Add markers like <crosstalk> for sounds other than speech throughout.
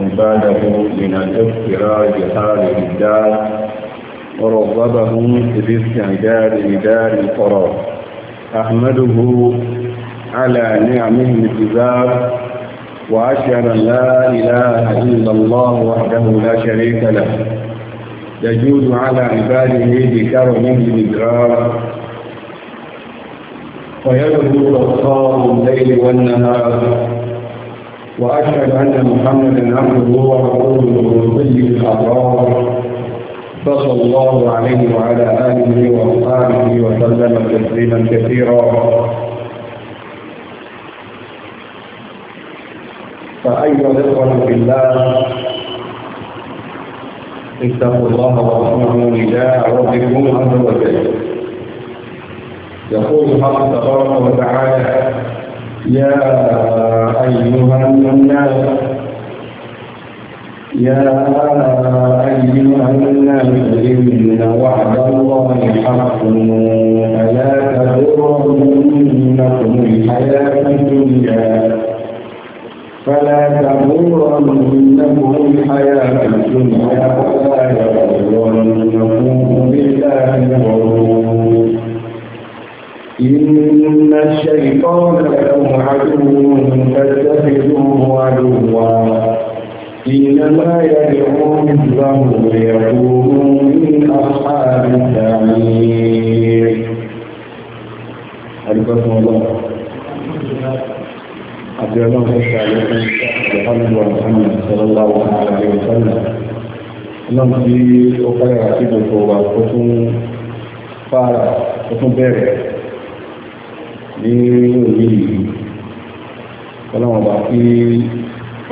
عباده من الافتراء بحال الدار ورغبهم استعداد لدار القرار أحمده على نعمه الجزار وأشهد أن لا إله إلا الله وحده لا شريك له يجوز على عباده بكرمه الادراك ويبدو غفار الليل والنهار وأشهد أن محمدا عبده ورسوله سيد طيب الأبرار صلى الله عليه وعلى آله وأصحابه وسلم تسليما كثيرا فأيها الإخوة في الله اتقوا الله وارحمه نداء ربكم عز وجل يقول الله تبارك وتعالى يا أيها الناس يا أيها الناس إن وعد الله حق فلا تغرنكم الحياة الدنيا فلا تغرنكم الحياة الدنيا ولا يغرنكم بالله الغرور إن الشيطان لكم عدو فاتخذوه عدوا إنما يدعو حزبه ليكونوا من أصحاب السعير أرجوكم الله أرجو الله تعالى بحمد محمد صلى الله عليه وسلم اللهم في أخرى عتيبة وقتم فارغ وقتم بارغ ní òye yìí ọlọ́wọ́n bá kí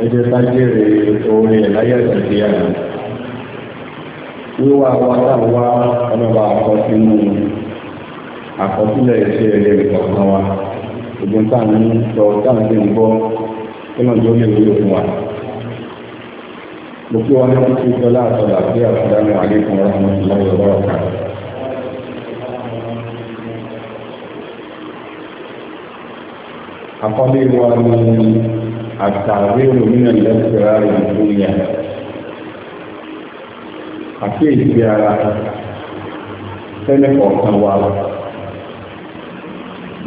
ẹjẹ́ sájẹ́rẹ̀ orin ẹ̀ láyé àtàkì àná wíwá wa táwa ọlọ́ba àkọsínú àkọsílẹ̀ iṣẹ́ rẹ̀ ìkọ̀ọ̀kan wa ìgbọ́n tá à ń sọ tá à ń sìn bọ́ ọlọ́jọ́ lè wúlò fún wa mo kí wọn ní kí sọlá àtọ̀là sí àtúndámọ̀ àlékún ọ̀rọ̀ àwọn ìlànà ìlọ́wọ́ ọ̀kan àkọlé wa ní àtàwé òmìnira lẹ́sẹ̀rẹ́ ìdúnyà àti èsì ara tẹ́lẹ̀ kọ̀ọ̀kan wa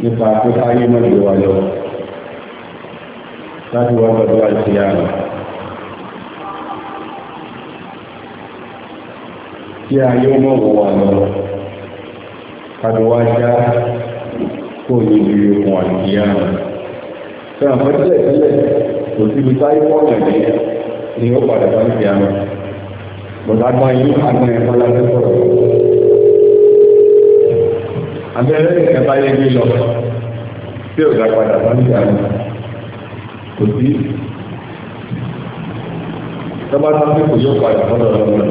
nípa pé káyé mọ́jú wa lọ láti wá gbọdọ̀ àti àrùn. Tí ayé ó mọ̀ wọ̀ wà lọ, kàdùwá kò ní ìlú ìkùn àti àrùn ṣe àwọn tẹ́lẹ̀ tẹ́lẹ̀ kò sí ibi táyé pọ́ọ̀nà ni ó padà bá ní ìyá náà bọ̀dá gbá yín àgbọn ẹ̀fọ́ lábẹ́ sọ̀rọ̀ abẹ́rẹ́ nìkan táyé gbé lọ tí ò dá padà bá ní ìyá náà kò sí tọ́ba tọ́sí kò yóò padà sọ́dọ̀ lọ́wọ́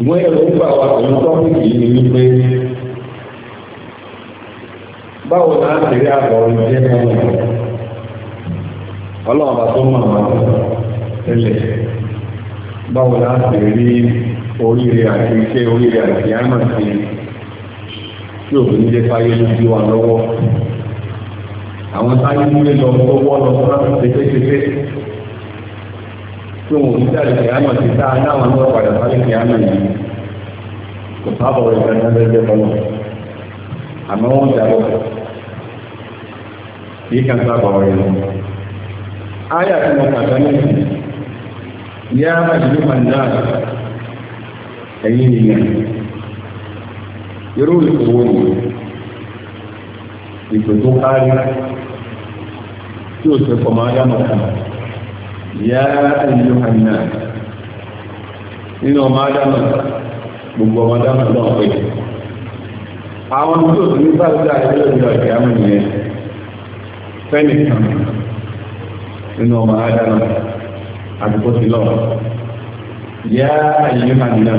ìwọ́n yẹn ló ń gbà wá pẹ̀lú tọ́pìkì yìí ni wípé báwo náà tẹ̀lé àbọ̀ ìjẹ́ náà ọlọ́run bá tó mọ̀ wọn tẹ́lẹ̀ báwo láti rí oríire àti iṣẹ́ oríire àti àmà sí tí òfin jẹ́ fáyé lójú wa lọ́wọ́ àwọn táyé nílé lọ tó wọ́ lọ fún láti tẹ́tẹ́tẹ́tẹ́ tí wọn ò ní jáde kí àmà sí tá a dáwọn náà padà sáré kí àmà yìí kò sábà rẹ̀ dáadáa lẹ́gbẹ́ bọ́lọ̀ àmọ́ wọ́n jà lọ kan sábà rẹ̀ lọ́wọ́ áyà tí wọ́n kàtà ní yá àjùlú pàdà ẹ̀yìn ìyẹn irú ìkòwò ni ìpè tó kárí tí ó tẹ́kọ̀ máa yá mọ̀ kan yá àjùlú pàdà nínú ọmọ ádámà gbogbo ọmọ ádámà náà pé àwọn tó ní bá gbà ẹgbẹ́ ìjọ ìyá mọ̀ yẹn fẹ́nìkan nínú ọmọ ádámà àdúgbò sí lọ yá àyè máa nínú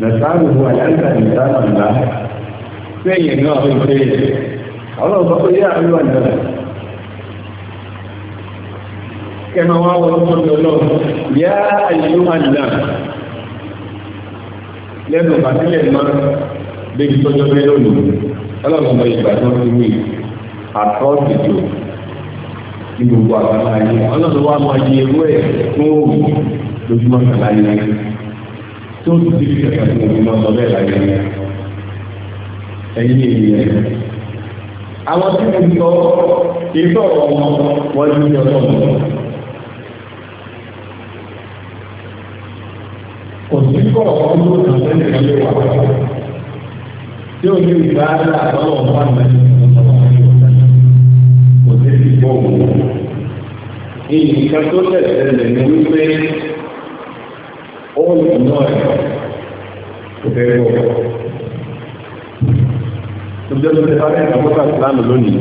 nàtàlùkù àyàǹkà nìtàlù ńlá sẹ́yìn náà ló pé ọlọ́run sọ pé yá àyè wà nínú kẹmà wá wọ́n tó lọ lọ yá àyè máa nínú lẹ́nu pàtílẹ̀ máa débi tọ́jọ́ bẹ́ẹ̀ lónìí ọlọ́run sọ ìgbà tó ti wí àtọ́ ti jò ní gbogbo àbámá yìí ọlọ́run wa máa yẹ ewé ẹ̀ fún òògùn lójúmọ́ kàlá yìí tó ti fi kẹ̀kẹ́ fún òògùn náà sọ bẹ́ẹ̀ láyé ẹ̀yìn ènìyàn àwọn tí mo sọ ìfẹ́ ọ̀rọ̀ wọn wọ́n ti yọ sọ́mọ́ kò sí kọ̀ọ̀ kan tó kàn sẹ́yìn kan lè wà tí ó ní ìgbà àdá àbáwọ̀ fún àgbẹ̀ kò sí ti bọ̀ wọ́n ìyíká tó tẹ̀sẹ̀ lẹ̀ ní wípé ohun ìdùnnú ẹ̀ kò fẹ́ bọ̀. Lójọ́ tó tẹ́fà ní àkókò ìsìlámù lónìí,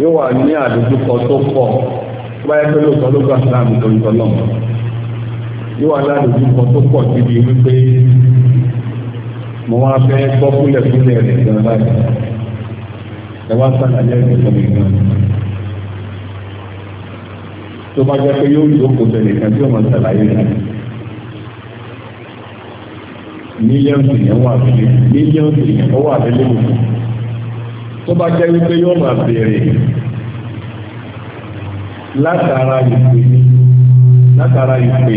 yóò wà ní àdójúkọ tó pọ̀ tó bá yẹ pé lóòótọ́ ló gbà ìsìlámù tó ń tọ́ náà. Yóò wà ní àdójúkọ tó pọ̀ síbi wípé mo wá fẹ́ gbọ́ fúlẹ̀fúlẹ̀ rẹ̀ gan-an báyìí. Ẹ wá sàlàyé ẹ̀sìn mi gan-an tó bá jẹ́ pé yóò jókòó tẹ̀lé kan tí ọmọ ṣàlàyé rẹ̀. mílíọ̀nù yẹn wà lóye mílíọ̀nù yẹn ó wà lóye lò tó bá jẹ́ wípé yóò máa béèrè látara ìpè látara ìpè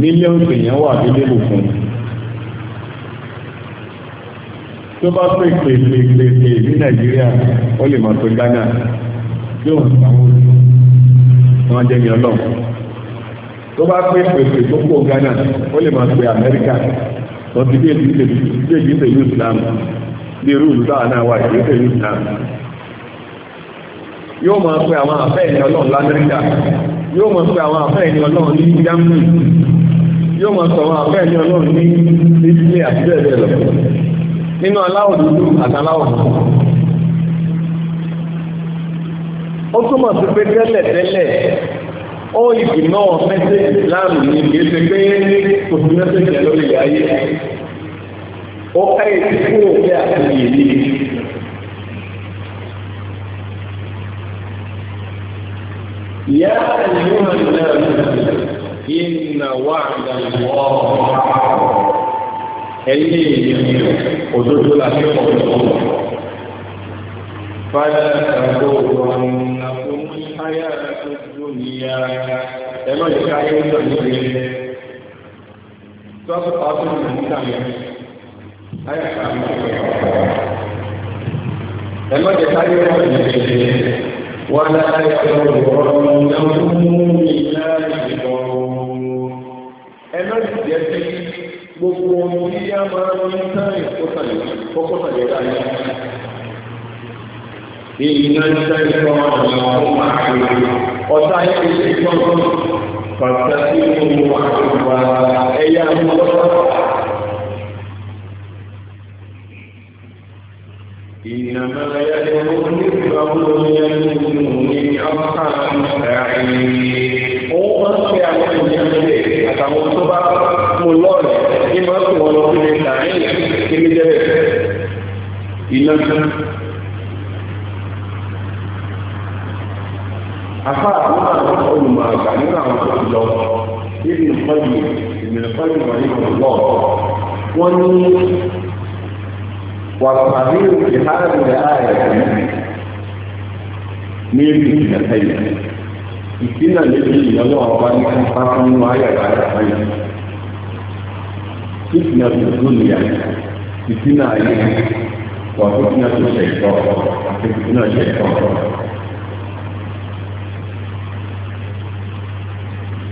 mílíọ̀nù yẹn wà lóye lò fún un. tó bá pè pè pè pè ní nàìjíríà ó lè mọ̀ pé ghana yóò sanwó wọ́n jẹ́ ní ọlọ́run tó bá pé pèsè tó kó Ghana ó lè máa pe Amẹ́ríkà lọ sí bí èdè ìṣèlú Islam bí irú ìlú táwọn náà wà ìlú ìṣèlú Islam yóò máa pe àwọn àfẹ́ ẹni ọlọ́run lamẹ́ríkà yóò máa pe àwọn àfẹ́ ẹni ọlọ́run ní germany yóò máa sọ àwọn àfẹ́ ẹni ọlọ́run ní ilé àti bẹ́ẹ̀ bẹ́ẹ̀ lọ nínú aláwọ̀ dúdú àtàláwọ̀ funfun ó túmọ̀ sí pé tẹ́lẹ̀ tẹ́lẹ̀ ó ìdì náà mẹ́sẹ̀jì láàmù ní kìí ṣe pé kò sí mẹ́sẹ̀jì lórí ayé ó ká èyí kúrò bí àti yìí يا أيها الناس إن وعد الله حق. أي يمين، وتدخل عليهم فلا تغرنكم الحياة الدنيا ẹ̀rọ ìṣe ayé ń tàn lórí ẹ̀ sọ́kùtà ọ̀tún ní níta mi ayé àká mi ti pẹ̀lú ẹ̀rọ ìṣe ayé ń tàn lórí ẹ̀ wọ́n dá ayé ọ̀rọ̀ ọ̀rọ̀ náà mú mi láàyè ìbọn ẹ̀rọ ìṣe ẹ̀ṣẹ̀ gbogbo ohun tí máa ń tán ìkọ́sàlẹ̀ kọ́kọ́sàlẹ̀ dáadáa iná sẹ́kọ̀ọ́ ìyàwó àti ọ̀tá ẹ̀kọ́ sẹ́kọ̀ọ́ pàtàkì nínú àgbà ẹ̀yà lọ́wọ́. إنما يدعو الكفر يمين من أصحاب السعير òun máa ń pe àwọn ènìyàn lè àtàwọn tó bá mú lọ́ọ̀rẹ̀ ní máa ń pè wọ́n lọ sí afá àwọn àwọn olùmọ̀ àgbà nínú àwọn tó ti lọ ibi ìfọ́jú ìmìlẹ̀ fọ́jú wọ̀nyí kò lọ wọ́n ní wà pàdé ìhárùn ààrẹ ní ibi ìdàkẹ́ yìí ìpínlẹ̀ méjì ìyọ́nà ọba ní kápá fún ayàrá àgbà yìí ìpínlẹ̀ tuntun nìyà ìpínlẹ̀ ayé wà fún ìpínlẹ̀ tó ṣe ìtọ́ àti ìpínlẹ̀ ṣe ìtọ́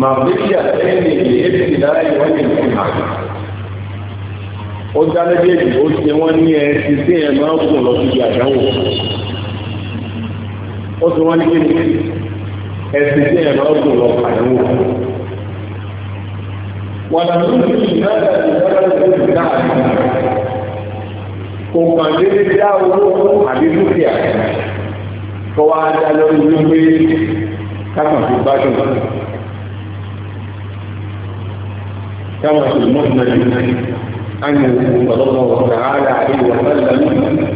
màbíyà lẹ́yìn èébì láì wọ́n ní ìfúnà ó dálẹ́bẹ̀ẹ́dì ó ṣe wọ́n ní ẹ̀sìn tí ẹ̀ máa ń kùn lọ sí àdánwò ó ṣe wọ́n ní kí ni ẹ̀sìn tí ẹ̀ máa ń kùn lọ àdánwò wọ́n dàbí ní ìdájọ́ ìdájọ́ ìdájọ́ kò kàn déédéé dá owó àbí dúkìá kọ́ wa dá lórí wípé kákan fi gbádùn كما في المسند عنه صلى الله تعالى عليه وسلم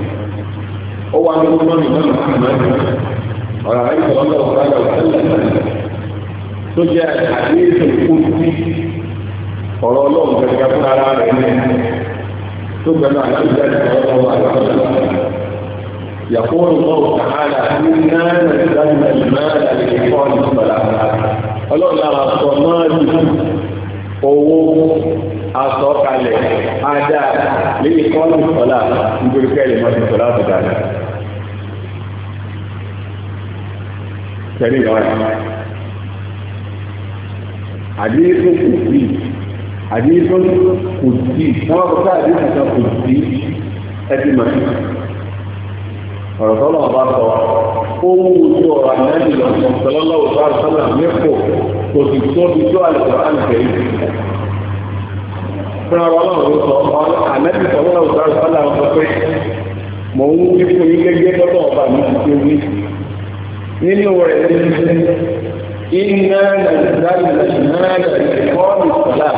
هو عن الإمام الإمام محمد وعليه صلى الله تعالى وسلم تجاء حديث القدسي ọ̀rọ̀ ọlọ́run kẹ̀kẹ́ fún ara rẹ̀ ní tó gbẹ̀mọ́ àlàáfíà ìfọ̀rọ̀ ọ̀rọ̀ يقول الله تعالى إنا نزلنا المال لإقام الصلاة قالوا لا رسول الله owó asọ́kalẹ̀ ajá léyìn kọ́lù sọ́lá nítorí kẹ́lẹ̀ mọ́tò sọ́lá tó dáadáa. Tẹ̀lé ìyàwó ẹ̀. Àdéhùn kò sí àdéhùn kò sí wọ́n kọ́ àdéhùn kan kò sí ẹtì ọ̀rọ̀ tọ́lọ̀ ọba sọ ó wú ojú ọ̀rọ̀ ànábì lọ́sọ̀ sọlọ́lọ́ òṣù àṣọlá mẹ́kọ̀ọ́ kò sì tó fi tó àlùkò àǹtẹ̀ yìí. fúnra wa náà ló sọ ànábì sọlọ́lọ́ òṣù àṣọlá sọ pé mò ń wí fún yín gẹ́gẹ́ tọ́lọ̀ ọba mi ti iná nàìjíríà náà ìfọ́ọ̀mù sọ̀lá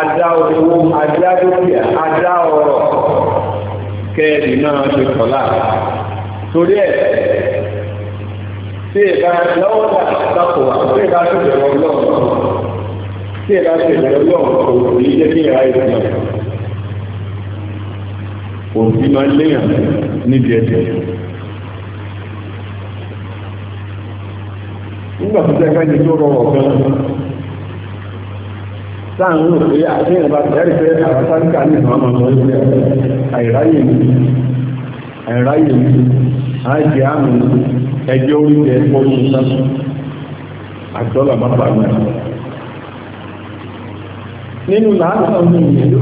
adá owó adá dúkìá ọ̀rọ̀ kẹ́ẹ̀dì náà ti torí ẹ̀ tí ìbá lọ́wọ́ àtàkùn àti ìbá tó bẹ̀rẹ̀ ọlọ́run tí ìbá tó bẹ̀rẹ̀ ọlọ́run kò ní jẹ́ kí ìhà ìrìn náà òbí máa ń léyàn níbi ẹ̀jẹ̀ nígbà tó tẹ́ka ní tó rọrọ̀ gan sáàrùn òfin àti ìrìnbá tẹ́rì pé àwọn sáríkà ní ìmọ̀ ọmọ ọmọ àìráyè nìyí ẹ̀rá yèmí àìjẹ́ àmì ẹjẹ́ orílẹ̀ ẹ̀kọ́ ní sásù àjọ́là má bà mí. nínú làásà mi ìlú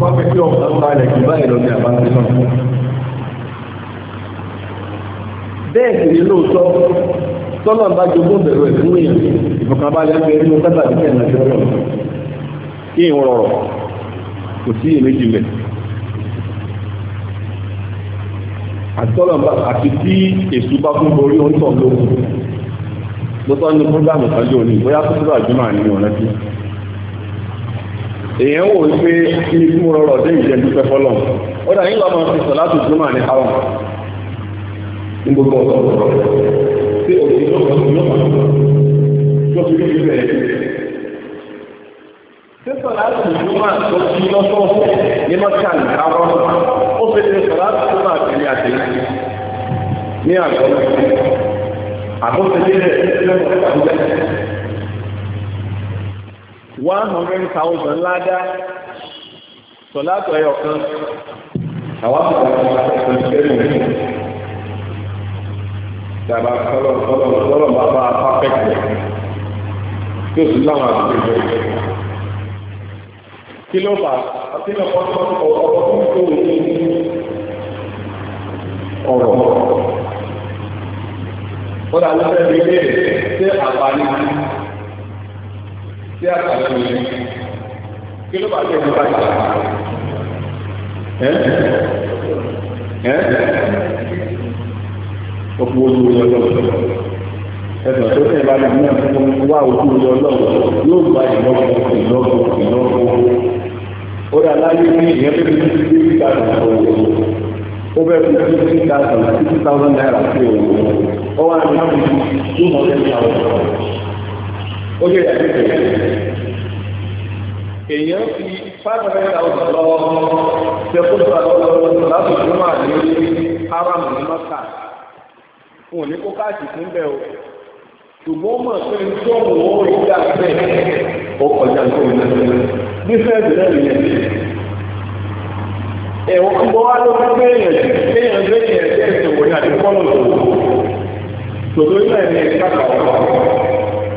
má fẹ́ kí ọ̀pọ̀ ń balẹ̀ kí báyìí lọ sí àbáńtí náà. bẹ́ẹ̀ sì ni lóòótọ́ tọ́lọ̀ bá jogún bẹ̀rù ẹ̀fún èèyàn ìfọ̀kànbalẹ̀ ń bẹ nínú kátàkì kẹ́hìn àti ọlọ́run kí ìwọ̀n rọrọ̀ kò sí èméjì mẹ́ àtọ́lọ̀bá àti tí èsù bá fún orí oúnjẹ lókun ló tọ́ ní fúgbàmù tọ́jú òní bóyá tó tó àjúmà ní ọ̀nà tí èèyàn wò wípé kí ni fún rọrọ̀ dé ìjẹ́ dúpẹ́ fọ́lọ̀ ó dà nígbà máa sọ láti jùmọ̀ ní àwọn ní gbogbo ọ̀sọ̀ tí òfin tó sísọ láti ìjọba tó ti lọ́sọ̀ọ̀sẹ̀ ní mọ́tà nìkárọ́ ó fi ṣe sọ láti tó máa tẹ̀lé àtẹ̀lé ní àgọ́ àbọ̀tẹ̀lé rẹ̀ lẹ́nu àbújá. one hundred thousand ládá sọ̀látọ̀ ẹ̀yọ̀ kan àwọn àbúrò àti ìṣẹ́lẹ̀ rẹ̀ dàbà kọ́lọ̀ kọ́lọ̀ kọ́lọ̀ bàbá pàfẹ́kì tí ó sì láwọn àbúrò rẹ̀ kí ló fà á sí lọ́pọ̀ ọ̀pọ̀ fún tó wù ní ọ̀rọ̀. ó dà ló fẹ́ bí ilé rẹ̀ ṣé àǹfààní sí àtàlẹ́ mi kí ló fà á sí ẹ̀mí bá yàrá. Ọ̀pọ̀ olú ọlọ́run. Ẹ̀sọ̀ tó tẹ̀ bá lè mú wá ojú ọlọ́run yóò gba ìlọ́gbọ̀n ìlọ́gbọ̀n ìlọ́gbọ̀n ó yà láyé ní ìyẹn tó fi sí three thousand fún owó ó bẹ́ẹ̀ fi sí three thousand six thousand naira sí owó ó wà ní àwọn two hundred thousand ó yẹ ìyàtí tẹ̀lé èèyàn fi five hundred thousand lọ ṣẹ́kọ̀ọ́ lọ́wọ́ láti fún àdéhùn aráàlú ní mọ́tà fún òní kó káàkiri fún bẹ́ẹ̀ o ṣùgbọ́n mà pé tó wọ́n rí dá bẹ́ẹ̀ ó kọjá tó ń lọ ní fẹ́ẹ̀dì náà nìyẹn ní. ẹ̀wọ̀n ń bọ́ wá ló fún kéèyàn tí kéèyàn lé ní ẹ̀jẹ̀ ìṣòwò ní àdìpọ́nù tó wù. tòtò iná ẹ̀ ní ẹ̀ka kàwọ́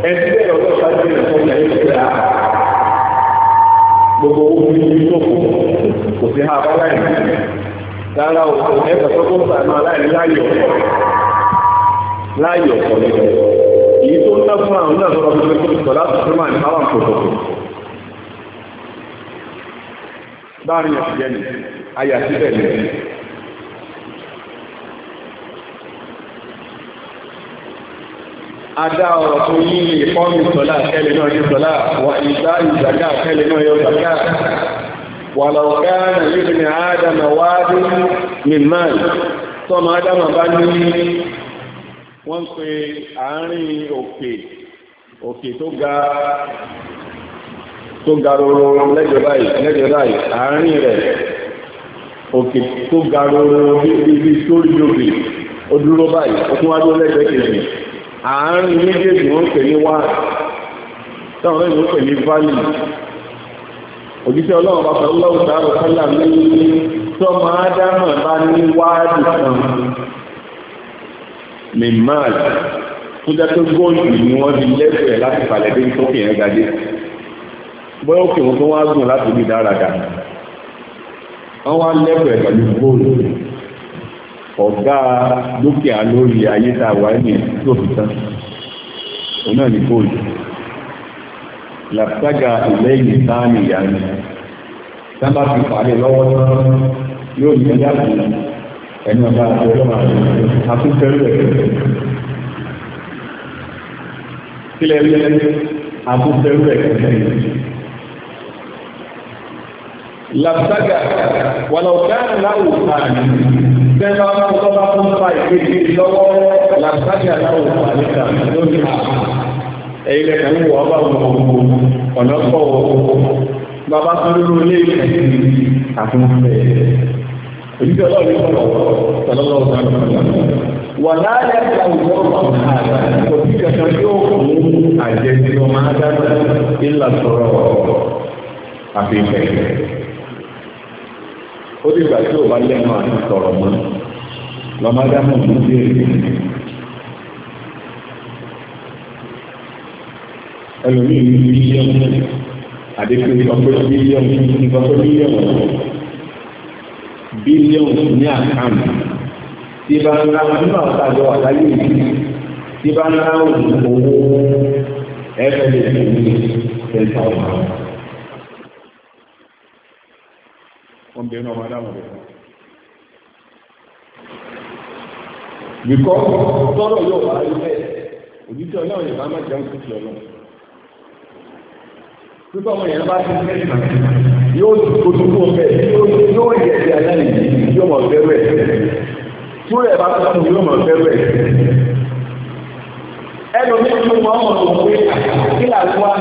ẹtí bẹ́ẹ̀ ọ̀dọ́ sáájú ẹ̀ fún ẹ̀ ìṣẹ̀lẹ̀ á. gbogbo owó ní ibi tó o ẹ̀ka èyí tó tán fún àwọn náà sọ̀rọ̀ pípẹ́ tó sọ láti fún màá ní àwọn kòtòkò láàrin ọ̀sẹ̀ yẹn ni àyà síbẹ̀ ni adá ọ̀rọ̀ tó yí ní ìfọ́nù sọ́lá kẹ́lẹ̀ náà ní sọ́lá wà ìdá ìzàká kẹ́lẹ̀ náà yóò zàká wà lọ́ọ̀ká na yóò ní àádámà wáádé ní máàlì tọ́mọ àádámà bá ní wọ́n ń pe àárín òkè òkè tó ga tó ga roro lẹ́jọ́ báyìí lẹ́jọ́ báyìí àárín rẹ̀ òkè tó ga roro bíbí tó rí lóbi ó dúró báyìí ó tún wá dúró lẹ́jọ́ kejì àárín méjèèjì wọ́n pè ní wá táwọn ọ̀rẹ́ ìwọ́n pè ní valley òjíṣẹ́ ọlọ́run bá sọ lọ́wọ́ sáré kálá ní tọ́mọ ádámọ̀ bá ní wáàdì kan mímáàlì tó jẹ́ pé góòlù ni wọ́n di lẹ́sẹ̀ láti falẹ̀ dé sókè yẹn gadé bóyá òkè wọn tó wá gùn láti bí dáradà wọ́n wá lẹ́sẹ̀ pẹ̀lú góòlù ọ̀gá dúkìá lórí ayé tá a wà ní tó fi tán òun náà ni góòlù làbùtága ìlẹ́yìn sáà nìyá ni sábà fi parí lọ́wọ́ yóò ní ọjà fún ẹni ọba àtẹjọ́ máa ṣe àtúntẹ̀rù ẹ̀ kílẹ̀ rí ẹni àtúntẹ̀rù ẹ̀ làbùsága wàlọ̀ká láwù àní bẹ́ẹ̀ bá tó bá tó ń fa ìpèsè lọ́wọ́ làbùsága láwù àní kan lórí àwọn ẹ̀yìn rẹ̀ kàn ń wọ̀ ọ́ bá wọn ọ̀nà pọ̀ bàbá tó lórí olé ìfẹ̀sì àtúntẹ̀ Èyí ọlọ́run yóò sọ̀rọ̀ sọ̀lọ́lọ́ ọ̀sán wà láàyè àwùjọ ọ̀hún àgbà kò sí kankan yóò mú àjẹsí ọmọ adáta ìlà sọ̀rọ̀ àfihàn. Ó ti gbà tí ò bá lẹ́nu àti sọ̀rọ̀ mọ́ lọ́mọ adáta mú sí èrè. Ẹlòmíì bílíọ̀nù àdékùn ìgbàgbọ́ bílíọ̀nù ìgbàgbọ́ bílíọ̀nù bílíọ̀nù ní àkáǹtì tí bá ń láwọn nínú àwọn àjọ àgbáyé yìí tí bá ń láwọn owó ẹgbẹ̀rẹ̀ ní ẹ̀ta ọ̀nà. wọ́n bẹ̀rẹ̀ ọmọ adáwọ̀ rẹ̀. bìkọ́ tọ́rọ̀ yóò wá ilé òjíṣẹ́ ọlọ́run ìbámu jẹun kùtì ọlọ́run pípọ̀ ọmọ yẹn bá ti ń bẹ́ẹ̀ yóò kojú fún ọmọ ẹ̀ yóò yẹ ti aláìní yóò mọ̀ bẹ́ẹ̀ wẹ̀ tó rẹ̀ bá tó yóò mọ̀ bẹ́ẹ̀ wẹ̀ ẹnu mi tún mọ ọmọ tó pé kílà tó wá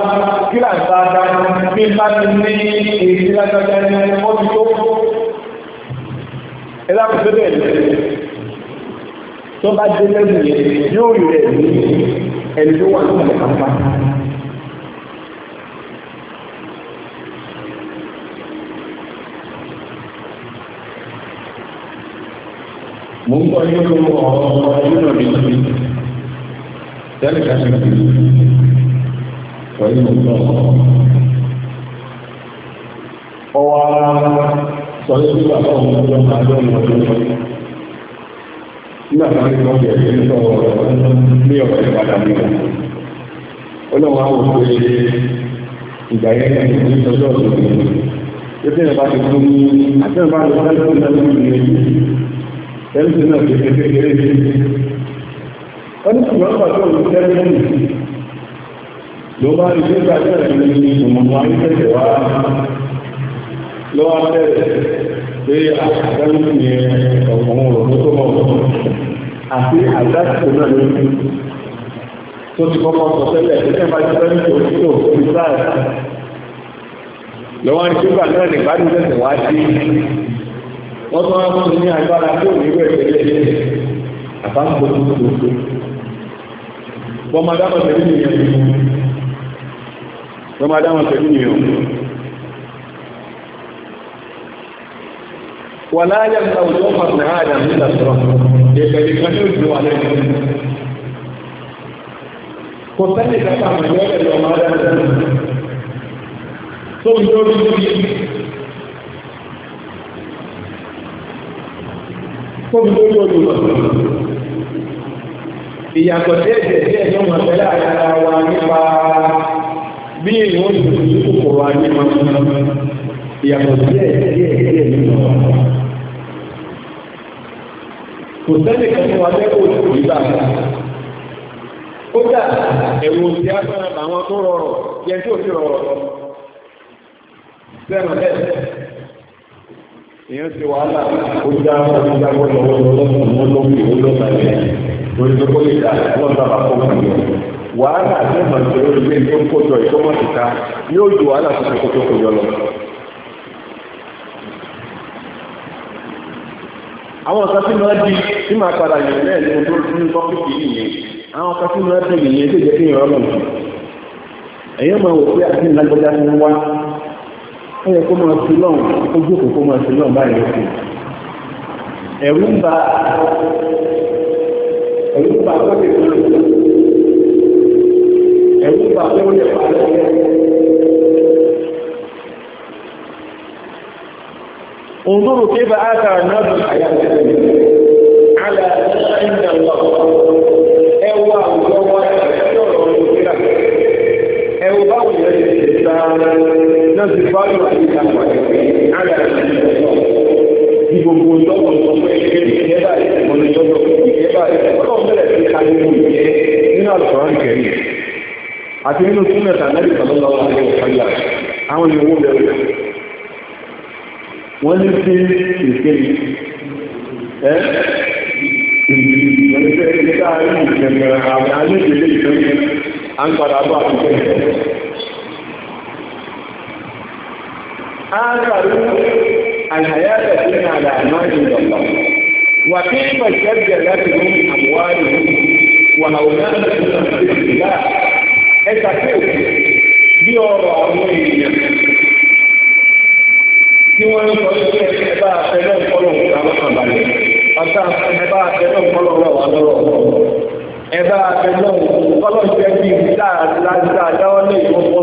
kílà tó wá bí bá ti ní èyí lágbájá ní ọdún tó ẹ lákòókò bẹ́ẹ̀ tó bá dé lẹ́nu yẹn yóò yẹ ẹni tó wà ní ọ̀pá mo ń tọ́jú lówó ọ̀rọ̀ ọdún náà ní ìlú tẹ́lẹ̀ káṣí ti lù pẹ̀lú ọ̀rọ̀ ọwọ́ sọ pé nígbà tó ń lọ máa lọ mọ̀ tó lọ nígbà tó ń lọ bẹ̀rẹ̀ sí sọ ọ̀rọ̀ ní ọ̀rọ̀ ìpadà mi ọlọ́run á wò pé ìgbà yẹn ní ìtọ́jú ọ̀sán yóò tẹ́lẹ̀ bá ti fún mi àti ìbá ti fún mi lọ́wọ́ ìrìn tẹ́lifí náà kéde kékeré ní wọ́n ti wọ́n pàtó òun tẹ́lifí ní ló bá rí pé ká tẹ́lẹ̀ ní ìmọ̀mọ́ ayélujára wá lọ́wọ́ tẹ́lẹ̀ pé àtẹ́lifí ní ọ̀pọ̀ òun tó mọ̀ àti àdáṣe náà ló ń tó ti kọ́kọ́ sọ tẹ́lẹ̀ wọ́n tó wá fún ní agbára tó ní ìwé ìpínlẹ̀ ilé àbámọ̀ tó tó tó wọ́n máa dámọ̀ pẹ̀lú nìyẹn wọ́n máa dámọ̀ pẹ̀lú nìyẹn wà láyé ń tàwọn tó fà náà àdàm ní ìdàsọ́rọ̀ ìpẹ̀lẹ̀ kan ní òjò wà lẹ́nu kò sẹ́ni kàtà àmì ìwé ìpẹ̀lẹ̀ ọmọ adámọ̀ tó ń tó tóbi lórí olùmọ̀. Ìyàtọ̀ díẹ̀ díẹ̀ díẹ̀ ní ọmọ ìfẹ́lẹ́ àyàrá wa nípa bí ìwọ̀n ìdòdò kòkòrò ayé máa ń lọ. Ìyàtọ̀ díẹ̀ díẹ̀ díẹ̀ nínú ọmọ. Kò sẹ́ni kan ní wa lẹ́kọ̀ọ́ òṣèlú ìgbà kan. Kódà ẹ̀rù òsì agbára àwọn tó rọrọ̀ yẹn tí ò sí rọrọ̀ lọ. Bẹ́ẹ̀ èèyàn ti wàhálà ó já ọjà gbọ́dọ̀ wọlé ọlọ́sùn wọn lórí ìwé lọsàlẹ lórí tó kọlé ìdá lọsà bá kọ fún mi wàhálà àti ìmọ̀tò lórí ilé tó ń kójọ ìtọ́mọ̀ síta yóò ju wàhálà tó ti kótó kójọ lọ. àwọn kan tí mo rẹ́ di tí màá padà yẹn náà ni mo ní tọ́pìkì yìí àwọn kan tí mo rẹ́ di yìí yẹn jẹ́ kí n ó yẹ kó máa fi lọ́n ó jókòó kó máa fi lọ́n báyìí ó sì ẹ̀rú ń ba ẹ̀rú ń ba lókè kan ẹ̀rú ń ba pé ó lè pa lọ́wọ́ انظروا كيف آثر النبي على على عند الله ẹwà àwùjọ náà ti bá lọ sí ìjà pàdé àgbà tí gbogbo ìjọba ìjọba ìjẹ́ báyìí ọ̀nà ìjọba ìjẹ́ báyìí ọlọ́run bẹ̀rẹ̀ sí kálíwò ìjẹ́ nínú àlùkòrán kẹrin àti nínú súnmọ̀ tàbí sọlọ́lọ́wọ́ àwọn ìwò bẹ̀rẹ̀ wọ́n ní sí ìkéyìí ẹ́ ìgbìyànjú ẹgbẹ́ ìgbẹ́ آخروا الحياة الدنيا على ما عند الله وكيف اشتد لهم أموالهم وأولادهم في الله ẹ̀ṣàkéèkì bí ọ̀rọ̀ àwọn èèyàn tí wọ́n ń sọ ní ẹgbẹ́ àfẹ́lẹ́ ọ̀pọ̀lọ̀ ọ̀pọ̀lọpàá ọ̀tá ẹgbẹ́ àfẹ́lẹ́ ọ̀pọ̀lọpàá wà lọ́rọ̀ ẹ̀bá àfẹ́lẹ́ ọ̀pọ̀lọpàá jẹ́ bí dáadáa dáwọ́lé ìfọ́fọ́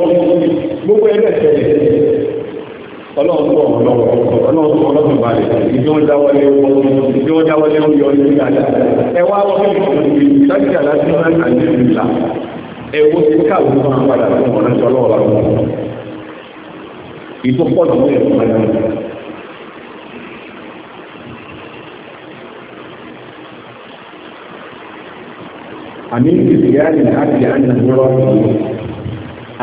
gbogbo ẹgbẹ́ tẹ̀lé ọlọ́run tó ọ̀rọ̀ lọ́wọ́ ọlọ́run tó ọlọ́run balẹ̀ ìdí wọn dáwọlé wọn ìdí wọn dáwọlé wọn yọ ní dáadáa ẹ wá wọ́n fi ìdájí aláṣẹ náà àti ìlà ẹ wo ti káàbù máa padà fún wọn láti ọlọ́wọ́ bá wọn. ìtò pọ̀ jù lóye fún ẹ̀rọ. àmì ìsìnkú yára ní àti àná lọ́wọ́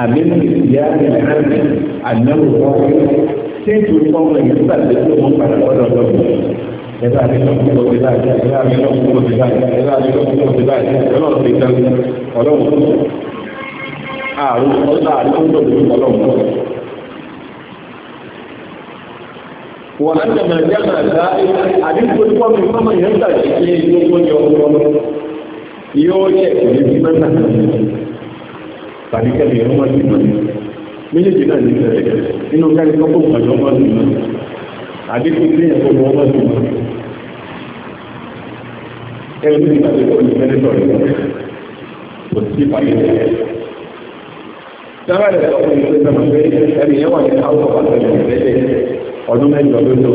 àmínú ìyá ìrìnàjò ànáwó ọ̀hún séèjì ọmọ ìgbà tó tó wọn padà lọ́dọ̀ lọ́dọ̀ ẹ̀dá mi lọ fún òbí báyìí ẹ̀dá mi lọ fún òbí báyìí ẹ̀dá mi lọ fún òbí báyìí ọlọ́run ti tán ọlọ́run àrùn ọ̀sán àrùn tó ń tọ́jú ọlọ́run. wọ́n á jẹ́ mẹ́rin jẹ́ mẹ́rin dá àdínkù tó wọ́n fi fọ́mọ ìyẹn tàbí ilé ìlú ó yọ ọmọ yóò yẹ ìlú mẹ́ta tàbí kẹ́lẹ̀ ẹ̀rọ máa ti mọ̀ ní méjèèjì náà ní ìṣẹ̀lẹ̀ nínú kárí kọ́kọ́ ìpàdé ọmọ sí mọ̀ àdínkù sí ẹ̀kọ́ ọmọ ọmọ sí mọ̀ ẹ̀rọ ní ìpàdé kọ́ ní ìfẹ́lẹ́ sọ̀rọ̀ kò sí ìpàdé rẹ̀ sábà rẹ̀ sọ̀rọ̀ ní ìpàdé sọ̀rọ̀ pé ẹni yẹn wà ní káwọ́ ọdún mẹ́jọ lójó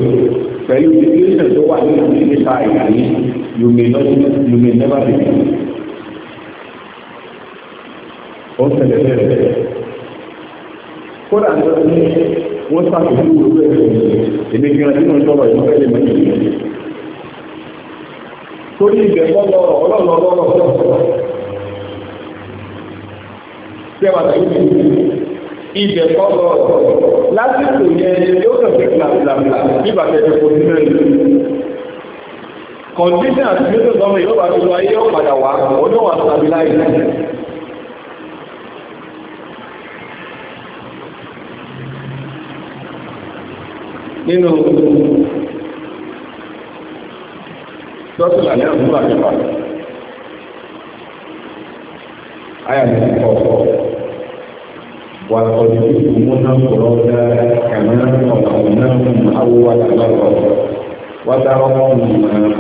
pẹ̀lú ìdílé tó wà nínú ìdílé ó tẹ̀lé bẹ́ẹ̀ kódà ní ọdún ní wọ́n sàkóso ìwúrú ẹ̀ èmi fi hàn nínú ìjọba ìlú ẹ̀lẹ́ mọ́ ìlú torí ìbẹ̀kọ́ lọ ọlọ́lọ́lọ́lọ́ tẹ́wà tàbí ìbẹ̀kọ́ lọ lásìkò yẹn yóò kàn sí kìlàkìlàkìlà nígbà tẹ̀sẹ̀ kò sí mẹ́rin kọ̀ndíṣàn àti mẹ́tọ̀ sọmọ ìlú àti ìlú ayé ó padà wá ọdún wà tàbí láì nínú sọ́tùlà ní àbúrò àjọba ayàmì ọ̀pọ̀ wà ọ̀dọ̀ ìlú múná kọ̀rọ̀ dára kàmá ọ̀pọ̀ náà mú àwọ̀ àtàlọ́pọ̀ wọ́tà ọmọ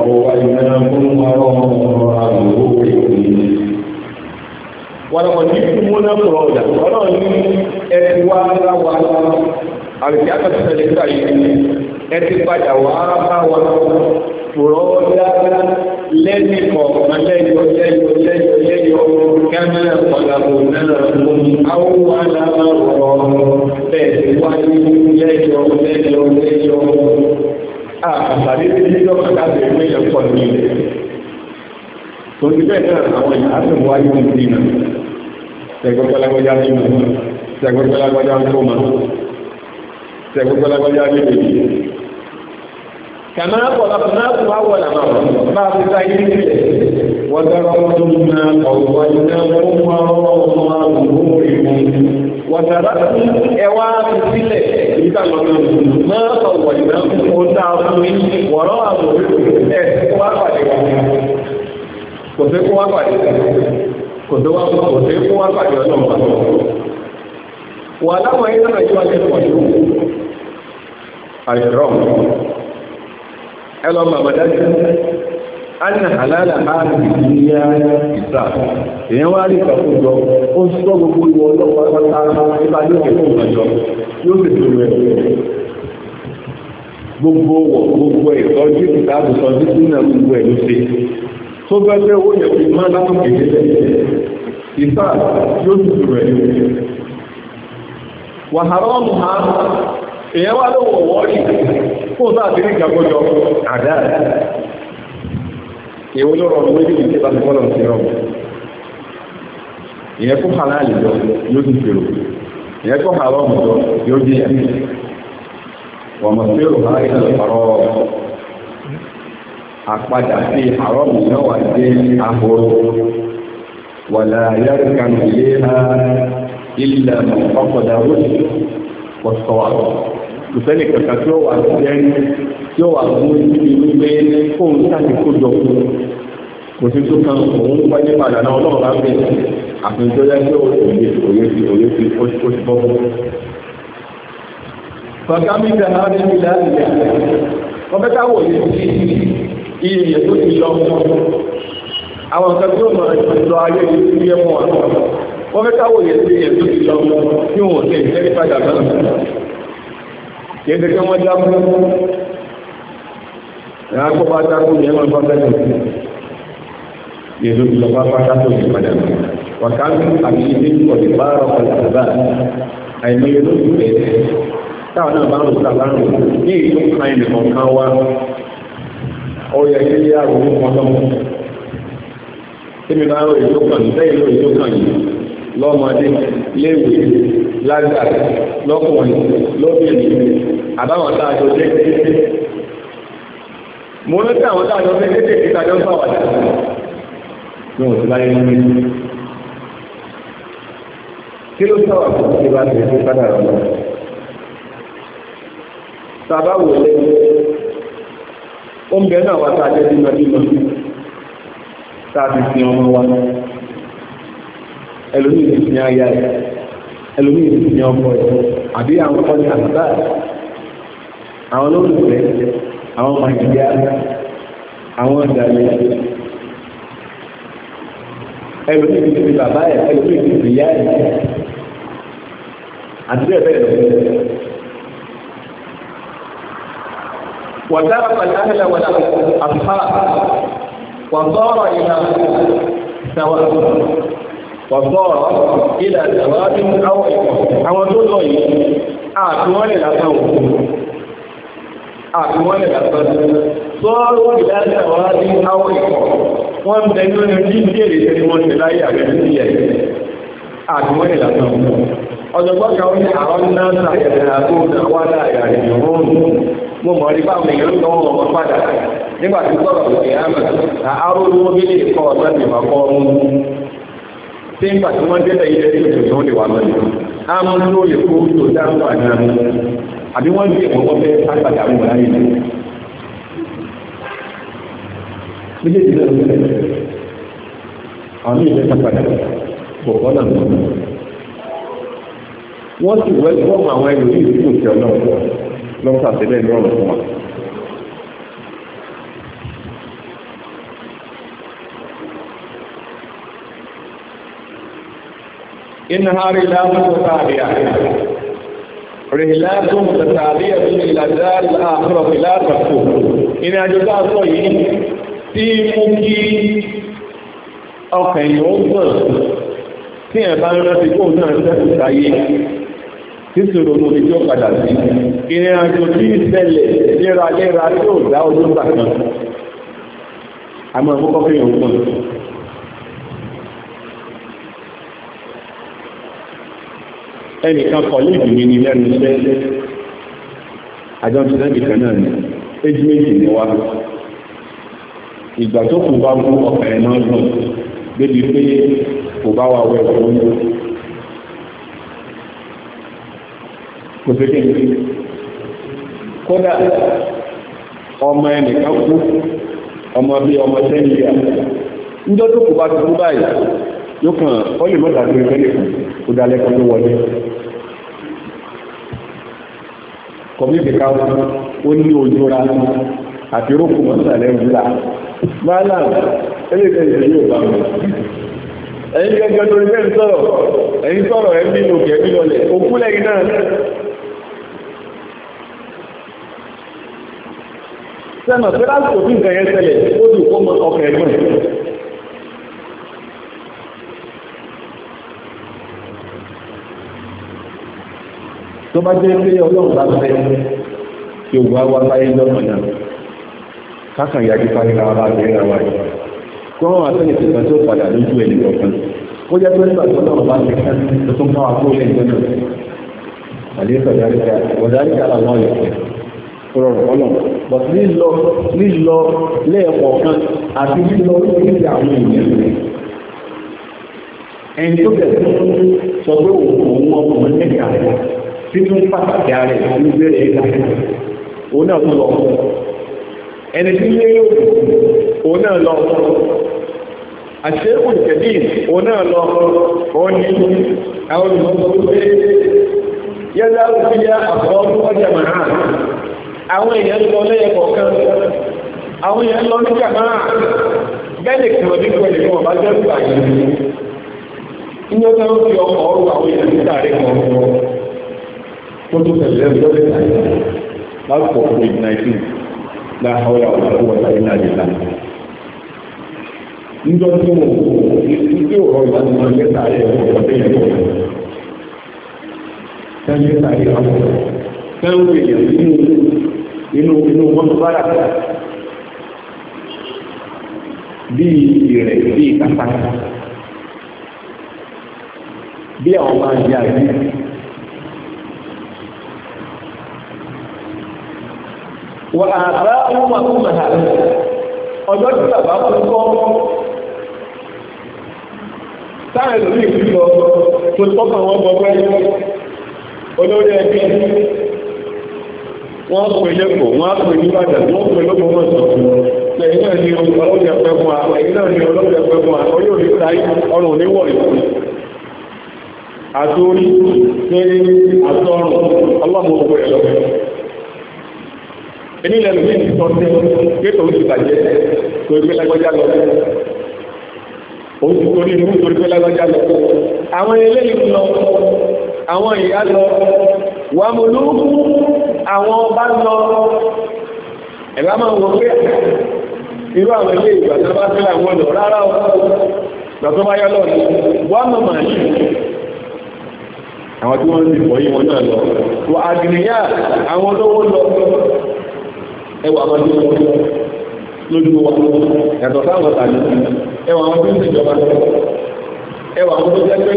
ọ̀wọ́ ìnáà fún ọ̀rọ̀ àbúrò ìlú wọ́n lọ́kọ̀ọ́ ní múná kọ̀rọ̀ ọ̀dà ọ̀rọ̀ ní ẹ̀kú wa àrùkí àtọ́sílẹ̀ nígbà yìí ẹ ti padà wá bá wa fòrọ́ dáadáa lẹ́ni kọ̀ọ̀kan lẹ́yọ lẹ́yọ lẹ́yọ lẹ́yọ kẹ́mẹ́rẹ́ pàdàbò náà lórí àwọn aláàrọ̀ bẹ́ẹ̀ ti wáyé lẹ́yọ lẹ́yọ lẹ́yọ àtàrí lẹ́yọ kàkàbí lẹ́yọ pọ̀ ní ilẹ̀ torí bẹ́ẹ̀ náà àwọn ìyá tó wáyé ní ìdí náà tẹ̀gbọ́gbọ́lágbọ́já nínú tẹ̀gbọ́gbọ́lágbọ́já ń tó máa sẹ̀gbọ́n lágbájá ní èdè kàmá kọ̀lápọ̀ náà tó wá wọ̀ làmà bá a fi sáyé nílẹ̀ wọ́n dára ọdún náà ọ̀wọ́ iná fún wa ọmọ àbúrò ìmọ̀ wọ́n dára fún ẹwà fi sílẹ̀ nígbà lọ́nà náà ọ̀wọ́ iná fún ó dá fún yí wọ̀rọ̀ àbúrò ẹ̀ kó wá pàdé wa kò sí kó wá pàdé kò sí kó wá pàdé ọlọ́mọ wà láwọn ẹ̀rọ ìjọba ẹ̀kọ́ yìí àìsírọ̀m ẹ lọ mọ̀ mọ̀dájú halala ààrùn ìdíyà ìsà èyàn wá rí ìkàkójọ ó ń sọ gbogbo ìwọ ọlọ́pàá pátá ní òkú ìgbàjọ tí ó gbogbo gbogbo sínú gbogbo ló ṣe tó owó fi máa kéde sì tó rẹ̀ wàhálà èyàn wá lówó wọ́ọ̀rì fún sáà sí ní ìjàgbọ́jọ àdáà èwo ló rọrùn méjì ní ìjọba fún ọlọ́run ti rọrùn ìyẹn fún halali lọ yóò ti fèrò ìyẹn fún haram lọ yóò jẹ yẹn wọ́n mọ̀ sí òrùn láì lọ àpadà sí haram náà wà dé ahoro wàlá yàrá kan ha ilẹ̀ ọ̀pọ̀dà wọ́n sọ wà lọ́wọ́ kò sẹ́ni kankan tí ó wà lẹ́yìn tí ó wà fún ibi wípé fóun sáàkì kó jọ fún kò sí tó kan òun wáyé padà náà ọlọ́run bá bẹ̀ àfihàn tó yẹ kí òye òye fi òye fi ó ti bọ́ fún. Fọ̀gámí ti àwọn ará ìlú láti yà. Wọ́n fẹ́ káwọ̀ yìí sí iye yẹn tó ti lọ fún ọ. Àwọn nǹkan tí ó mọ̀ lọ ayé yìí ti yẹ mọ́ ọ. Wọ́n fẹ́ káwọ̀ yìí sí iye tó ti lọ fún ọ. Kí wọ́n ṣe ìṣẹ́rí padà náà kìí ṣe kí wọ́n dákú ẹ̀rọ akọ́ bá dákú ní ẹ̀rọ bá bẹ́ẹ̀ tó yẹ̀dọ́ ìlọ bá bá dákú ní padà wàká ń àbí ilé ìkọ̀dé bá rọ̀ pẹ̀lú bá àìmọ̀ yẹn ló dùn bẹ́ẹ̀ táwọn náà bá ń rò sábà ń rò ní ìlú kan ilẹ̀ kọ̀ọ̀kan wá ọ̀yà ilé yàrá òun kan náà tẹ́mi bá rò èdè kan yìí lọ́mọdé léèwé lágbà lọ́kùnrin lóbìnrin àbáwọn táàjọ jẹ́ kékeré mo rántí àwọn táàjọ jẹ́ kékeré táàjọ ń bá wà dáadáa ní òtún láyé ní kí ló sọ̀rọ̀ fún kí bá ti fi padà rọ̀ lọ. Tàbá wò lé oúnjẹ náà wá tá bímọ bímọ tá a fi ọmọ wa náà ẹlòmíì ti fi ayá ẹ̀ ẹlòmíì ti fi ọmọ ẹ̀ àbí àwọn ọkọ ní àbá àwọn olólùfẹ́ àwọn màgìyà àwọn ọ̀dàlẹ̀ ẹlòmíì ti fi bàbá ẹ̀ ẹlòmíì ti fi ìyá ẹ̀ àti bẹ́ẹ̀ bẹ́ẹ̀ lọ. وترك الأهل والأصحاب وصار إلى سواء ọ̀sọ́ọ̀rọ̀ ilẹ̀ àtàwárí àwọn ẹ̀kọ́ àwọn tó lọ yìí àtúwọ́lẹ̀ lásán òkú àtúwọ́lẹ̀ lásán sọ́ọ̀rọ̀ ilẹ̀ àtàwárí àwọn ẹ̀kọ́ wọ́n ń bẹ nínú ní ìbéèrè tẹ́lú wọn ti láyé àtúwọ́lẹ̀ lásán òkú ọjọ́gbọ́n kan ní àwọn náà sàyẹ̀dẹ̀ àgbóhùn àwọn àdáyà ìrìnrún mo mọ̀ rí báwọn èèyàn lọ́wọ́ ọmọ padà nígbà tí sọ̀rọ̀ ìyá àmà àárò lówó bí lè kọ́ ọ̀sán ìmọ̀kọ́ tí ń gbà tí wọ́n dẹ́lẹ̀ ilẹ̀ tí òṣèlú tó lè wà lọ́lẹ̀ a mú ló lè kó tó dáńgbà náà mú àbí wọ́n gbé ìwọ̀n fẹ́ pàtàkì àwọn ọ̀rá yìí méjèèjì náà ló lẹ̀ àwọn ilé ìfẹ́ padà bọ̀ bọ́ náà wọ́n sì wẹ́lú àwọn ẹlòmíì tó kù sí ọlọ́run lọ́pàá sílẹ̀ lọ́rùn fún wa إنها رحلات متتالية رحلات متتالية إلى دار الآخرة لا تفوت إن أجزاء صحيح tí mú kí ọkàn èèyàn ó gbọ̀n tí ẹ̀ bá rán ti kó náà sẹ́kù sáyé tí sọ̀rọ̀ lórí tí ó padà sí ìrìn àjò tí ìṣẹ̀lẹ̀ léraléra tí ó dá ọdún gbà kan àmọ́ ìfúkọ́ fẹ́yàn ó gbọ̀n ẹnìkan kọ̀lẹ́ẹ̀dì mi ni lẹ́nu iṣẹ́ àjọ́sí lẹ́nìkan náà ni éjì méjì ni wá ìgbà tó kù bá mú ọkà ẹ̀ máa gùn débi pé kò bá wà wẹ̀ fún un kò sí kéde kódà ọmọ ẹnìkan kú ọmọ bíi ọmọ sẹ́yìn yà níjọ́ bá ti kú báyìí yóò kàn ọ́ lè mọ́ta tó ẹgbẹ́ nìkan kó dá lẹ́kọ̀ọ́ tó wọlé kọ̀míkì káwọn ó ní ojúra àti rókù mọ́sàlẹ̀ ńlá mọ́lá ẹlẹ́gbẹ̀ẹ́ ìṣẹ́ yóò bá wọn ẹ̀yìn gẹ́gẹ́ lórí bẹ́ẹ̀ sọ̀rọ̀ ẹ̀yìn sọ̀rọ̀ ẹ̀mí lòkè ẹ̀mí lọlẹ̀ òkú lẹ́yìn náà sẹ́nà pẹ́lá kò tí nǹkan yẹn ṣẹlẹ̀ ó ti kó mọ ọkọ̀ ẹ̀gbọ́n tó bá jẹ́ pé ọlọ́run bá fẹ́ tí ó wá wá láyé lọ́pìnà kákan yàjú fáríra ara àgbẹ̀rẹ̀ àwà yìí kó wọ́n àtẹ́lẹ̀ tẹ̀sà tó padà lójú ẹni ọ̀kan ó jẹ́ pé nígbà tó lọ́run bá fẹ́ tó tún káwà kó lè gbẹ́nà àlékà dáríkà ọ̀dáríkà làwọn ìfẹ́ rọrùn ọlọ́run but lílọ lílọ lẹ́ẹ̀kọ̀ọ̀kan àti lílọ oríṣiríṣi àwọn èèyàn rẹ̀ ẹni tó bẹ̀rẹ̀ sọ pé òun ọmọ ọmọ nígbà rẹ̀ títún pàtàkì ààrẹ ìlú bẹ̀rẹ̀ ìgbà òun náà tún lọ ẹni tí lé òun náà lọ àṣẹ́kùn kẹ̀dí òun náà lọ òun ní àwọn olùmọ̀gbọ̀n pé yẹ́dá òfin yá àkọ́ọ́dún ọjà màá àwọn èèyàn lọ lẹ́yẹ kọ̀ọ̀kan àwọn èèyàn lọ nígbà náà bẹ́ẹ̀lì kan ní pẹ̀lú ìwọ̀n bá jẹ́ ìgbà yìí ní ọjọ́ ń fi ọkọ̀ ọrùn àwọn èèyàn nígbà rẹ̀ kọ̀ọ̀kan tó tó tẹ̀lé ẹ̀rọ lọ́dẹ̀ láyé láti pọ̀ covid nineteen láhàwọ́lá ọ̀làwọ́ wà láyé láyé láyé. níjọ́ tí mo tí ò rọrùn láti máa lẹ́ta ayé ẹ̀rọ ọ̀dẹ́ yẹn lọ́wọ́ tẹ́lẹ̀ lẹ́ta ayé ẹ̀rọ tẹ́lẹ̀ èèyàn nínú inú inú mọ́tò bára bí ìrẹ̀ bí ìkápá bí àwọn máa ń jẹ àyè wọ àbá ọmọ àkúmọ̀ ha ọjọ́ tí bàbá kú kọ́ sáà lórí ìlú tó tọ́kàn wọn gbọgbẹ́ olórí ẹbí wọ́n pè lẹ́kọ̀ọ́ wọ́n pè ní wọ́n pè náà ni fún fún èmi lẹ́nu mi ti sọ sí kéètò oṣù bàjẹ́ tó ìgbé lágbájá lọ oṣù torí inú tó ìgbé lágbájá lọ àwọn eléyìí lọ àwọn ìyá lọ wà mú lú àwọn ọba lọ ẹ̀rá máa wọ pé irú àwọn ilé ìgbà tó bá fẹ́ àwọn ọ̀dọ̀ rárá o lọ́tọ́ bá yá lọ́ọ̀ni wà mọ̀ màá yìí àwọn tí wọ́n ti pọ̀ yí wọn náà lọ wọ àgbìnìyà àwọn olówó lọ ẹwà àwọn tí wọ́n lójú wa yàtọ̀ sáwọn tàbí ẹwà àwọn tí ń ṣèjọba ẹwà àwọn tó jẹ́ pé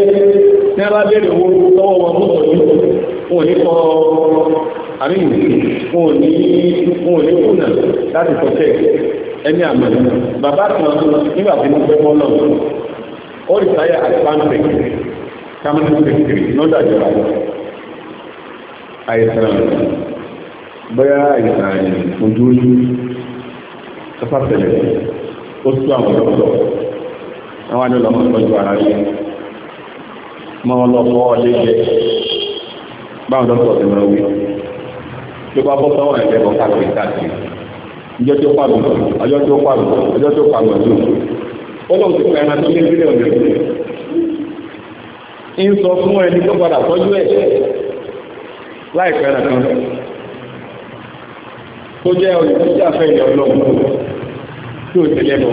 ní a bá bẹ̀rẹ̀ owó tọwọ́ wọn mú ọ̀yí wọn ní kọ́ àmì wọn ní wọn ní kùnà láti sọ́tẹ̀ ẹni àmì bàbá kan nígbà tí mo fẹ́ mọ́ náà ó rí sáyà àti pàǹpẹ̀ kámẹ́tì pẹ̀lú lọ́dà jọra àìsàn bóyá ìsàlẹ̀ ojú ojú sọ́fàtẹ̀lẹ̀ ó tú àwọn ọ̀dọ́ àwọn àdọ́lọ́ máa tọ́jú ara rí máa lọ fọ́ ọdẹ jẹ báwọn dọ́kítọ̀ ti máa wí bọ́ sọ́wọ́n ẹ̀jẹ̀ káàkiri káàkiri pàgọ́ ọjọ́ pàgọ́ ọjọ́ pàgọ́ tó ó tó ní ń sọ fún ẹni tó padà tọ́jú ẹ̀ tó jẹ́ olùdíjàfẹ́ ilẹ̀ ọlọ́run tí ó tẹ̀lé lọ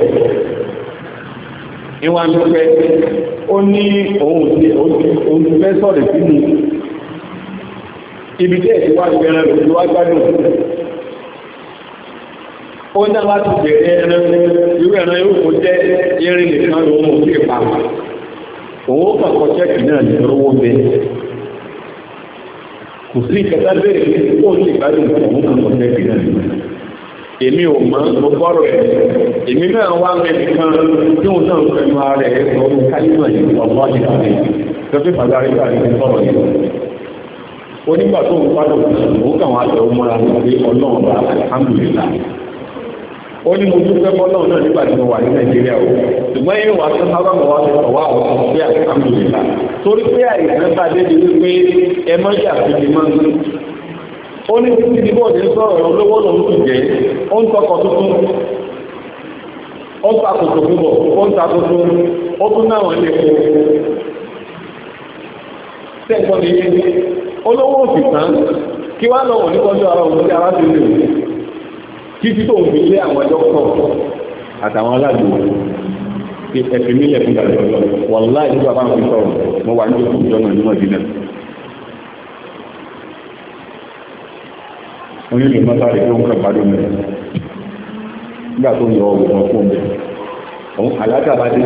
ìwà nípẹ́ ó ní òun fẹ́ sọ̀rọ̀ sínú ibi tẹ́ ìwádìí ẹran ló wá gbádùn ó ní láti bẹ̀rẹ̀ ẹran irú ẹran yóò kó jẹ́ irin nìkan lòun ò sí ìpamọ́ òun ó kàkọ́ náà ní owó bẹ́ẹ̀ kò sí ìkẹta bẹ́ẹ̀ ní ó ní ìgbádùn òun kan kò fẹ́ bìí náà èmi ò mọ̀ mo gbọ́rọ̀ ẹ̀ èmi náà wá mẹ́rin kan tí wọ́n náà fẹnu ara ẹ̀ sọ ní kálímà yìí ọ̀pọ̀ ìpàdé lọ́pẹ́ pàdárí pàdé ní sọ̀rọ̀ yìí onígbà tó ń pàdọ̀ ó kàn wá lọ mọ́ra pé ọlọ́run bá alhamdulillah ó ní mo tún fẹ́ bọ́lọ́run náà nígbà tí mo wà ní nàìjíríà o ṣùgbọ́n yìí wà tó sábà mọ̀ wá sọ̀rọ̀ wá ọ̀sán pé alhamdulillah torí pé àìsàn bá débi wípé ẹ mọ́ jà fún mi mọ́ ní. ó ní títí ní bọ́ọ̀dì ń sọ̀rọ̀ olówó lòun ti jẹ́ ó ń tọkọ tuntun ó ń takòtò púpọ̀ ó ń takòtò ó tún náà wọ́n lè kó sẹ́kọ̀ọ́ ní ilé olówó òfìsàn kí wá lọ́wọ́ ní kọjọ́ ara òun sí arábìnrin rẹ̀ kí títò òfin lé àwọn ẹjọ́ pọ̀ àtàwọn aládùúgbò pé ẹ̀fẹ̀ mílẹ̀ fún ìdàgbà ọ̀dọ́ wọ́n láì nígbà bá ń fi sọ̀rọ̀ mo wà nígbà fún ìjọ náà nímọ̀ ìdílé onílù mọ́tàrí tó ń kà bá lómi rẹ̀ nígbà tó ń lọ ọ̀gbọ̀n fún mi òun àlágà bá dé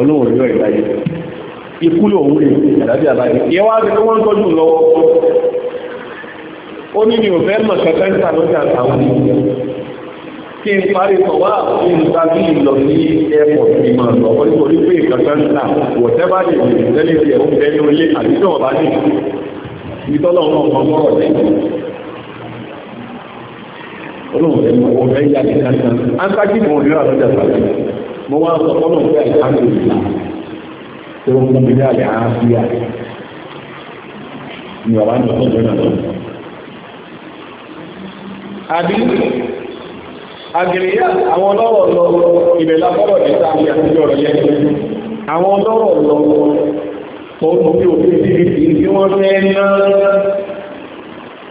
ọlọ́run yóò ìdáyé ikú lòun rè àlágà bá dé ìyẹn wá sí wọ́n tọ́jú lọ́wọ́ ó ní mi ò fẹ́ mọ̀ kẹ́kẹ́ ń ta àwọn ènìyàn kí n parí sọ̀wá kí n ta bí ìlọ ní airport ní máa lọ wọ́n ní orí pé ìkankan náà wọ̀tẹ́bá lè lè tẹ́lẹ̀ tí ẹ̀hún tẹ́lẹ̀ olé àdíjọ́ ọ̀bá ní ìtọ́lọ̀ náà kan mọ́rọ̀ lẹ́yìn olóhùn ẹ̀mọ́ ọ̀fẹ́ yá ní kankan antájí mọ̀ ní ni ọ̀bá ní ọ̀sán àgìrìyà àwọn ọlọ́rọ̀ lọ ilẹ̀ lábọ́rọ̀ ní sáàmì àtijọ́ rẹ̀ yẹn àwọn ọlọ́rọ̀ lọ oòrùn bí òfin dvd tí wọ́n fẹ́ ná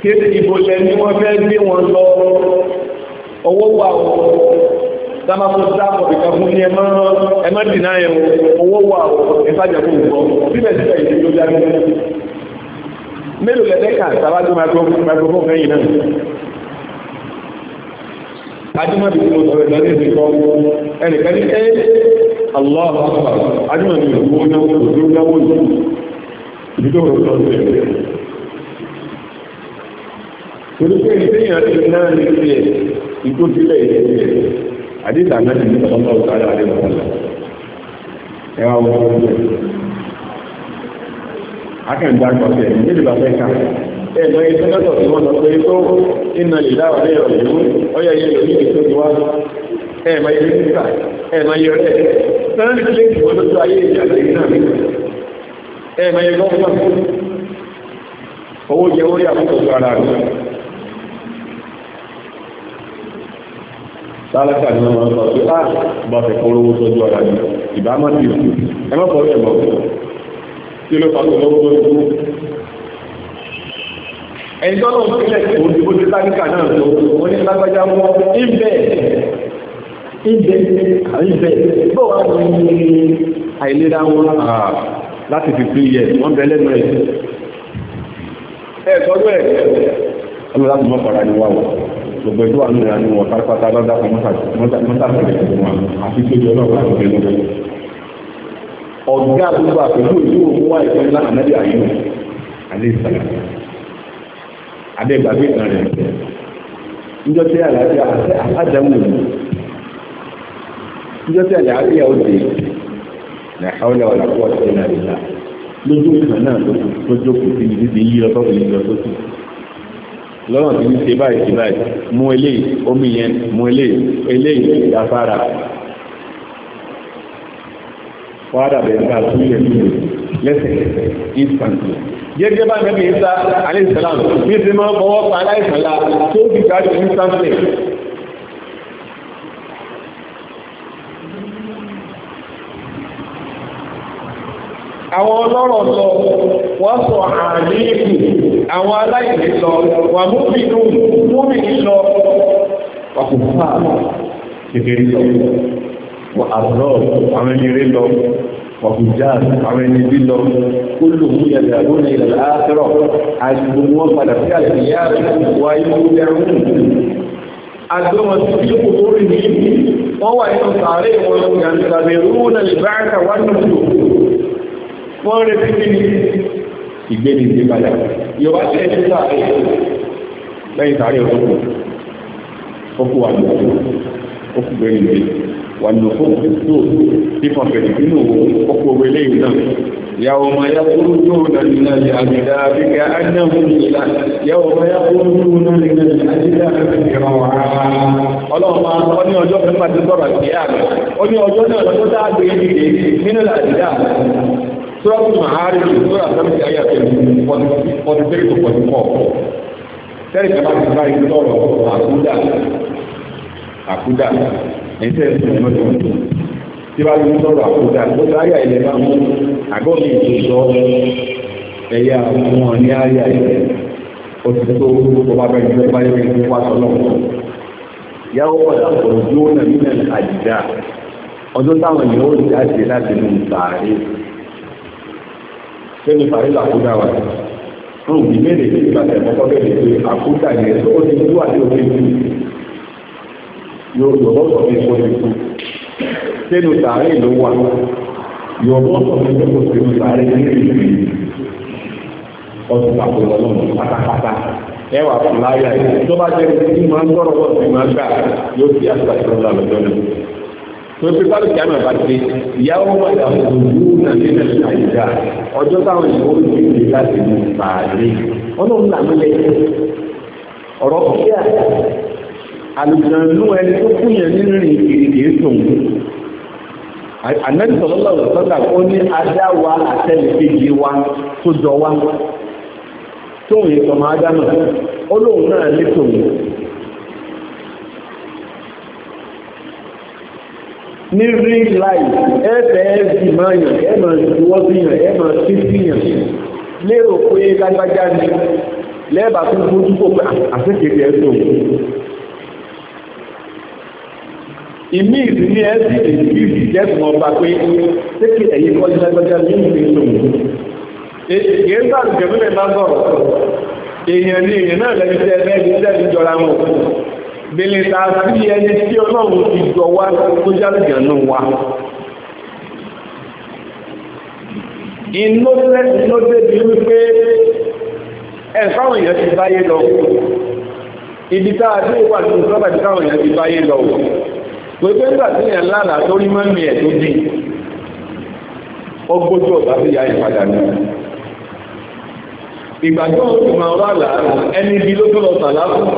kéde ìbòlẹ̀ ni wọ́n fẹ́ gbé wọn lọ owó wà ó dámàkúta kọ̀bìkà fún ní ẹmọ́ ẹmọ́ dìná ẹ̀wọ̀ owó wà ó ìfàjà ìgbọ́ adúmọ̀bí tí mo sọ̀rọ̀ ìlọ́dí ìsìn kọ́ ẹnìkan ní ẹ́ Allahu Akbar adúmọ̀bí ìlú náwó ìlú náwó yìí ìdíjọ́ òun lọ sí ẹ̀rẹ́ torí pé ìdíyàn ti náà ní sí ẹ̀ ìtó sílẹ̀ ìdí ẹ̀ àdìsá náà ti ní sọ́mọ́ ọ̀sára àdìmọ̀lá ẹwà wọn ló ń bẹ̀rẹ̀ akẹ́ǹdà kọ̀ọ̀tẹ̀ ẹ̀mọ́ iṣẹ́ lọ́dọ̀ tí wọ́n lọ pé tó iná ìdáwà ní ọ̀rọ̀ ìlú ọyá ilẹ̀ oníkì tó ti wá ẹ̀mọ́ ilé nígbà ẹ̀mọ́ iye rẹ̀ sẹ́rẹ́ ní kílé ìwọ́n lójú ayé ìjàdà ìrìnà mi ẹ̀mọ́ iye gọ́ọ̀mọ́ owó jẹ orí àkókò ara rẹ̀ sálẹ́kà ní wọn sọ pé á ah, bá fẹ́ kọ́ lówó sójú ara rẹ̀ ìbámọ́ ti ẹ̀mọ́ pọ̀ rẹ̀ mọ́ kí ló fà ẹjọ́ náà sílẹ̀ òdìbò tí táníkà náà tó wọ́n ní lágbájá mọ́ ibẹ̀ ibẹ̀ ibẹ̀ bọ́ wá ní àìlera wọn ah, láti fi pín yẹ wọ́n bẹ lẹ́nu ẹ̀ ẹ̀ tọ́jú ẹ̀ ọmọ láti mọ́ fara ní wáwọ̀ gbogbo ẹjọ́ àwọn ìrìnà ní wọn pátápátá lọ́dá fún mọ́tàkùnrin fún wọn àti tó jẹ́ ọlọ́pàá ìgbẹ́ lọ́wọ́ ọ̀gá gbogbo àpẹ̀lú ìlú òun wà ìpínlẹ̀ àmẹ́lẹ̀ àyẹ̀wò àlẹ́ ìsàlẹ̀ abẹ́gbàgbé kan rẹ̀ níjọ́ tí àlàáfíà àtàdámù ni níjọ́ tí àlàáfíà ó dé nà áwọlẹ̀ wà lápò ọ̀sẹ̀ náà rẹ̀ náà lójú kan náà tó jókòó sí ibi tí ń yí ọtọ́ òní lọ sókè lọ́nà tí ń ṣe báyìí ṣe báyìí mú eléyìí omi yẹn mú eléyìí eléyìí ìdáfára wàá dàbẹ̀ ká tún yẹ lẹ́sẹ̀kẹsẹ̀ instantly gẹ́gẹ́ bá mẹ́bí ìsá aléìsìlám ní ti máa fọwọ́ pa aláìsànlá tó ti gbájú ní sáńsìn àwọn ọlọ́rọ̀ lọ wọ́n sọ àríkù àwọn aláìsì lọ wà múbìnú múbìnú lọ wàkùnfà kékeré lọ wà àrọ̀ àwọn ẹni rẹ̀ lọ ọ̀fìjáàd àwọn ẹni bí lọ ó lò mú yẹ̀dẹ̀ àgbóni ilẹ̀ àátọ́rọ̀ àti gbogbo wọn padà sí àlẹ́yà wà inú ẹrùn agbọ́mọ̀ sí tí kò tó rí ní wọ́n wà nínú sàárè wọn yàtàbẹ̀ rúnà lè bá wà nínú wọ́n rẹ̀ sí kí ni ìgbéni ìgbé padà yọ̀wá sí ẹni lẹ́yìn sàárè والنفوق في السوق صفة فإنه أقوى إليه يوم يخرجون من الأجداد كأنهم إلى يوم يخرجون من الأجداد روعا ọlọ́run máa ń ní ọjọ́ pẹ́pà tí sọ̀rọ̀ sí àmì ó ní ọjọ́ náà lọ́jọ́ tá a gbé nílé nínú làdídà sọ́ọ̀tù mahari sọ́ọ̀tù àtàmì ayé àtẹ̀lù forty three to forty four tẹ́lifíà máa ti bá ìlú sọ̀rọ̀ àkúdà àkúdà ẹ̀ńtẹ́ ẹ̀sìn mọ́tò tí bá yóò sọ̀rọ̀ àkójá tó táyà ilẹ̀ bá mú àgọ́mì ìtòsọ ẹ̀yà wọn ní àyà ilẹ̀ ó ti tó tó bá bẹ̀rẹ̀ ìgbẹ́ báyẹ̀ ní wá sọ́lọ́ yàwó padà sọ̀rọ̀ tí ó nà nílẹ̀ àjìdá ọdún táwọn ènìyàn ó jáde láti nù sàárè sẹ́ni sàárè làkójá wa fún ìbéèrè ìgbà tẹ̀kọ́kọ́ bẹ̀rẹ̀ pé àkójá yẹn tó ti tú àti òkè your your boss of the employee too sẹ́nu sàárè ló wà your boss of the employee sẹ́nu sàárè ní ìlú ọdún àpòlọ náà pátápátá ẹ wà fún láyà yìí tó bá jẹ́ pé máa ń gbọ́rọ̀ bọ̀ sí máa ń gbà yóò fi àṣà ìrọ̀lá lọ́jọ́ náà tó fi bá lùkì àmì àbájáde ìyàwó padà òwú náà ní ẹ̀sìn àyíká ọjọ́ táwọn ìyàwó ti ń lè láti mú sàárè ọlọ́run làmúlẹ̀ ọ̀rọ̀ àlùjọ̀nú ẹni tó kú yẹn nínú rìn kìrìkìrì tòun ànábì sallallahu ó ní ajá wa àtẹnìkejì wa tó jọ wa tóun yìí sọmọ ajá náà ó náà ní tòun ní real life ẹ̀fẹ̀ ẹ̀fì máa yàn sí yàn sí sí yàn lérò pé ni tó gbójú kò pé ìmí ìdílé ẹ̀sìn ìdílé ìjẹ́sùn ọba pé sékè ẹ̀yìn kọ́jú lágbájá ní ìlú ìṣòwò èyí ń bá gẹ̀mílẹ̀ bá sọ̀rọ̀ èèyàn ní èèyàn náà lẹ́ni tẹ́ ẹni tẹ́ ẹni jọra wọn bèlè ta sí ẹni tí ọlọ́run ti jọ wá tó jálùjẹ̀ náà wá inú ló débi wípé ẹ̀fáwọn èèyàn ti báyé lọ ibi tá a dé wà ní ìsọ́bàjì táwọn èèyàn ti báyé lọ pẹ̀lú ẹgbà tí yẹn lára tó rí mọ́mí ẹ̀ tó dì ọgbójú ọ̀bá sí ya ìpadà ní ìgbàgbọ́ òfin máa wà láà ẹni ibi ló tó lọ sàlá fún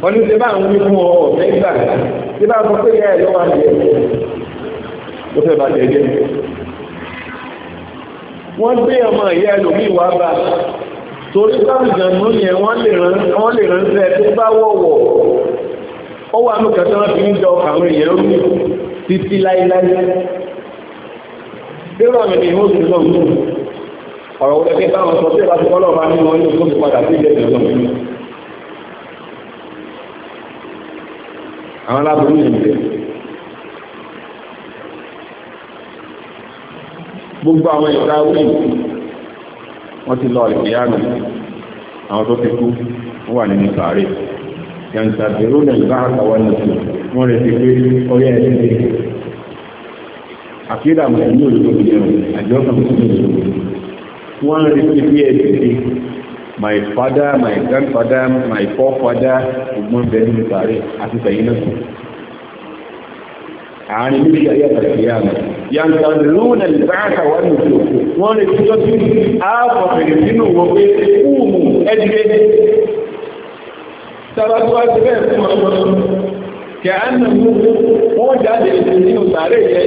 wọn ní ṣe bá ń wí fún ọ ọ̀fẹ́ gbà tí bá sọ pé ìyá ẹ̀ ló wà ní ẹ̀ tó fẹ́ bá tẹ̀ jẹ́ wọ́n gbé ọmọ ìyá ẹlòmíì wá bá torí sáàmì jàǹdùn yẹn wọ́n lè ránṣẹ́ tó bá wọ̀wọ̀ ó wà ní kẹta wọn fi ń jọ àwọn èèyàn rú títí láíláí dérò àmì ni ìhóòsì náà mú ọ̀rọ̀ wọlé pé báwọn sọ sí ìbáṣepọ̀ ọlọ́ọ̀bá nínú ọdún tó ti padà sí ilé ìjọba àwọn aláboyún ìgbẹ́ gbogbo àwọn ìta wí wọ́n ti lọ ìpìyàmì àwọn tó ti kú wà nínú sàárè yàntàbẹ̀rún náà bá àtàwọn nìkan wọ́n rẹ̀ ti pé ọyá ẹ̀sìn lè àkídà mọ̀lú olùkọ́bí ẹ̀rùn àjọ́kà mọ̀lú olùkọ́bí wọ́n rẹ̀ ti pé ẹ̀sìn lè my father my grandfather my father, ọgbọ́n bẹ̀rẹ̀ ní sàárè àti sẹ̀yìn náà sùn àárín méjì ayé àtàkìyà mọ̀ yàntàbẹ̀rún náà bá àtàwọn nìkan wọ́n rẹ̀ ti tọ́jú ààbọ̀ fèrè sínú wọ́n pé kúùmù ẹ̀dígbé tàbátí wá ti bẹ́ẹ̀ fún ọmọ kẹ à ń nà mú wọ́n jáde nínú sàárè yẹ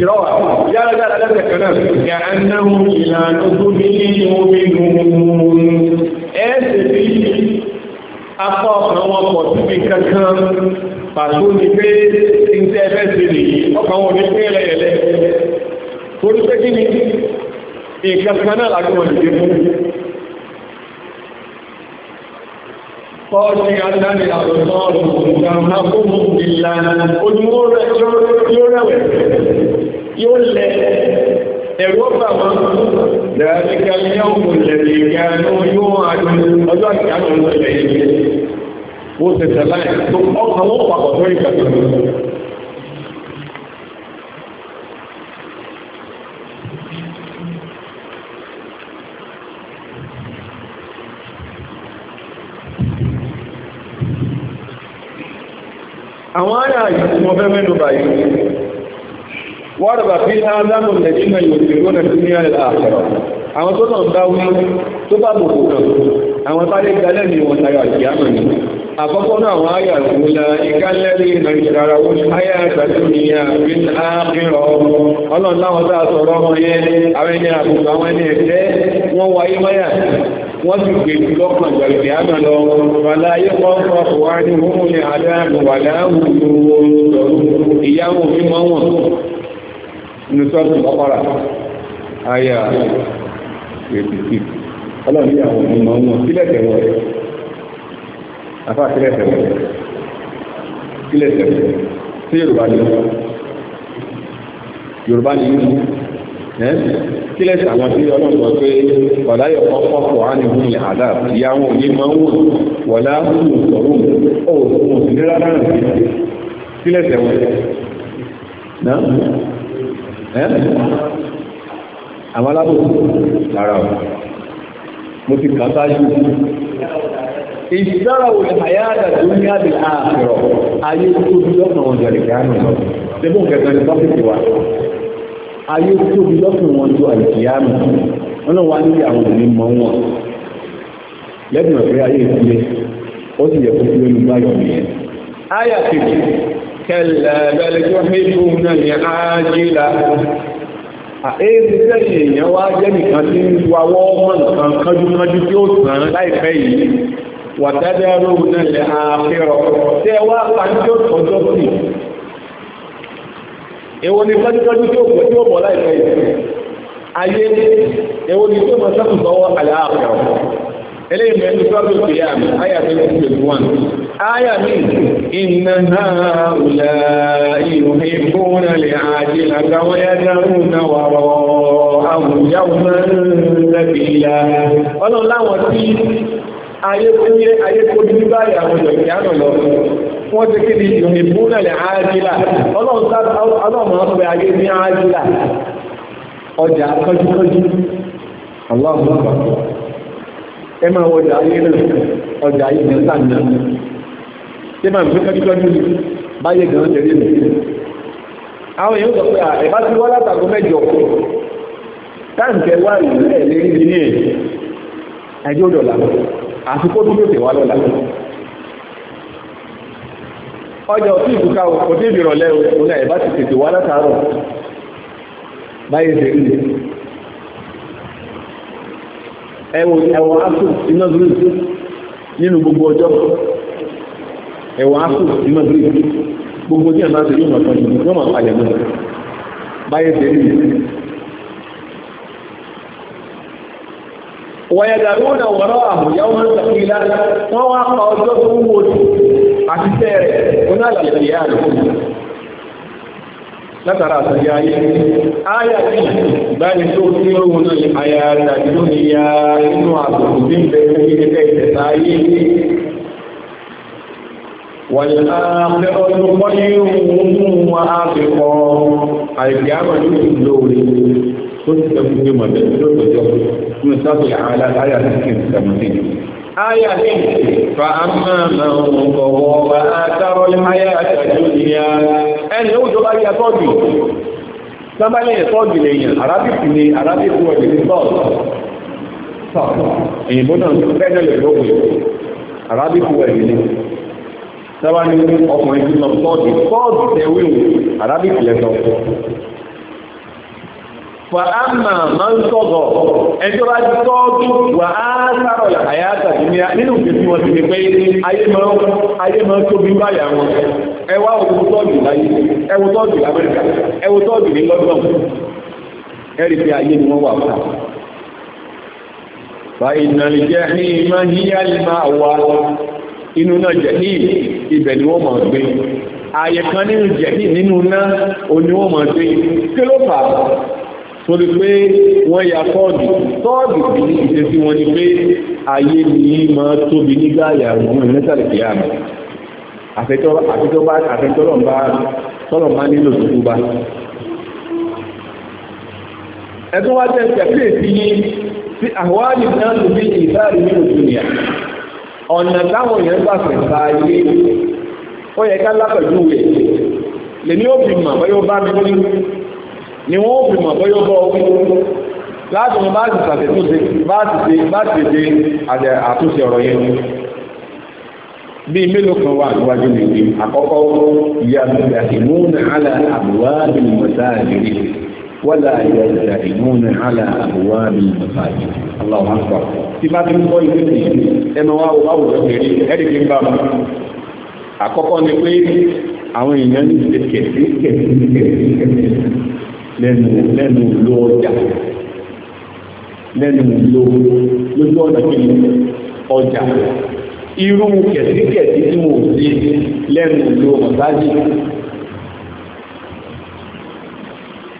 ìrọ̀wà yára dára lẹ́sẹ̀ kan náà kẹ à ń nà mú ìlànà tó ní ní omi nù ẹ́ sì fi apá ọkàn wọn pọ̀ síbi kankan pàtó ni pé iṣẹ́ ẹgbẹ́ sí nìyí ọkàn wọn ní pé kí خاشعة الأبصار ترهقهم بالله أجمور يولوي يولي ẹ̀rọ́bà wọn dáadéka ní ọmọ ìlẹ̀lẹ̀ ìgbà náà yóò àjò ọjọ́ àkíyàn ọmọ ìlẹ̀lẹ̀ ìgbà wọ́n tẹ̀sẹ̀ láì tó ọkọ̀ wọ́n pàpọ̀ tó ìgbà tó àwọn àyà yìí wọ́n fẹ́ mẹ́nu báyìí wọ́rọ̀bà fi ádámù lẹ́jìnà yòrò na dúníà àkàrà àwọn tó náà bá wí tó bá bòkò kan àwọn tálé galẹ̀ ni wọ́n tayọ àjíyàmà ni àkọ́kọ́ náà wọ́n ayà ìwòlá ìkálẹ́rí na ìṣàrà wọ́n ayà ìgbàdúnìyà fi ń ápìrọ̀ ọlọ́run láwọn tá sọ̀rọ̀ ọmọ yẹn àwọn ẹni àbùkù ẹ̀fẹ́ wọ́n wáyé máyà wọ́n ti gbè lọ́kàn nínú sọ́ọ̀tù ọ̀pọ̀ra àyà 86 ọlọ́run ní àwọn ọmọ wọn sílẹ̀ tẹ̀wọ̀ afá sílẹ̀ tẹ̀wọ̀ sílẹ̀ tẹ̀wọ̀ sí Yorùbá ni Yorùbá ni yìí ẹ́ sílẹ̀ tàwọn tí ọlọ́run sọ pé wàlá yọ kọ́kọ́ pọ̀ á ní hun ilẹ̀ àdá ìyá wọn òye máa ń wọ̀n wàlá hun sọ̀rọ̀ òun òun sí rárá sílẹ̀ náà àwọn alábòsí lára ọ̀ mo ti kà sáájú ìṣẹ́ràwò àyáàdà tó ní àbí ààfẹ́rọ̀ ayé tó bí wọn jọ àlìkìyàmù lọ tẹ́bùn kẹta ní tọ́pìtì wa ayé tó bí wọn jọ wọn náà wá àwọn òní mọ wọn lẹ́gbẹ̀rẹ̀ pé ayé ó sì yẹ kẹlẹ̀ bẹ́lẹ̀jọ́ hìbùn náà ní ájílá èébí sẹ́yìn èèyàn wá jẹ́ nìkan tí ń wawọ́ mọ́ nǹkan kánjúkánjú tí ó sàn láìpẹ́ yìí wà dáadáa lóhun náà lè àfihàn tẹ́ wá pàjọ́ tọ́jọ́ sí èwo ni Áyà mi, iná náà wùlá ìrùn ìfún rẹ̀ àti àgbàwọ́ yájáwùn náà wà rọ̀ àwùjáwùn náà lẹ́bí ìyá. Ọlọ́run láwọn tí ayé tó yẹ ayé tó bí báyìí àwọn ìjọ̀kì àmọ̀ lọ ọjà kọjúkọjú. náà ṣé máa gbé tọ́jútọ́jú báyé gan tẹ̀lé mi àwọn èèyàn sọ pé ẹ̀bá ti wá látàgọ́ mẹ́jọ táǹkẹ́ wà ìrìnlẹ̀ lérí ní ẹ̀ ẹjọ́ dọ̀là àfikó tó tẹ̀ wá lọ́la ọjọ́ tí ìbùká kò tí ìbìrọ̀lẹ́ òun ẹ̀bá ti tètè wá látàárọ̀ báyé tẹ̀lé mi ẹwọ ẹwọ asùn iná zuru nínú gbogbo ọjọ́ ẹ̀wọ̀n ápù ní madrid gbogbo ní àmà àtẹ̀yìn ọ̀pọ̀ ìlú wọ́n máa pàyẹ̀ mọ́ báyẹ̀ tẹ̀lé wọ̀yẹ̀dàrúnà wọ̀rọ̀ àmúyáwó ń sàkílá wọ́n wá pa ọjọ́ tó ń wo àti tẹ́ẹ̀rẹ̀ oní àlàyé ìyá rẹ̀ látara àtàrí ayé ayà ní ìbáni tó tí ó wùn náà ayà rẹ̀ àti lónìí ya inú àtòkù bí ń bẹ̀rẹ̀ والآخرة خير وأبقى القيامة يمكن دوري كنت تكون ما من سبع على آية 57 آية فأما من طغى وآثر الحياة الدنيا ẹni ó jọba yẹ tọ́jú sábàlẹ̀ tọ́jú lèyàn arabic ni arabic ní sábà ní ọkùnrin tí lọ sọ́ọ̀dì sọ́ọ̀dì tẹ̀wé o arábì tilẹ̀ sọ. Fa ama máa ń sọ̀gọ̀ ẹjọ́ bá ti sọ́ọ̀dù wà á sárọ̀ àyà àtàdé ní nínú ìgbésí wọn ti lè pé ayé máa ń tóbi báyà wọn. Ẹ wá òkú sọ́ọ̀dì láyé, ẹ wo sọ́ọ̀dì l'Amẹ́ríkà, ẹ wo sọ́ọ̀dì ní London. Ẹ rí pé ayé ni wọ́n wà fún Fa ìnàlìjẹ́ ní ìmọ̀ yíyá ìmọ̀ àwọn inú náà jẹ̀hí ibẹ̀ ni wọ́n mọ̀ gbé ààyè kan nínú jẹ̀hí nínú náà òní wọ́n mọ̀ gbé kí ló fà á torí pé wọ́n ya tọ́ọ̀dù tọ́ọ̀dù bí ní ìṣe sí wọn ni pé ayé ni máa tóbi nígbà àyàwó mẹ́tàlẹ̀ kìí àmì àfẹ́tọ́lọ̀ bá nílò tó kú bá ẹ̀tún wá jẹ́ ìṣẹ̀fẹ́ sí àwọn àdìsí náà tó bí ìbáàrí nínú dúnìyà ọ̀nà táwọn èèyàn gbà fẹ̀ gba ilé ó yẹ ká lápẹ̀lú rẹ̀ lèmi ó fi mọ̀ bọ́yọ́ bá mi wí ni wọ́n ó fi mọ̀ bọ́yọ́ bọ́ wí láti wọn bá ti ṣàtẹ̀túnṣe bá ti ṣe bá ti ṣe àtúnṣe ọ̀rọ̀ yẹn bí mélòó kan wà níwájú nìyí àkọ́kọ́ ìyá àti ìmúnà àlà àbúwá bí mọ̀tá àdìrí wọ́lá ìyàjà ìmúni àlà àbúwá bí ìfàjì aláwọ̀ àpá tí bá ti ń kọ́ ìwé sí ẹnu àwòrán kiri ẹ̀rì kí ń bá mú àkọ́kọ́ ni pé àwọn èèyàn ní ṣe kẹ̀kẹ́ kẹ̀kẹ́ lẹ́nu lẹ́nu ló ọjà lẹ́nu ló lójú ọ̀nà kí ni ọjà irú kẹ̀kẹ́ kẹ̀kẹ́ tí mo sí lẹ́nu ló ọ̀sájì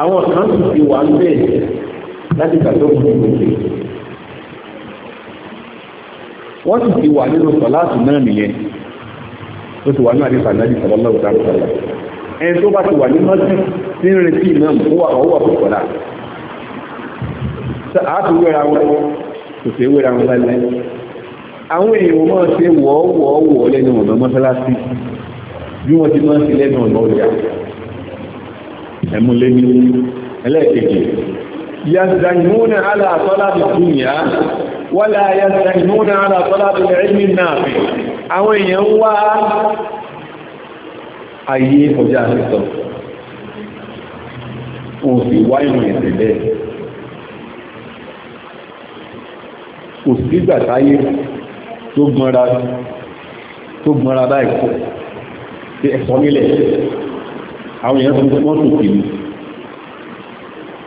àwọn kan sì ti wà ń bẹ̀ láti kàtó fún ìgbòkè wọ́n sì ti wà nínú sọ̀láàtù náà nìyẹn tó ti wà ní àdìsà náà jìsà lọ́wọ́ dáadáa ẹni tó bá ti wà ní mọ́sí ní retí náà ó wà ọwọ́ fún sọ̀lá àti wẹ́ra wọn kò sí wẹ́ra wọn lẹ́lẹ́ àwọn èèyàn máa ṣe wọ́ọ̀wọ́ọ̀wọ́ lẹ́nu ọ̀nà mọ́sálásí bí wọ́n ti máa ń ṣe lẹ́nu ọ̀nà ọ̀yà ẹ̀múléní ẹlẹ́ẹ̀kejì yàtàìmúnà aláàtọ́lábì dúnìyà wọ́lá yàtàìmúnà aláàtọ́lábì ẹ̀mí náà àwọn èèyàn wá ayé ọjà àtìsọ òun sì wá ìmọ̀ ẹ̀sẹ̀ bẹ́ẹ̀ kò sígbà táyé tó gbọ́nra báyìí ẹ̀sọ́ nílẹ̀ àwọn èèyàn tó wọ́n sùn kìí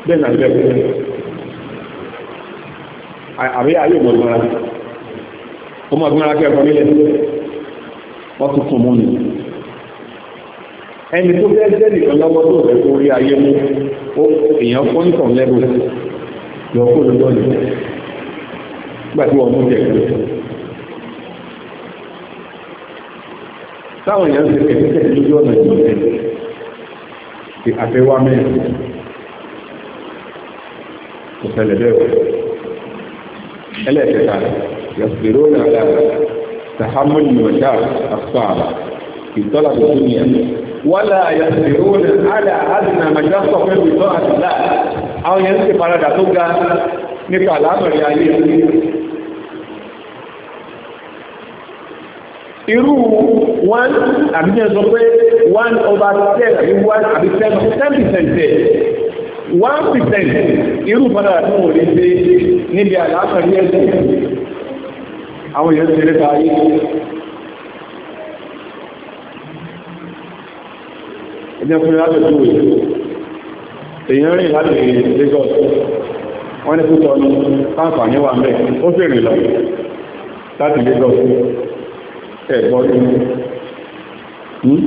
bẹ́ẹ̀ náà bẹ́ẹ̀ àbí ayé ìmọ̀gbọ́nra ó mọ̀ gbọ́nra kẹ́ẹ̀kọ́ nílẹ̀ wọ́n tún kùn mú ni ẹni tó bẹ́ẹ̀ jẹ́ nìkan lọ́wọ́ tó rẹ̀ kó rí ayé mú ó èèyàn fún ìtàn lẹ́rù lọ kó lọ́jọ́ ni gbàtí wọ́n mú jẹ̀ táwọn èèyàn ti kẹ̀kẹ́ lójú ọ̀nà ìjọba ti àfẹ́wà mẹ́rin kò ṣẹlẹ̀ bẹ́ẹ̀ ẹlẹ́ẹ̀kẹta yọ̀sùlérò nàdà tàhámùlì mọ̀já àfààbà ìtọ́lá tó tún yẹn wọ́lá yọ̀sùlérò nàdà àdìnà mọ̀já sọ pé ìtọ́ àtìlá àwọn yẹn ti paradà tó ga nípa àlámọ̀rí ayé irú one àbí jẹ́ sọ pé one over ten àbí one àbí ten ten percent one percent irú padà tí wọ́n lè ṣe níbi àlàáfàrí ẹ̀sẹ̀ àwọn èèyàn ṣe lẹ́ta ayé ẹjẹ́ fún láti tó wè èèyàn rìn láti Lagos wọ́n ní fún tọ́nu fáǹfà níwà mẹ́ ó fèrè lọ láti Lagos ẹ̀gbọ́n ní hmm?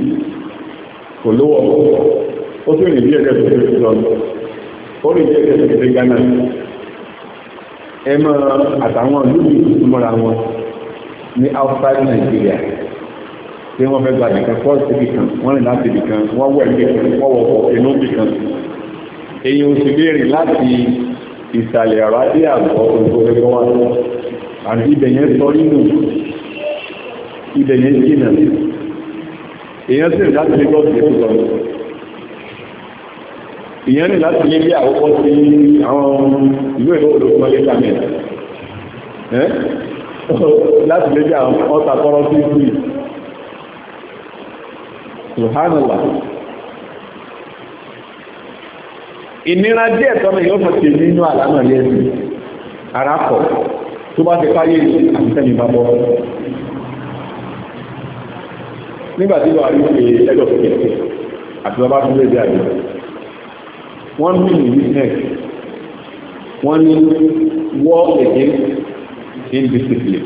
kò lówó ọkọ̀ ó tún rìn bí ẹ̀kẹ́ tó fi lọ ó rìn bí ẹ̀kẹ́ tó fi gánà ẹ mọ́ àtàwọn lórí ìtumọ̀ra wọn ní outside Nigeria tí wọ́n fẹ́ gba ìkan fọ́ síbi kan wọ́n rìn láti ibì kan wọ́n wẹ̀ ní kan wọ́n wọ̀pọ̀ inú ibì kan èyí ò sì béèrè láti ìsàlẹ̀ àrádé àgbọ̀ òṣèlú wọn àti ibẹ̀ yẹn sọ nínú ibẹ̀ yẹn jìnà èèyàn sì láti lè gọ́ọ̀sì ètò lọ èèyàn ní láti lè bí àwọ́pọ̀ sí àwọn ìlú ìlú olóògbọ́n lé kàmẹ́ láti lè bí àwọn ọta kọ́rọ́ sí ìlú Subhanallah ìnira díẹ̀ tọ́nà yóò fọ́ sí nínú àlámà lẹ́sìn arákọ̀ tó bá ti fáyé àti tẹ́lẹ̀ bá bọ́ nígbà tí wàá rí pé ẹjọ́ fún kẹ̀kẹ́ àti bàbá fún léde àjọ wọ́n ní ní business wọ́n ní war against indiscipline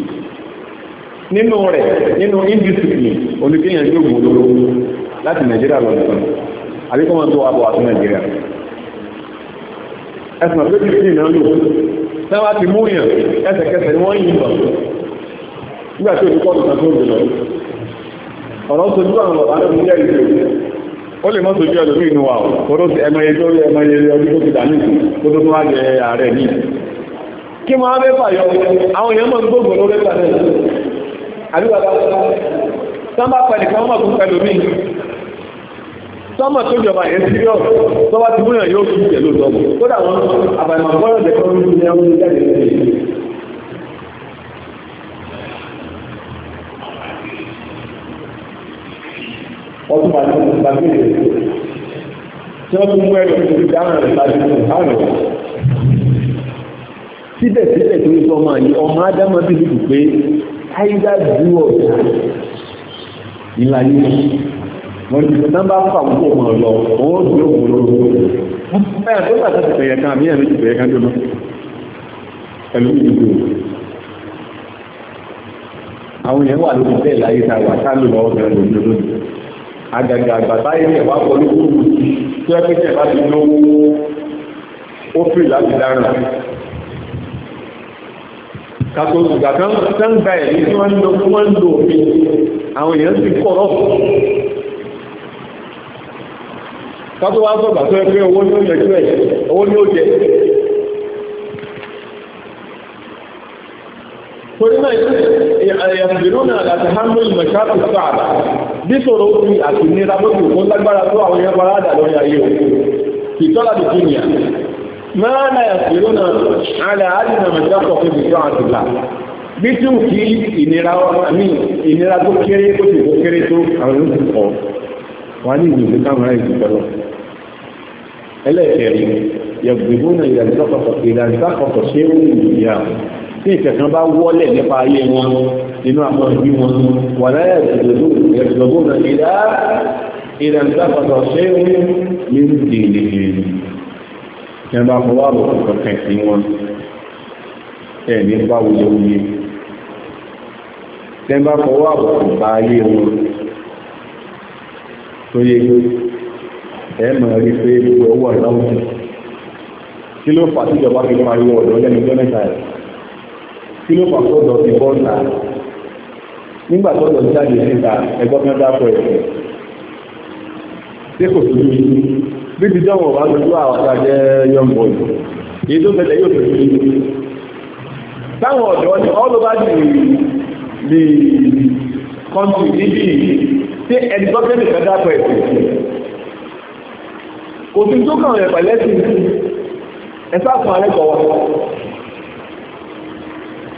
nínú rẹ̀ nínú indiscipline oníkéyàn yóò gbò lóró láti nàìjíríà lọ nìkan àbíkọ́ wọn tó àbọ̀ àti nàìjíríà ẹ̀sùn àti ìpínlẹ̀ náà lò sáwá ti múyàn ẹsẹ̀kẹsẹ̀ ni wọ́n yìnbọn nígbà tí òdúkọ́ tuntun tó ń gbé lọ ọ̀rọ̀ sojú àwọn bàbá náà ní ẹ̀rí rẹ̀ ó lè mọ́ sojú ẹlòmí inú wa ọ̀rọ̀ ẹmọye tó rí ẹmọye ọdún tó ti dà nìkú tó tó tó wá jẹ ààrẹ ní kí wọ́n á fẹ́ fàyọ àwọn èèyàn mọ̀ ń gbógun lórí ẹ̀ta náà àdúgbàdá sábà pẹ̀lú kan mọ̀ sọ́mọ̀ tó jọba yẹn sí múyàn yóò fi jẹ̀ lóòótọ́ kódà wọn àbàmọ̀ gbọ́dọ̀ jẹ́ kọ́ wọ́n tún máa tún ìgbà bí ìrẹ̀ tí wọ́n tún mú ẹ̀rọ tó ti dáhùn rẹ̀ láti fún àrùn síbẹ̀síbẹ̀ tó ń sọ ọmọ yìí ọmọ ádámọ́ bí lùkù pé áìdá ju ọ̀dà ìlà yìí wọ́n ti nọ́mbà fà ń pọ̀ mọ̀ lọ òun ó dúró wò lórí lórí ẹ̀ tó bàtà ti fẹ̀yẹ̀ kan àmì ẹ̀mí ti fẹ̀yẹ̀ kan jóná pẹ̀lú ìdìbò àwọn èèyàn wà lórí bẹ́ẹ̀ láyé ta wà ká lọ́wọ́ bẹ̀rẹ̀ lórí lórí àgàgà àgbàtà ilẹ̀ wà pọ̀lú kúrú tí ó pẹ́sẹ̀ bá ti lówó ó fi láti dára kàtò ìgbà kan tán gba ẹ̀mí tí wọ́n ń lo wọ́n ń lo òfin àwọn èèyàn sì kọ̀rọ̀ kàtò wá sọ̀gbà tó ẹgbẹ́ owó ní ó فلما ينظرون على تحمل المشاكل الصعبة بطرق في أكيد ربك يقول لك برادو أو يبراد على يأيو في طلب الدنيا ما لا ينظرون على أدنى مشاكل في بطاعة الله بيتو في إنرا أمين إنرا دو كيري كتو كيري كيري تو أمين تو واني دو كتام هاي تو ألا كيري يبدون إلى الزقف إلى شيء من tí ìkẹ̀kan bá wọ́lẹ̀ nípa ayé wọn nínú àwọn ìbí wọn wà láyé ìgbẹ̀gbọ́n ìdá ìrẹ̀ntàpàtọ̀ ṣe ń ní ìdílé ìyẹn bá fọwọ́ àbùkù kankan sí wọn ẹ̀ ní bá wuyewuye tẹ́ bá fọwọ́ àbùkù bá ayé wọn tó yẹ ẹ̀ mọ̀ rí pé gbogbo owó àdáwọ̀ kí ló fà síjọba fi pariwo ọ̀dọ́ lẹ́nu jọ́mẹ́ta ẹ̀ kí ló fà sọ́dọ̀ ti bọ́ ta nígbà sọ́dọ̀ jáde síta ẹgbọ́n mẹ́ta pọ̀ ẹ̀sẹ̀ tí kò tó ní bí ti jọ́wọ́ wá lójú àwọn àjẹ́ young boy èyí tó fẹ́lẹ̀ yóò fẹ́lẹ̀ yìí táwọn ọ̀dọ́ ni all over the the country níbi tí ẹni gọ́ọ̀mẹ́ntì kan dápọ̀ ẹ̀sẹ̀ kò sí tó kàn rẹ̀ pẹ̀lẹ́sì ẹ̀sà fún alẹ́kọ̀ọ́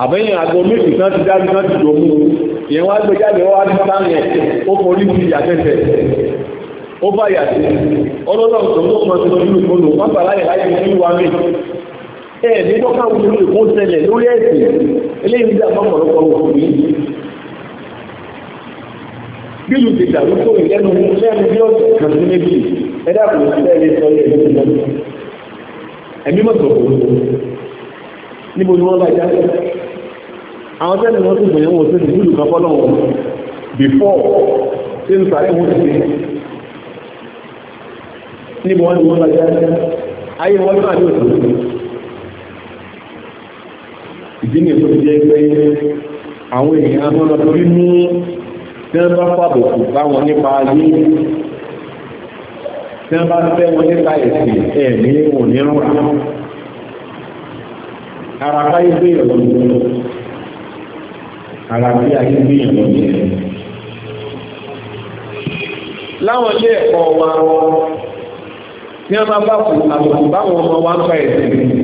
àbẹ́yìn àgọ́ méjì kan ti dá náà ti dòmú ìyẹn wá gbé jáde wá ní sáyẹn ó forí ti àtẹ́tẹ̀ ó bá yàtí ọlọ́dọ̀ tó tó mọ́ sí lójú ìkọlù wọ́n bà láyé láyé ní wa mí ẹ̀ ní tọ́ka wúlò ìkó ṣẹlẹ̀ lórí ẹ̀sìn eléyìí dà mọ́ pọ̀lọpọ̀ òkú yìí bílù ti dàrú tó ìlẹ́nu lẹ́nu bí ọ̀sẹ̀ kan sí méjì ẹ̀dá kò sí ẹ̀rí sọ ilé ìlú ìlú ẹ̀mí mọ̀tò níbo ni wọ́n bá jáde àwọn tẹ́lẹ̀ wọ́n tó gbìyànjú wọ́n kan wọn tí ń wọ́n ti ni wọ́n ayé wọ́n náà ní òtò ìdí ni èso ti jẹ́ pé àwọn èèyàn torí mú tí wọ́n bá nípa ayé tí wọ́n bá fẹ́ wọn nípa ẹ̀sìn ara tí a ti gbé ìlú yẹn. láwọn ilé ẹ̀kọ́ wa ní a máa bá kù àbùkù báwọn ọmọ wa ń bá ẹ̀sìn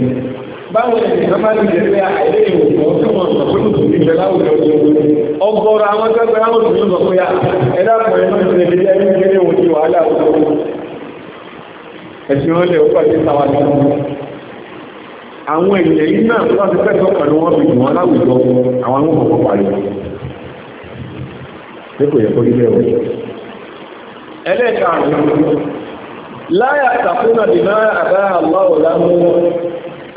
báwọn ẹ̀sìn kan bá ti jẹ́ pé àìlè ìwòsàn tí wọ́n sọ pé kò ní bẹ̀rẹ̀ àwùjọ ọgọ́rọ̀ àwọn akẹ́kọ̀ọ́ àwọn òṣèlú sọ pé ẹ̀dá kan ẹ̀mọ́ ìṣẹ̀lẹ̀ ilé ẹ̀mí àwọn ènìyàn yìí náà wọ́n ti fẹ́ẹ̀tọ́ pẹ̀lú wọn fi jùwọ́n láwùjọ àwọn àwọn ọmọ parí pé kò yẹ kó rí bẹ́ẹ̀ wọ̀ ẹlẹ́ẹ̀ka àrùn láyà tàkúnà bí máa àbá àlọ́wọ̀ lámú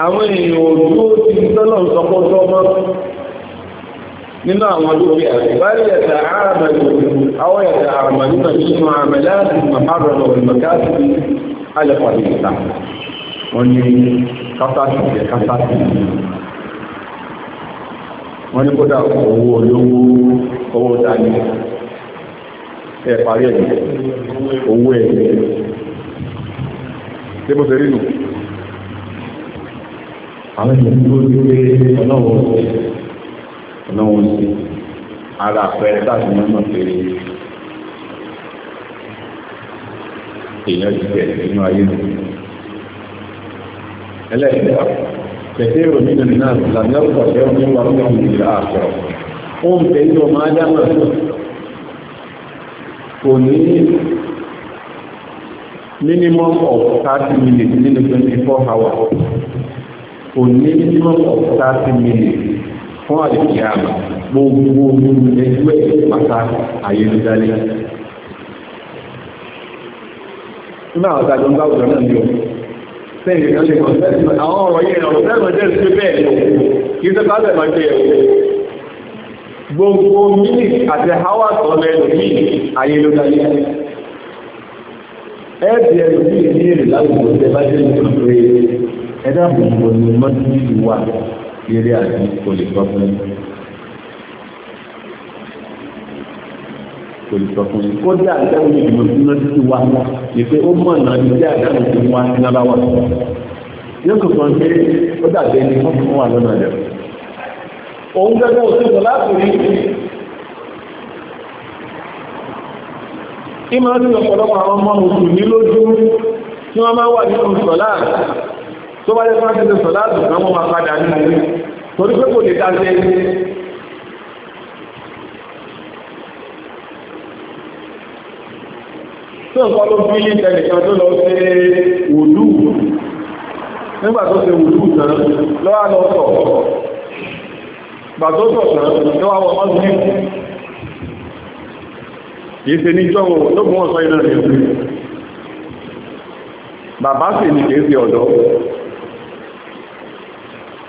àwọn èèyàn òdúró ti tọ́lọ̀ sọpọ́tọ́ mọ́ nínú àwọn olóògbé àgbáyé ẹ̀ta àmàlù àwọn ẹ̀ta àmàlù nínú àmàlù àti màmá rọ̀lọ̀ ìmọ̀ká wọ́n ní kátàkì jẹ́ kátàkì wọ́n ní kódà owó olówó owó dání ẹ̀ parí ẹ̀ owó ẹ̀ tí mo fẹ́rí nù àwọn ìlú tó ní pé ọlọ́wọ́ ọlọ́wọ́ sí ara àpẹẹrẹ láti mọ́mọ́ pèrè èèyàn ti bẹ̀rẹ̀ nínú ayé nù ẹlẹ́ẹ̀kẹ́ta kẹ̀kẹ́ ìròyìn nínú náà làbí ọ̀pọ̀ tẹ́ ọmọ ìwà ọmọ ìlú àṣọ ó ń tẹ ọmọ adámọ̀ kò ní minimum of 30 minutes nínú 24 hours kò ní minimum of 30 minutes fún àdìkíyà gbogbo ẹgbẹ́ pátá ayélujára nígbà àwọn àgbàjọ ń bá òjò náà ní ọmọ sẹ́yìn ìrìnlẹ̀ kọ̀ọ̀sẹ́sì àwọn ọ̀rọ̀ yẹn ọ̀rọ̀ tẹ́lẹ̀ jẹ́ sí bẹ́ẹ̀ kí ó tẹ́lẹ̀ tẹ́lẹ̀ máa jẹ́ ẹ̀wọ̀ gbogbo minute àti hours ọ̀nà ẹlòmí ayé ló dá yẹn ẹ̀ẹ́dì ẹlòmí ní èrè láwùjọ tẹ́ bá jẹ́ ìjọba ẹ̀dá àbùkù ní mọ́tò ìlú wà eré àti olè gọ́ọ̀mẹ́ntì kò lè sọ fún yín kó dé àdáwò yìí ìdìbò tí wọ́n ti ti ó mọ̀ náà ní dé àdáwò tí ní aláwọ̀ yóò kò kàn pé ó dàbí ẹni fún fún wa lọ́nà rẹ̀ òun gẹ́gẹ́ òṣèlú láti rí ìmọ̀ ní ọ̀pọ̀lọpọ̀ àwọn ọmọ mùsùlùmí lójú tí wọ́n máa wà nínú sọ̀láàtì tó bá yẹ fún àti sọ̀láàtì kan wọ́n máa padà nínú torí pé kò lè dáṣẹ́ tó nǹkan tó fi ní ìtẹnìkan tó lọ sí wòlú nígbà tó ṣe wòlú tán lọ́wọ́ lọ sọ̀ gbàtó sọ̀ tán lọ́wọ́ àwọn ọmọ sí kìí ṣe ní jọ́wọ́ lókun ọ̀sọ́ iná rẹ̀ bàbá sì ní kìí ṣe ọ̀dọ́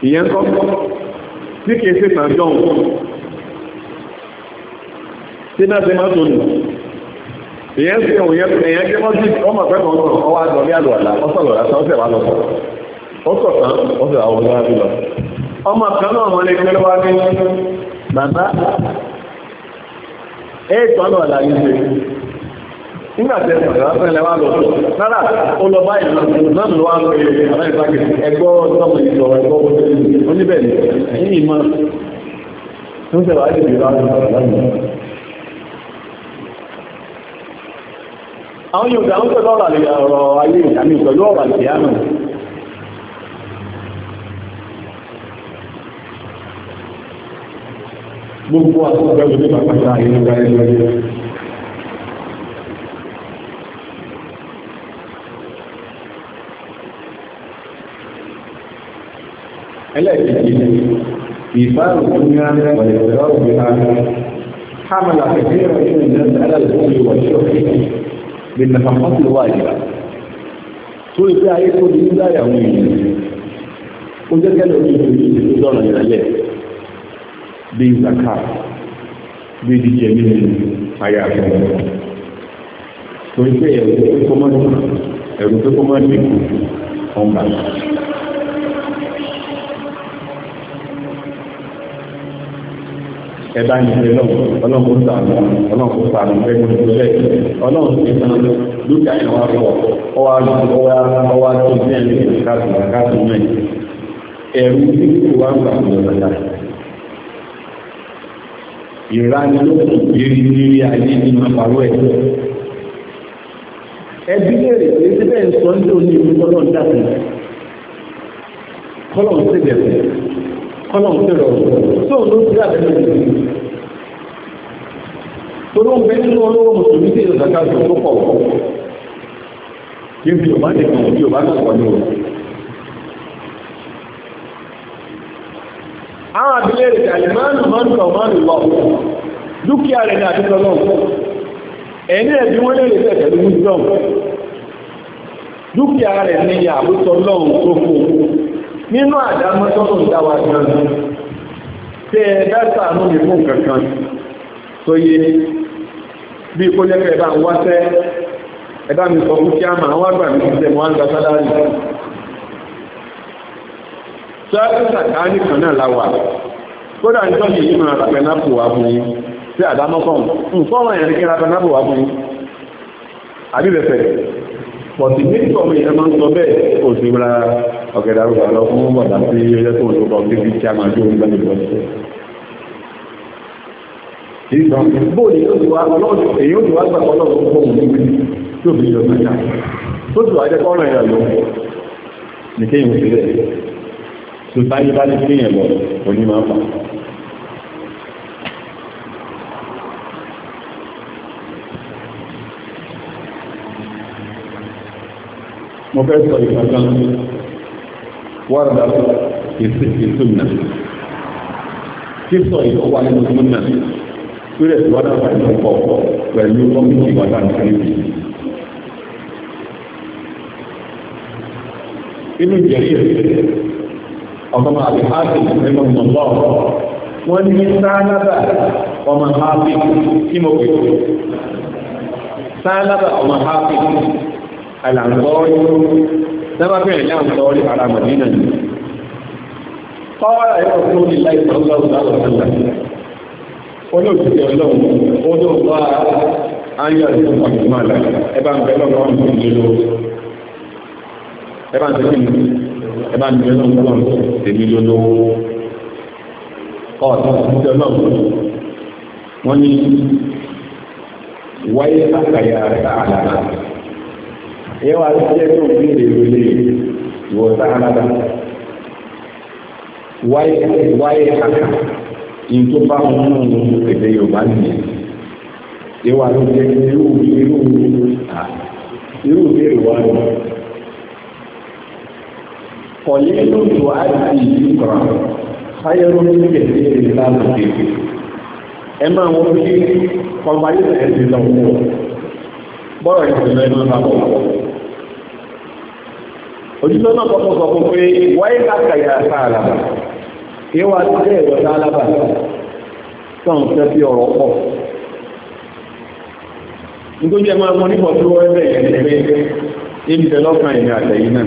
ìyẹn kọ́ tí kìí ṣe tàn jọ́wọ́ tí má tó nù èyàn fi òun yẹn pé èyàn jẹ́mọ́ sí ọmọ pẹ́ kan sọ̀rọ̀ ọwọ́ àgbọ̀n ní àlùwàlà ọ̀sọ̀rọ̀ lásán ọ̀sẹ̀ wà lọ́sọ̀ ó sọ̀ tán ọ̀sẹ̀ àwọn ọmọ náà lọ. ọmọ kan náà wọn lè pẹ́lú wá ní bàbá ètò àlùwàlà yìí ṣe nígbà tẹ ọ̀sẹ̀ lásán ilẹ̀ wà lọ́sọ̀ rárá ó lọ báyìí náà ló wà lórí ẹgbọ́ ọmọ ìjọ ẹgbọ́ oníbẹ̀ ní ìmọ̀ àwọn yóò dáhùn tó lọ́rọ̀ ọ̀rọ̀ ayé ìdámí pẹ̀lú ọ̀rọ̀ ìdíyàmù gbogbo àtúgbẹ́ òjò pàpàtà ìrìnlẹ̀ ìrìnlẹ̀ ẹlẹ́ẹ̀kìkì ìfáàrùn tó ní ààrẹ pẹ̀lẹ̀ pẹ̀lẹ̀ ọ̀gbìn ààrẹ حمل كثيرا من الناس على الهول والشرك lè nàfà fọ́sùn wà ìgbà tó ìgbé ayé tó di nígbà ìyàwó yìí ó jẹ́ kẹ́lẹ̀ ojú ìlú yìí tó dọ̀nà ìrẹ̀lẹ̀ bí zaka bí jíjẹ nínú ayé àfẹ́ tó ìgbé ẹ̀rù tó kọ́ mọ́ ẹ̀rù tó kọ́ mọ́ ní ìkù ọ̀gbà ẹ̀bá ní ìfẹ́ lọ́wọ́ ọlọ́run kò sàánú ọlọ́run kò sàánú ẹgbẹ́ tó bẹ́ẹ̀ ọlọ́run kò sàánú lókè àwọn akọ̀ ọwá ọwá tó ní ẹni káàkiri káàkiri mẹ́ ẹ̀rú tí kò wá ń gbà fún ọ̀dà ìránilókùn yìí ní ayé nínú àpárọ̀ ẹ̀ ẹbí lèrè èyí bẹ́ẹ̀ sọ ní òní ìfúnpọ́lọ́ ń dàpọ̀ kọ́lọ̀ ń ṣèbẹ̀rẹ̀ ọlọ́run tó lọ tó ló ti rà lẹ́nu ìlú tó ló ń bẹ nínú olówó mùsùlùmí tí ìlú zaka tó tó pọ̀ yóò fi òbá nìkan bí òbá náà pọ̀ ní o. àwọn abilé rẹ̀ kàlẹ́ máa ń máa ń tọ̀ máa ń lọ dúkìá rẹ̀ ní àdúgbò náà ẹ̀ní ẹ̀bí nínú àdámọ́ tọ́tọ̀ ìdáwà gan-an tẹ́ ẹ dáta àánú mi fún kankan tó yé bí kó jẹ́ pẹ̀lú àwọn wáṣẹ́ ẹ̀dá mi sọ fún kí á máa wá gbà mí síse mọ́ ń gbàtá láàrín sọ́ọ́sì sàkáàní kan náà láwà kódà ní tọ́jú yìí máa rà pẹ̀nápù wá fún yín sí àdámọ́ kan nǹkan wọ̀nyí ẹ̀rí kí ra pẹ̀nápù wá fún yín àbí bẹ̀fẹ̀ pọ̀sì méjì ń sọ bẹ́ẹ̀ òsì rárá ọ̀gẹ̀dà rúbà lọ fún bọ̀dà sí ọjọ́ tó lò bọ̀ níbi tí a máa jó ń gbẹ́ni lọ sí. Bó ni yóò ti wá ọlọ́run èyí ó ti wá gbàgbọ́ lọ́wọ́ fún òun níbi tí ò fi jọ sí ìjà. mo fẹ́ sọ ìgbàgbọ́n wọ́rọ̀dà ìsúnnà kíso ìtọ́wà nínú súnnà sílẹ̀ tí wọ́n dábàá ìtọ́pọ̀ pẹ̀lú kọ́mìtì wàtà nìkanìtì inú jẹ̀rí ẹ̀sẹ̀ ọmọ àbíháàtì nínú ọmọ wọ́n ní sáàlábà ọmọ háàpì tí mo pè sáàlábà ọmọ háàpì alàǹgọ́rọ̀ lọ́wọ́ bẹ̀rẹ̀ ní àwọn ọ̀rẹ́ ara mọ̀dínà ni fọ́wọ́rà yóò fún ní láì sọ́lọ́wọ́ sọ́lọ́wọ́ olóòtútù ọlọ́run ó ló bá ayé àdúgbò pàtàkì ẹbá ń bẹ lọ́wọ́ ọ̀hún tó lò ẹbá ń tẹ́lẹ̀ ẹbá ń bẹ lọ́wọ́ ọ̀hún tèmi wọ́n ní wáyé àkàyà rẹ̀ àlàáfíà ìyẹn wà ní jẹ́ tó bí èrè lólè ìwọ̀ sáàlábà wáyé kàkà in tó bá wọn náà ní èdè Yorùbá nìyẹn ìyẹn wà ní jẹ́ irú irú irú ìbéèrè wa ni kọ̀lẹ́ ló tó àti ìkọ̀rọ̀ fáyẹ̀rọ ní kẹ̀kẹ́ ìlànà kéèké ẹ máa wọ́n fi kọ̀ọ̀bá yóò tẹ̀sí lọ́wọ́ bọ́ọ̀rọ̀ ìṣẹ̀lẹ̀ ló ń bá bọ̀ òjíṣẹ́ náà kọ́kọ́ sọ fún pé wáyé kákàyà sáàlàbà kí wá sí ilé ẹ̀rọ sáàlàbà sọ̀n fẹ́ fi ọ̀rọ̀ pọ̀ nítorí ẹ máa mọ nípa tí wọ́n ẹgbẹ́ yẹn ní pé ibi tẹ lọ́kàn ìrìn àtẹ̀yìn náà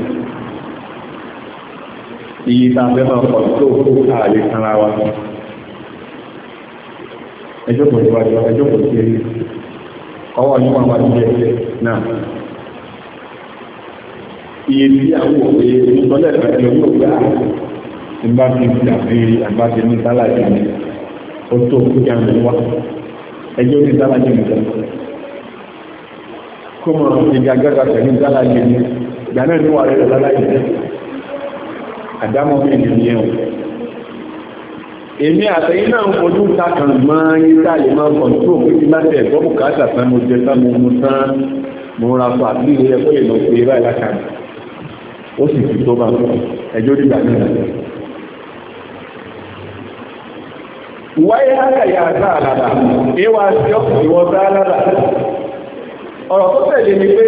iye tá a fẹ́ máa pọ̀ tó kó àlè sanra wa ẹjọ́ kò síwájú ẹjọ́ kò sí ọwọ́ yíwọ̀n wájú jẹ́ náà iye tí àwọn òwe ìtọ́lẹ̀ pẹ̀lú yóò gbà tí bá fi àfi àgbàdì ní sálàjì ní ó tó kí a mú wá ẹjọ́ ní sálàjì nìkan kó mọ̀ ìgbàgbàgbà pẹ̀lú sálàjì ní ìgbà náà ní wà rẹ̀ sálàjì ní àdámọ́ mi ní ìyẹn o èmi àtẹ̀yìn náà ń fojú ta kàn máa ń yíká lè máa kàn tó òkú ti bá tẹ̀ gbọ́ mo jẹ sá mo tán mo ra fún àbí ẹ̀kọ́ ìlọ́pẹ́ báyìí lákàtà ó sì fi tó bá ẹjọ́ dìgbà náà wáyé hákàyà àgbà àlàdà ìwà sí ọkùnrin wọn bá àlàdà ọ̀rọ̀ tó tẹ̀lé ni pé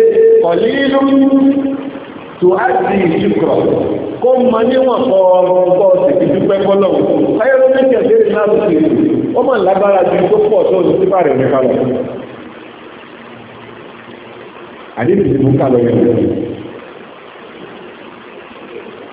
ọ̀lí ìlú tó á di ìṣúkọ̀ kó mọ níwọ̀n kọ ọrùn kọ ti dúpẹ́ kọ́lọ̀ náà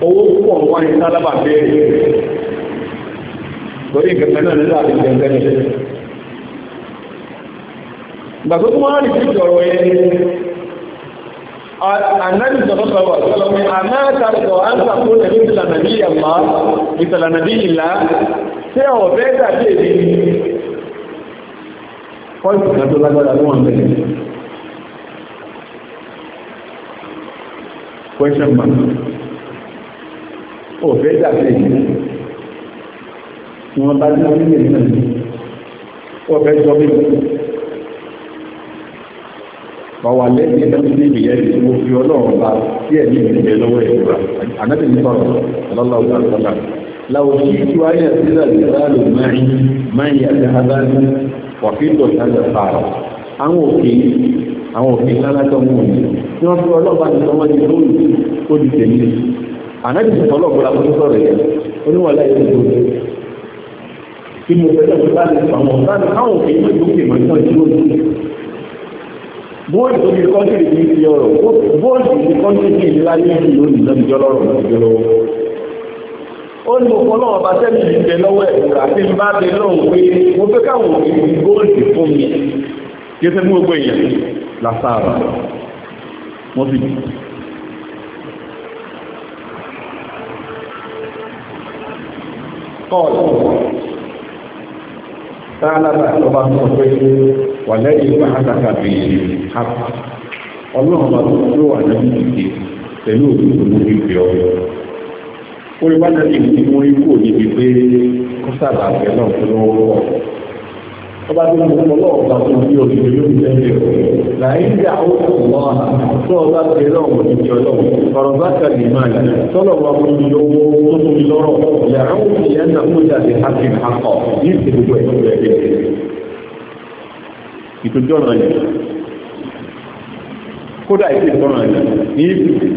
owó púpọ̀ wá ní sálábà bẹ́ẹ̀ lórí ìgbẹ̀fẹ́ náà nílò àti ìgbẹ̀fẹ́ náà ìgbà tó tún wá rí sí ìjọ̀rọ̀ yẹn annabi sallallahu alaihi wasallam ana ta ko an ta ko ne bin la nabi Allah bi la nabi Allah se o question mark òfẹ́ dàbẹ̀ wọn bá ní orílẹ̀ náà ní ọ̀fẹ́ sọ bí ọwà lẹ́yìn ẹ̀dọ́sí ní ìbìyẹ́ rẹ̀ mo fi ọlọ́run bá sí ẹ̀mí ìbìyẹ́ lọ́wọ́ ìrora ànábì ní sọ̀rọ̀ ọlọ́lọ́wọ́ àtọ́lá láwọn sí tí wá yẹ sílẹ̀ ìsáàlù mẹ́rin mẹ́rin àti ànábì ti tọ́lọ̀ gbọ́dọ̀ kó tó sọ̀rọ̀ yẹn oníwọ̀n láyé tó tó kí mo fẹ́ lọ́wọ́ láti àwọn ọ̀gá mi káwọn òkè ní ìdókè mọ́ ìtàn ìdúró sí bóòlù tó fi kọ́ńtìrì ní ti ọ̀rọ̀ bóòlù tó fi kọ́ńtìrì ní ìlú láyé ìlú lónìí lọ́bi jọ́ lọ́rọ̀ lọ́bi lọ́wọ́ ó ní ọ̀pọ̀ náà bá tẹ́lẹ̀ ìgbẹ́ lọ́wọ́ ẹ̀kọ́ àti bá bẹ náà pé mo fẹ́ káwọn òkè ní góòlù fún mi kí ó mú gbogbo èèyàn lásáàrà wọ́n fi kọ́ọ̀lù tààlàbà ọba tó pé wà lẹ́yìn ìgbà àtàkà bí i hapù ọlọ́run bá tó tó wà lẹ́yìn ìdí pẹ̀lú òkúta mú ìgbé ọ̀rọ̀ orí bá tẹ̀lé mú ikú òní wípé kó sábà fẹ́ ọba tó ń bọ̀ lọ́wọ́ ọba tó ń bí òṣèlú lórí tẹ́lẹ̀ rẹ̀ láì ń dà ó sùn mọ́ ọ̀nà tó ọba tẹ lọ́wọ́ ti jọ lọ́wọ́ ọ̀rọ̀ bá tàbí máa yà tọ́lọ̀ wa mo ti yọ owó tó fún mi lọ́rọ̀ yàrá ó fi yẹn náà mú jáde àti àkọ́ ní ìsìnkú ẹ̀ ìtòjọ́ ọ̀nà yẹn kódà ìsì ìtọ́nà yẹn ní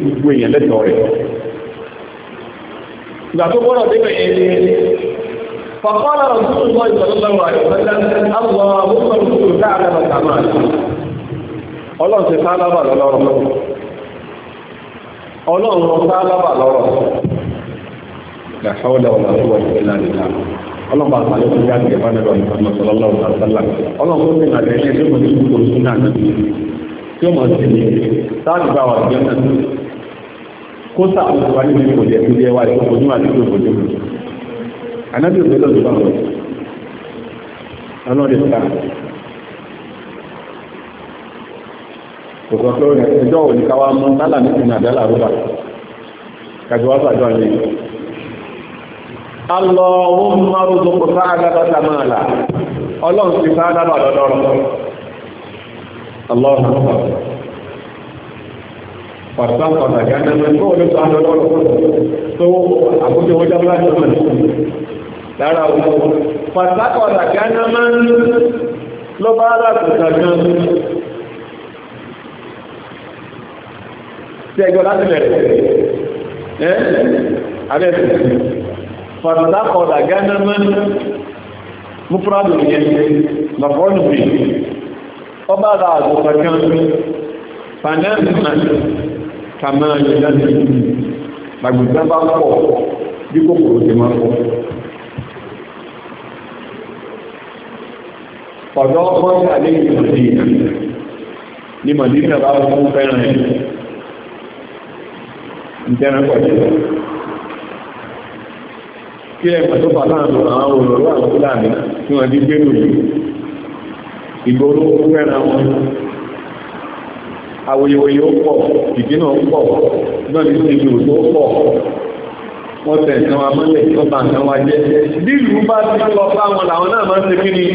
gbogbo èèyàn lẹ́tọ̀ọ́ rẹ̀ ìgbà tó gbọ́dọ̀ débẹ̀ فقال رسول الله صلى الله عليه وسلم اللهم كنت تعلم الأعمال ọlọ́run ti sálábà lọ́rọ̀ ọlọ́run lọ sálábà lọ́rọ̀ lẹ́fọ́lẹ̀ ọ̀nà tó wà ìpínlẹ̀ àdìlá ọlọ́run bá sàlẹ̀ fún yá gẹ̀ẹ́fà nílò ìfọ̀nà sọlọ́lọ́ ọ̀sàlá ọlọ́run tó ní àdé ní ẹgbẹ́ mọ̀lẹ́ ìlú kòrò sínú anábì òfin lọ́dún bá wọn ọlọ́dún bá òkú ọ̀pẹ́ òní ẹjọ́ òní káwá mọ́ dálà ní ìrìn àdálà rúbà kàjọ wá pàjọ àlè alọ́wọ́ márùn ún kò sáàdábà sàmáàlà ọlọ́run ti sáàdábà lọ́dọ́rọ̀ ọlọ́run pàtàkì pàtàkì àdámẹ́ tó wọlé sáàdábà lọ́dọ́rọ̀ tó àkójọ wọ́n jábọ́ láti lára owó pàtàkọ̀dà gánà máa ń lọ bá aláàtùkà gan tí ẹgbẹ́ láti bẹ̀rẹ̀ ẹ́ abẹ́sì pàtàkọ̀dà gánà máa ń mú fúrádù yẹn lọ́pọ̀lù bí ọba aláàtùkà gan panẹ́mà kàmáà yẹn láti gbàgbùgbà bá ọ̀dọ́ ọgbọ́n àlẹ́ ìrìnàjì ní mọ̀lẹ́kà bá fún fẹ́ràn ẹ̀ kí ẹ pẹ̀tọ́ pàtàkì àwọn olùrọ̀ àwọn fúlàní tí wọ́n ti gbé fẹ́ràn wọn ó pọ̀ ìdínà ó pọ̀ náà ní ìlú tó pọ̀ wọ́n wa mọ́lẹ̀ tó bá wa jẹ́ bí ìlú bá ti lọ làwọn náà máa ń ṣe kí ni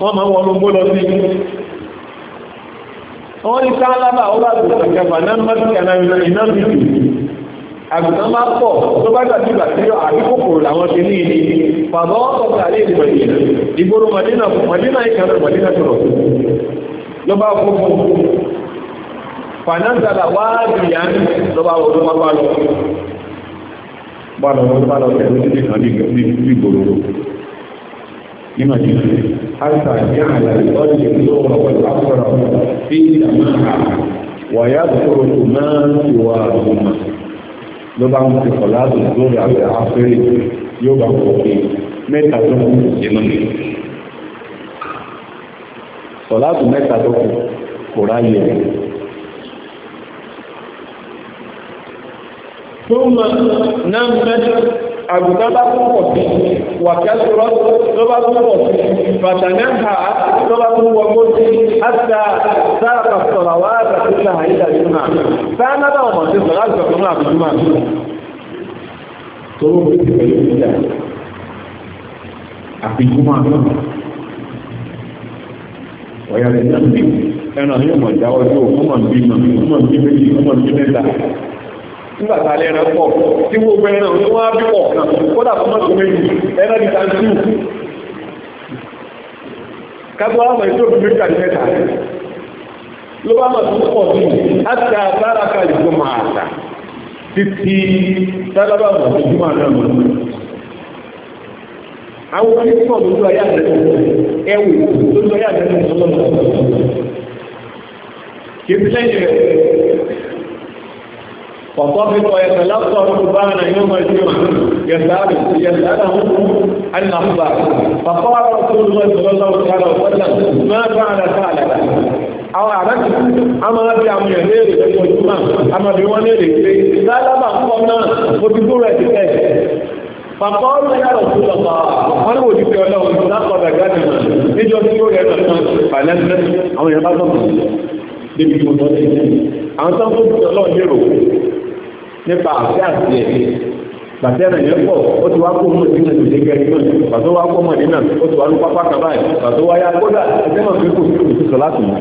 wọ́n máa wọ́n lóògbó lọ sí wọ́n ní sálábà ó bá gbé ọ̀kẹfà náà mọ́tí ẹ̀nà iná bìbì àgùntàn máa pọ̀ tó bá gbàgbé ìgbàsí àbí kòkòrò làwọn ti ní ìní bàbá wọn sọ̀tà alẹ́ ìlú mọ̀dínà ìgboro mọ̀dínà mọ̀dínà ìkànnì mọ̀dínà tó rọ̀ ló bá gbogbo fanazala wáàbì yá ní lọ́wọ́ àwọn olùmọ́pá lọ bá lọ́wọ́ bá lọ́wọ́ tẹ̀lé لمدينة حتى جعل الأرض الأخرى والأخرى في سماعها ويذكر ما سواهما ló bá ń fi kọ̀lá àdúgbò rẹ̀ àti àfẹ́rẹ́ yóò bá kọ̀ pé mẹ́ta tó kù sínú mi kọ̀lá àdúgbò mẹ́ta tó kù kò ráyè tó mọ̀ náà mẹ́ta àgùntàn bá tún pọ̀ sí wàkẹ́lú rọ́tù ló bá tún pọ̀ sí fàtànẹ́hà ló bá tún wọgbó sí àtà sáàpà sọ̀rọ̀ wá àtàkùnlẹ̀ àyíká jùmọ̀ sáànàdà ọmọ sí sọ̀rọ̀ àtàkùnlẹ̀ àbújúmọ̀ tó ló fi pẹ̀lú ìjà àbíjúmọ̀ náà ọ̀yà rẹ̀ náà bí ẹnu àyọ̀mọ̀ ìjáwọ́ tó fún mọ̀ bí mọ̀ bí mọ̀ bí mẹ́ta nígbàtà alẹ́ ẹran pọ̀ tí wọ́n gbẹ ẹran tí wọ́n á bí pọ̀ kan kódà fún mọ́tò méjì ẹran ní tàǹtù kágbó àwọn ètò òbí méjì àti mẹ́ta ló bá mọ̀ tó pọ̀ sí àti àbára ka ìgbó máa tà títí tálábà mọ̀ tó jùmọ̀ náà mọ̀ àwọn onísọ̀ lójú ayé àtẹ̀tẹ̀ ẹ̀wù lójú ayé àtẹ̀tẹ̀ tó kìí وطبق يتلقى القرآن يوم الجمعة يسأله يسأله عن الأخبار فقال رسول الله صلى الله عليه وسلم ما فعل فعل àwọn àrẹ́kì a máa bí àwọn èèyàn léèrè lẹ́yìn ojúmọ́ a máa bí wọ́n léèrè pé lálábà kọ́ náà mo ti gbúrò ẹ̀sìn ẹ̀ pàpọ̀ ọ̀rọ̀ ẹ̀yà rọ̀ sí ọ̀pá wọn ní òjú pé ọlọ́run lápọ̀ gàgádì níjọ tí ó rẹ̀ rẹ̀ kan pàlẹ́sẹ̀ àwọn èèyàn bá sọ̀rọ̀ débi tó lọ sí àwọn tó ń kó ọlọ́run lérò nípa àti àti ẹ̀dẹ́ bàtẹ́rẹ̀ yẹn pọ̀ ó ti wá kó mọ̀ sí ẹ̀sùn lé kẹrin náà pàtó wá kó mọ̀ nínà ó ti wá ní pápá kan báyìí pàtó wá yá kódà ẹgbẹ́ náà fi kò sí kò sí sọ láti mọ̀.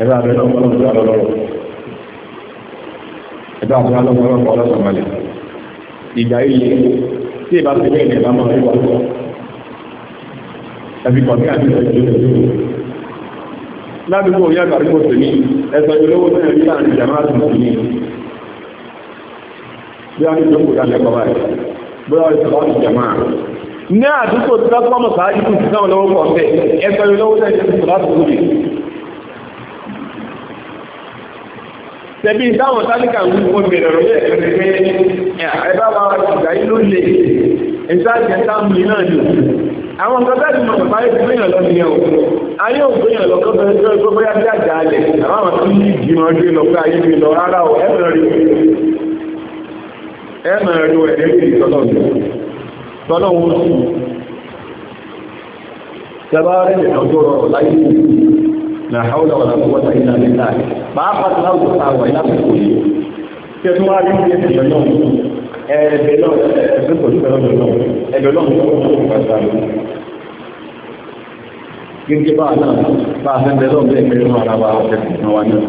ẹ̀rọ abẹ náà fọlọ́n sí àlọ́lọ́rọ̀ ẹ̀dá àti alọ́mọlọ́pọ̀ ọlọ́sọ̀mọlẹ̀ ìgbà ilé tí ìbá ti bẹ́ẹ̀ ní ìbámu ẹ̀rí wà lọ ẹ̀fí kọ̀ọ̀kẹ́ àti ìṣẹ̀lẹ̀ ládùúgbò yá tàbí mùsùlùmí ẹ̀sọ̀ ìlówó tẹ̀lé ní láàrin ìjàmá àti mùsùlùmí bí a ní ìjọba ìjọba ìjọba báyìí bí a ìjọba ìjọba ní àdúgbò tí lọ́pọ̀ mọ̀ sáájú kù sí sáwọn lọ́wọ́ kan bẹ́ẹ̀ ẹ̀sọ̀ ìlówó tẹ̀lé ní sọ̀láṣì lóde tẹ̀bí táwọn sáníkà ń wúwo bẹ̀rẹ̀ rọ̀ yẹ ẹ̀rẹ̀ pé ẹ̀bá wa ìgbà yìí ló lè ẹ̀sá ìjẹta mi náà ni àwọn nǹkan bẹ́ẹ̀ mọ̀ nípa ayé gbéyàn lọ nìyẹn o ayé ò gbéyàn lọ kọ́bẹ̀ ẹjọ́ tó bóyá bí àjà alẹ̀ àwọn àwọn tó yí ìgbìmọ̀ gbé lọ pé ayé gbé lọ rárá o ẹ̀mọ̀ rí ẹ̀mọ̀ rí o ẹ̀dẹ́ gbé lọ́lọ́ tọ́lọ́ wọn sì tẹ́bá rẹ̀ nìkan tó rọrùn láyé na haula wala quwwata illa billah ba fa tawta wa ẹ̀ẹ́dẹ̀ náà ẹ̀ẹ́dẹ̀ pẹ̀lú pẹ̀lú náà ẹ̀ẹ́dẹ̀ náà ní ọkọ̀ tó kàtà lọ. Gẹ́gẹ́ bá náà bá a fẹ́ lọ́wọ́ bẹ́ẹ̀ pẹ̀lú ara wa ọ̀kẹ́kùn wa náà.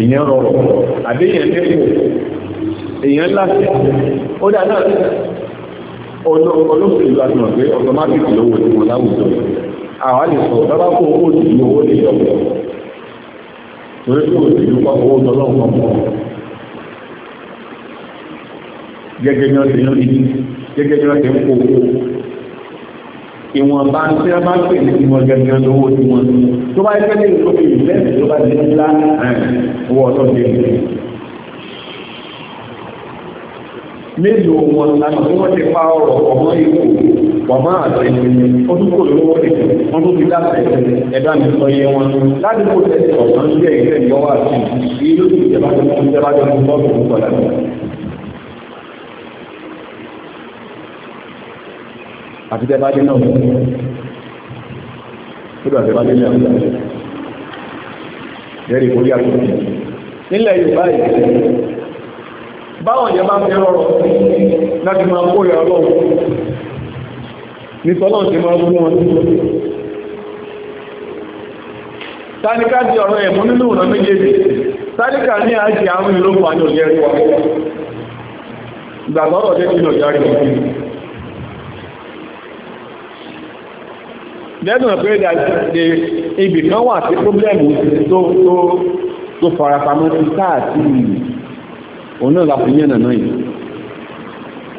Ìyẹn rọrọ̀, àbíyẹn lẹ́kọ̀ọ́, èèyàn láti, ó dá náà olóòfin ìlú àti ọ̀gbẹ́ automatic lówó ní wọn láwùjọ. Àwọn lè sọ bábá kó owó ìlú gẹ́gẹ́ bí wọ́n ti lórí gẹ́gẹ́ bí wọ́n ti ń kó owó ìwọ̀nba tí wọ́n bá pè ní ìwọ̀n gẹ́gẹ́ lówó tí wọ́n tó bá yẹ kẹ́lẹ́ ìlókè lẹ́sìn tó bá dé ńlá owó ọ̀tọ̀ dé ní. mélòó wọn lànà tí wọ́n ti pa ọ̀rọ̀ ọmọ ikú wàmá àti ọdún kò lówó ní wọn tó fi láti ẹ̀dá mi sọ iye wọn láti kó tẹ̀sí ọ̀sán jẹ́ ìgbẹ́ ìyọ́wọ́ àti ìlú ìjẹba tó ń jẹba tó ń bọ́ àti tẹ́ bá dé náà nígbà tẹ́ bá dé náà lẹ́rìí orí àkókò nílẹ̀ Yorùbá yìí báwọn yẹn bá fẹ́ rọrọ̀ láti máa kó ìyá ọlọ́run ní tọ́lọ́run ti máa gún wọn táníká di ọ̀rọ̀ ẹ̀mú nínú ọ̀nà méjèèjì táníká ní àjì àrùn ìlógún lẹ́dùn pé ibì kan wà sí pọ́blẹ́mù tó farapamọ́ sí káàkiri òun náà láti yẹn nàná yìí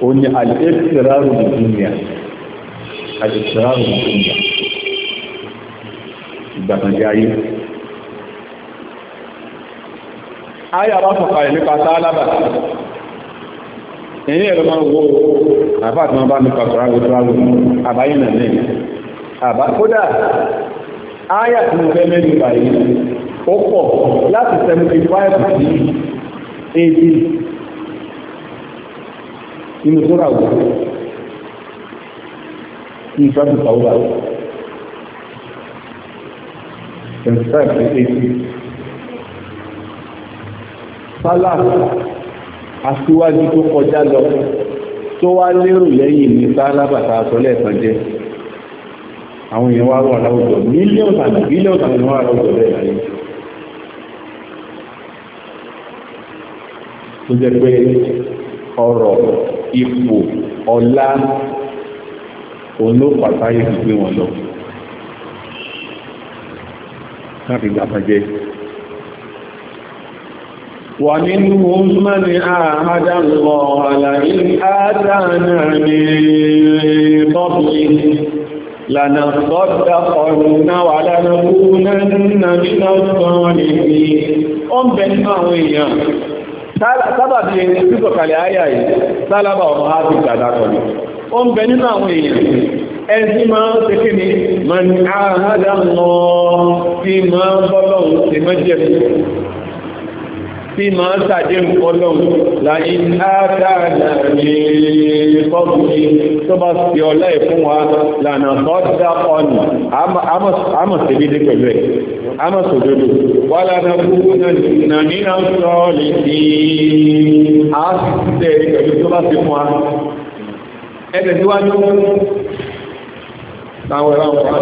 ó ní alẹ́sìrárù nìjíríà alẹ́sìrárù nìjíríà ìgbàkànjẹ́ ayé ayà bá sọ̀kàrẹ̀ nípa tálábà ẹ̀yìn ẹ̀rọ máa wo àbá àti wọn bá nípa sọ̀rọ̀ àgbẹ̀sọ̀rọ̀ àbáyé nàá àbá kódà áyà tí mo fẹ́ mẹ́rin báyìí ó pọ̀ láti seventy five sí eighty inú tó rà wò ní ìfẹ́kù tàwùbà seventy five sí eighty sálà aṣíwájú tó kọjá lọ tó wá lérò lẹ́yìn ní sálábàtà àtọ́lẹ̀ kan jẹ́ àwọn èèyàn wá wà láwùjọ mílíọ̀nù àti bílíọ̀nù àwọn èèyàn wà láwùjọ bẹ́ẹ̀ láyé tó jẹ́ pé ọrọ̀ ipò ọlá òun ló pàtàkì gbígbé wọn lọ láti gbàtàjẹ́ wà nínú mọ́ni àádá lọ àlàyé àádá náà ní tọ́bí لنصدقن ولنكونن من الصالحين ọm bẹ nínú àwọn èèyàn sábàbí pípọ̀kàlẹ̀ ayà yìí sálábà ọmọ áàbì gbàdákọ̀ ní ọm bẹ nínú àwọn èèyàn ẹni máa ń tẹ́kẹ́ ní man àhádà lọ sí máa ń bọ́lọ̀ tí ma ń sàdé ọlọ́run láyé àtàrà ní fọ́bùnì tó bá fi ọlá ìfún wa lànà tọ́dá ọ̀nà àmọ̀sẹ̀bídé pẹ̀lú ẹ̀ àmọ̀sòdodo wà lànà gbogbo nà nínà sọ lè fi àásìtẹ̀ pẹ̀lú tó bá àwọn ọ̀rọ̀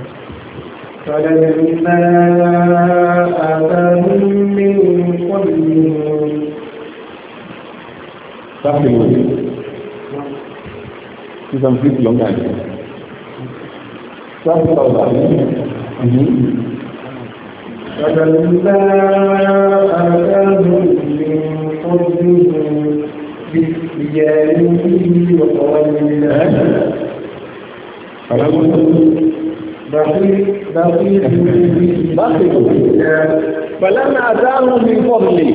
فلما آتاهم من فضله فاحكموا إذا مفيد لهم يعني سابقا وبعدين فلما آتاهم من فضله بالتجاره وقال لله فلما Pẹ̀lẹ́nà àdáhùn ní fọ́bìlì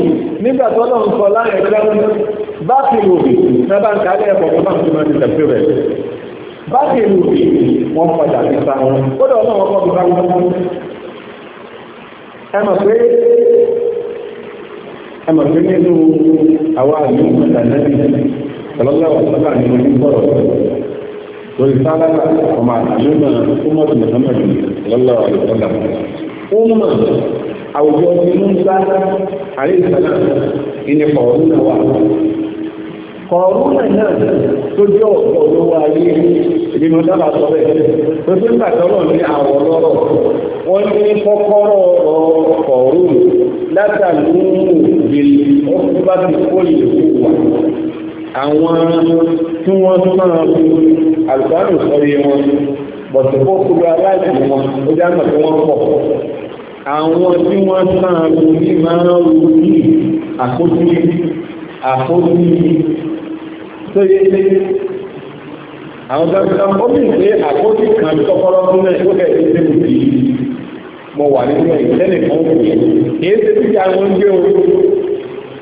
nígbà tó lọ́n sọ láàrin ẹgbẹ́rún báfìlì òbí náà ń kàálẹ̀ ẹ̀kọ́ tó máa ń túnmọ̀ ní tẹ̀sí rẹ̀. Báfìlì òbí wọ́n padà sí sáwọn, ó dọ̀ náà wọ́n kọ́ bí sáwọn. Ẹ mọ̀ pé ẹmọ̀ tó nínú àwọn àmì ìgbàlẹ́bí, ọlọ́lọ́wọ́ ورسالة ومع تعليمنا أمة محمد صلى الله عليه وسلم أمة أو يوم موسى عليه السلام إن قارون واحد قارون náà tó jẹ́ ọ̀pọ̀ olówó ayé nínú dábàá sọ bẹ́ẹ̀ tó tó ń gbàtọ́rọ̀ ní àwọn ọlọ́rọ̀ wọ́n ní kọ́kọ́rọ́ ọ̀rọ̀ látàlú òbí ọkùnrin bá ti kó ìlú wà àwọn tí wọ́n máa fi àlùbánù sọ́rí wọn bọ̀tí ó kúrò aláìsí wọn ó dámà tí wọ́n pọ̀ àwọn tí wọ́n máa fi ní máa ń rú ní àkójú àkójú tó yé pé àwọn gbàgbà ó bì pé àkójú kan tọ́kọ́rọ́ fún náà ó bẹ̀rẹ̀ sí ìlú yìí mo wà nínú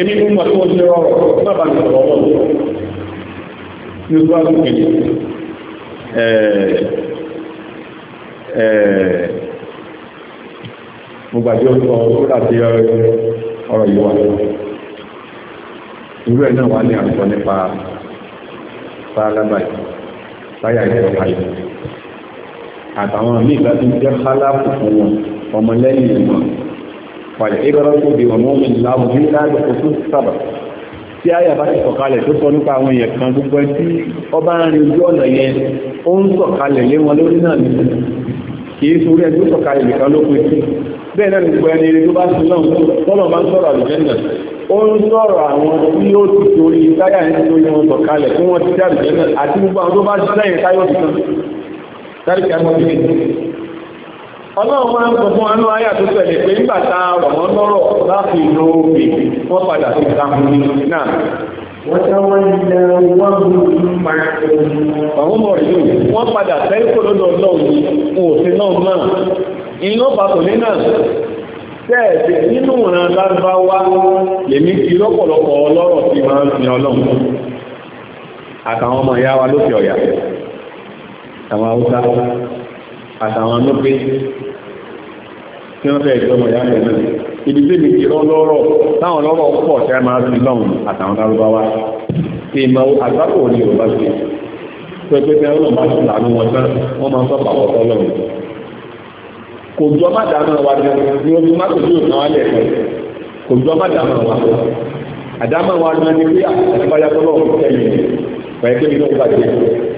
èmi mú mọ̀ tí wọ́n ṣe rọrọ̀ bàbá mi sọ̀rọ̀ ọ̀rọ̀ ní ojú wa lókè ní mo gbàgbé orúkọ orúkọ àti ọ̀rọ̀ yìí wà irú ẹ̀ náà wà ní àǹtọ́ nípa fálábàì báyà ìjọba yìí àtàwọn míì bá ti jẹ́ fálábù fún wọn ọmọlẹ́yìn wọn fàlẹ́bẹ̀rẹ̀ bí wọn mọ́ mi láwùjú láàrín oṣù sábà tí àyà bá ti sọ̀kalẹ̀ tó sọ nípa àwọn èèyàn kan gbogbo tí ọba ń rin ojú ọ̀nà yẹn ó ń sọ̀kalẹ̀ lé wọn lórí náà nínú kìí sórí ẹgbẹ́ sọ̀kalẹ̀ nìkan ló pé sí bẹ́ẹ̀ náà nípa ẹni eré tó bá sí náà tọ́lọ̀ máa ń sọ̀rọ̀ àlùjẹ́nà ó ń sọ̀rọ̀ àwọn tí ó ti torí táyà ń torí wọn sọ̀kalẹ̀ tí wọ́n ti dá àlùjẹ́nà àti gbogbo àwọn tó bá sí lẹ́yìn táyọ̀ ọlọ́run máa ń sọ fún anú ayà tó tẹ̀lé pé nígbà tá a rọ̀ wọ́n lọ́rọ̀ láti lo òbí wọ́n padà sí ìdáhùn ní náà àwọn ọmọ ìlú wọ́n padà nínú ìran lárúbáwá lèmi ti lọ́pọ̀lọpọ̀ ọlọ́rọ̀ tí máa ń fi ọlọ́run àtàwọn ọmọ ìyá lókè ọ̀yà àtàwọn haúsá àtàwọn lókè tí wọ́n fẹ́ ìjọmọ ìyá rẹ̀ náà ibi tí mi ti rán lọ́rọ̀ táwọn lọ́rọ̀ pọ̀ tí a máa fi lọ́hùn àtàwọn lárúbáwá tí ìmọ̀ àgbákò ní yorùbá sí pẹpẹ tí wọn bá tún làánú wọn tán wọn máa ń sọpà ọ̀tọ̀ lọ́rùn kò jọ má dáná wa jẹ ní omi má kò dúró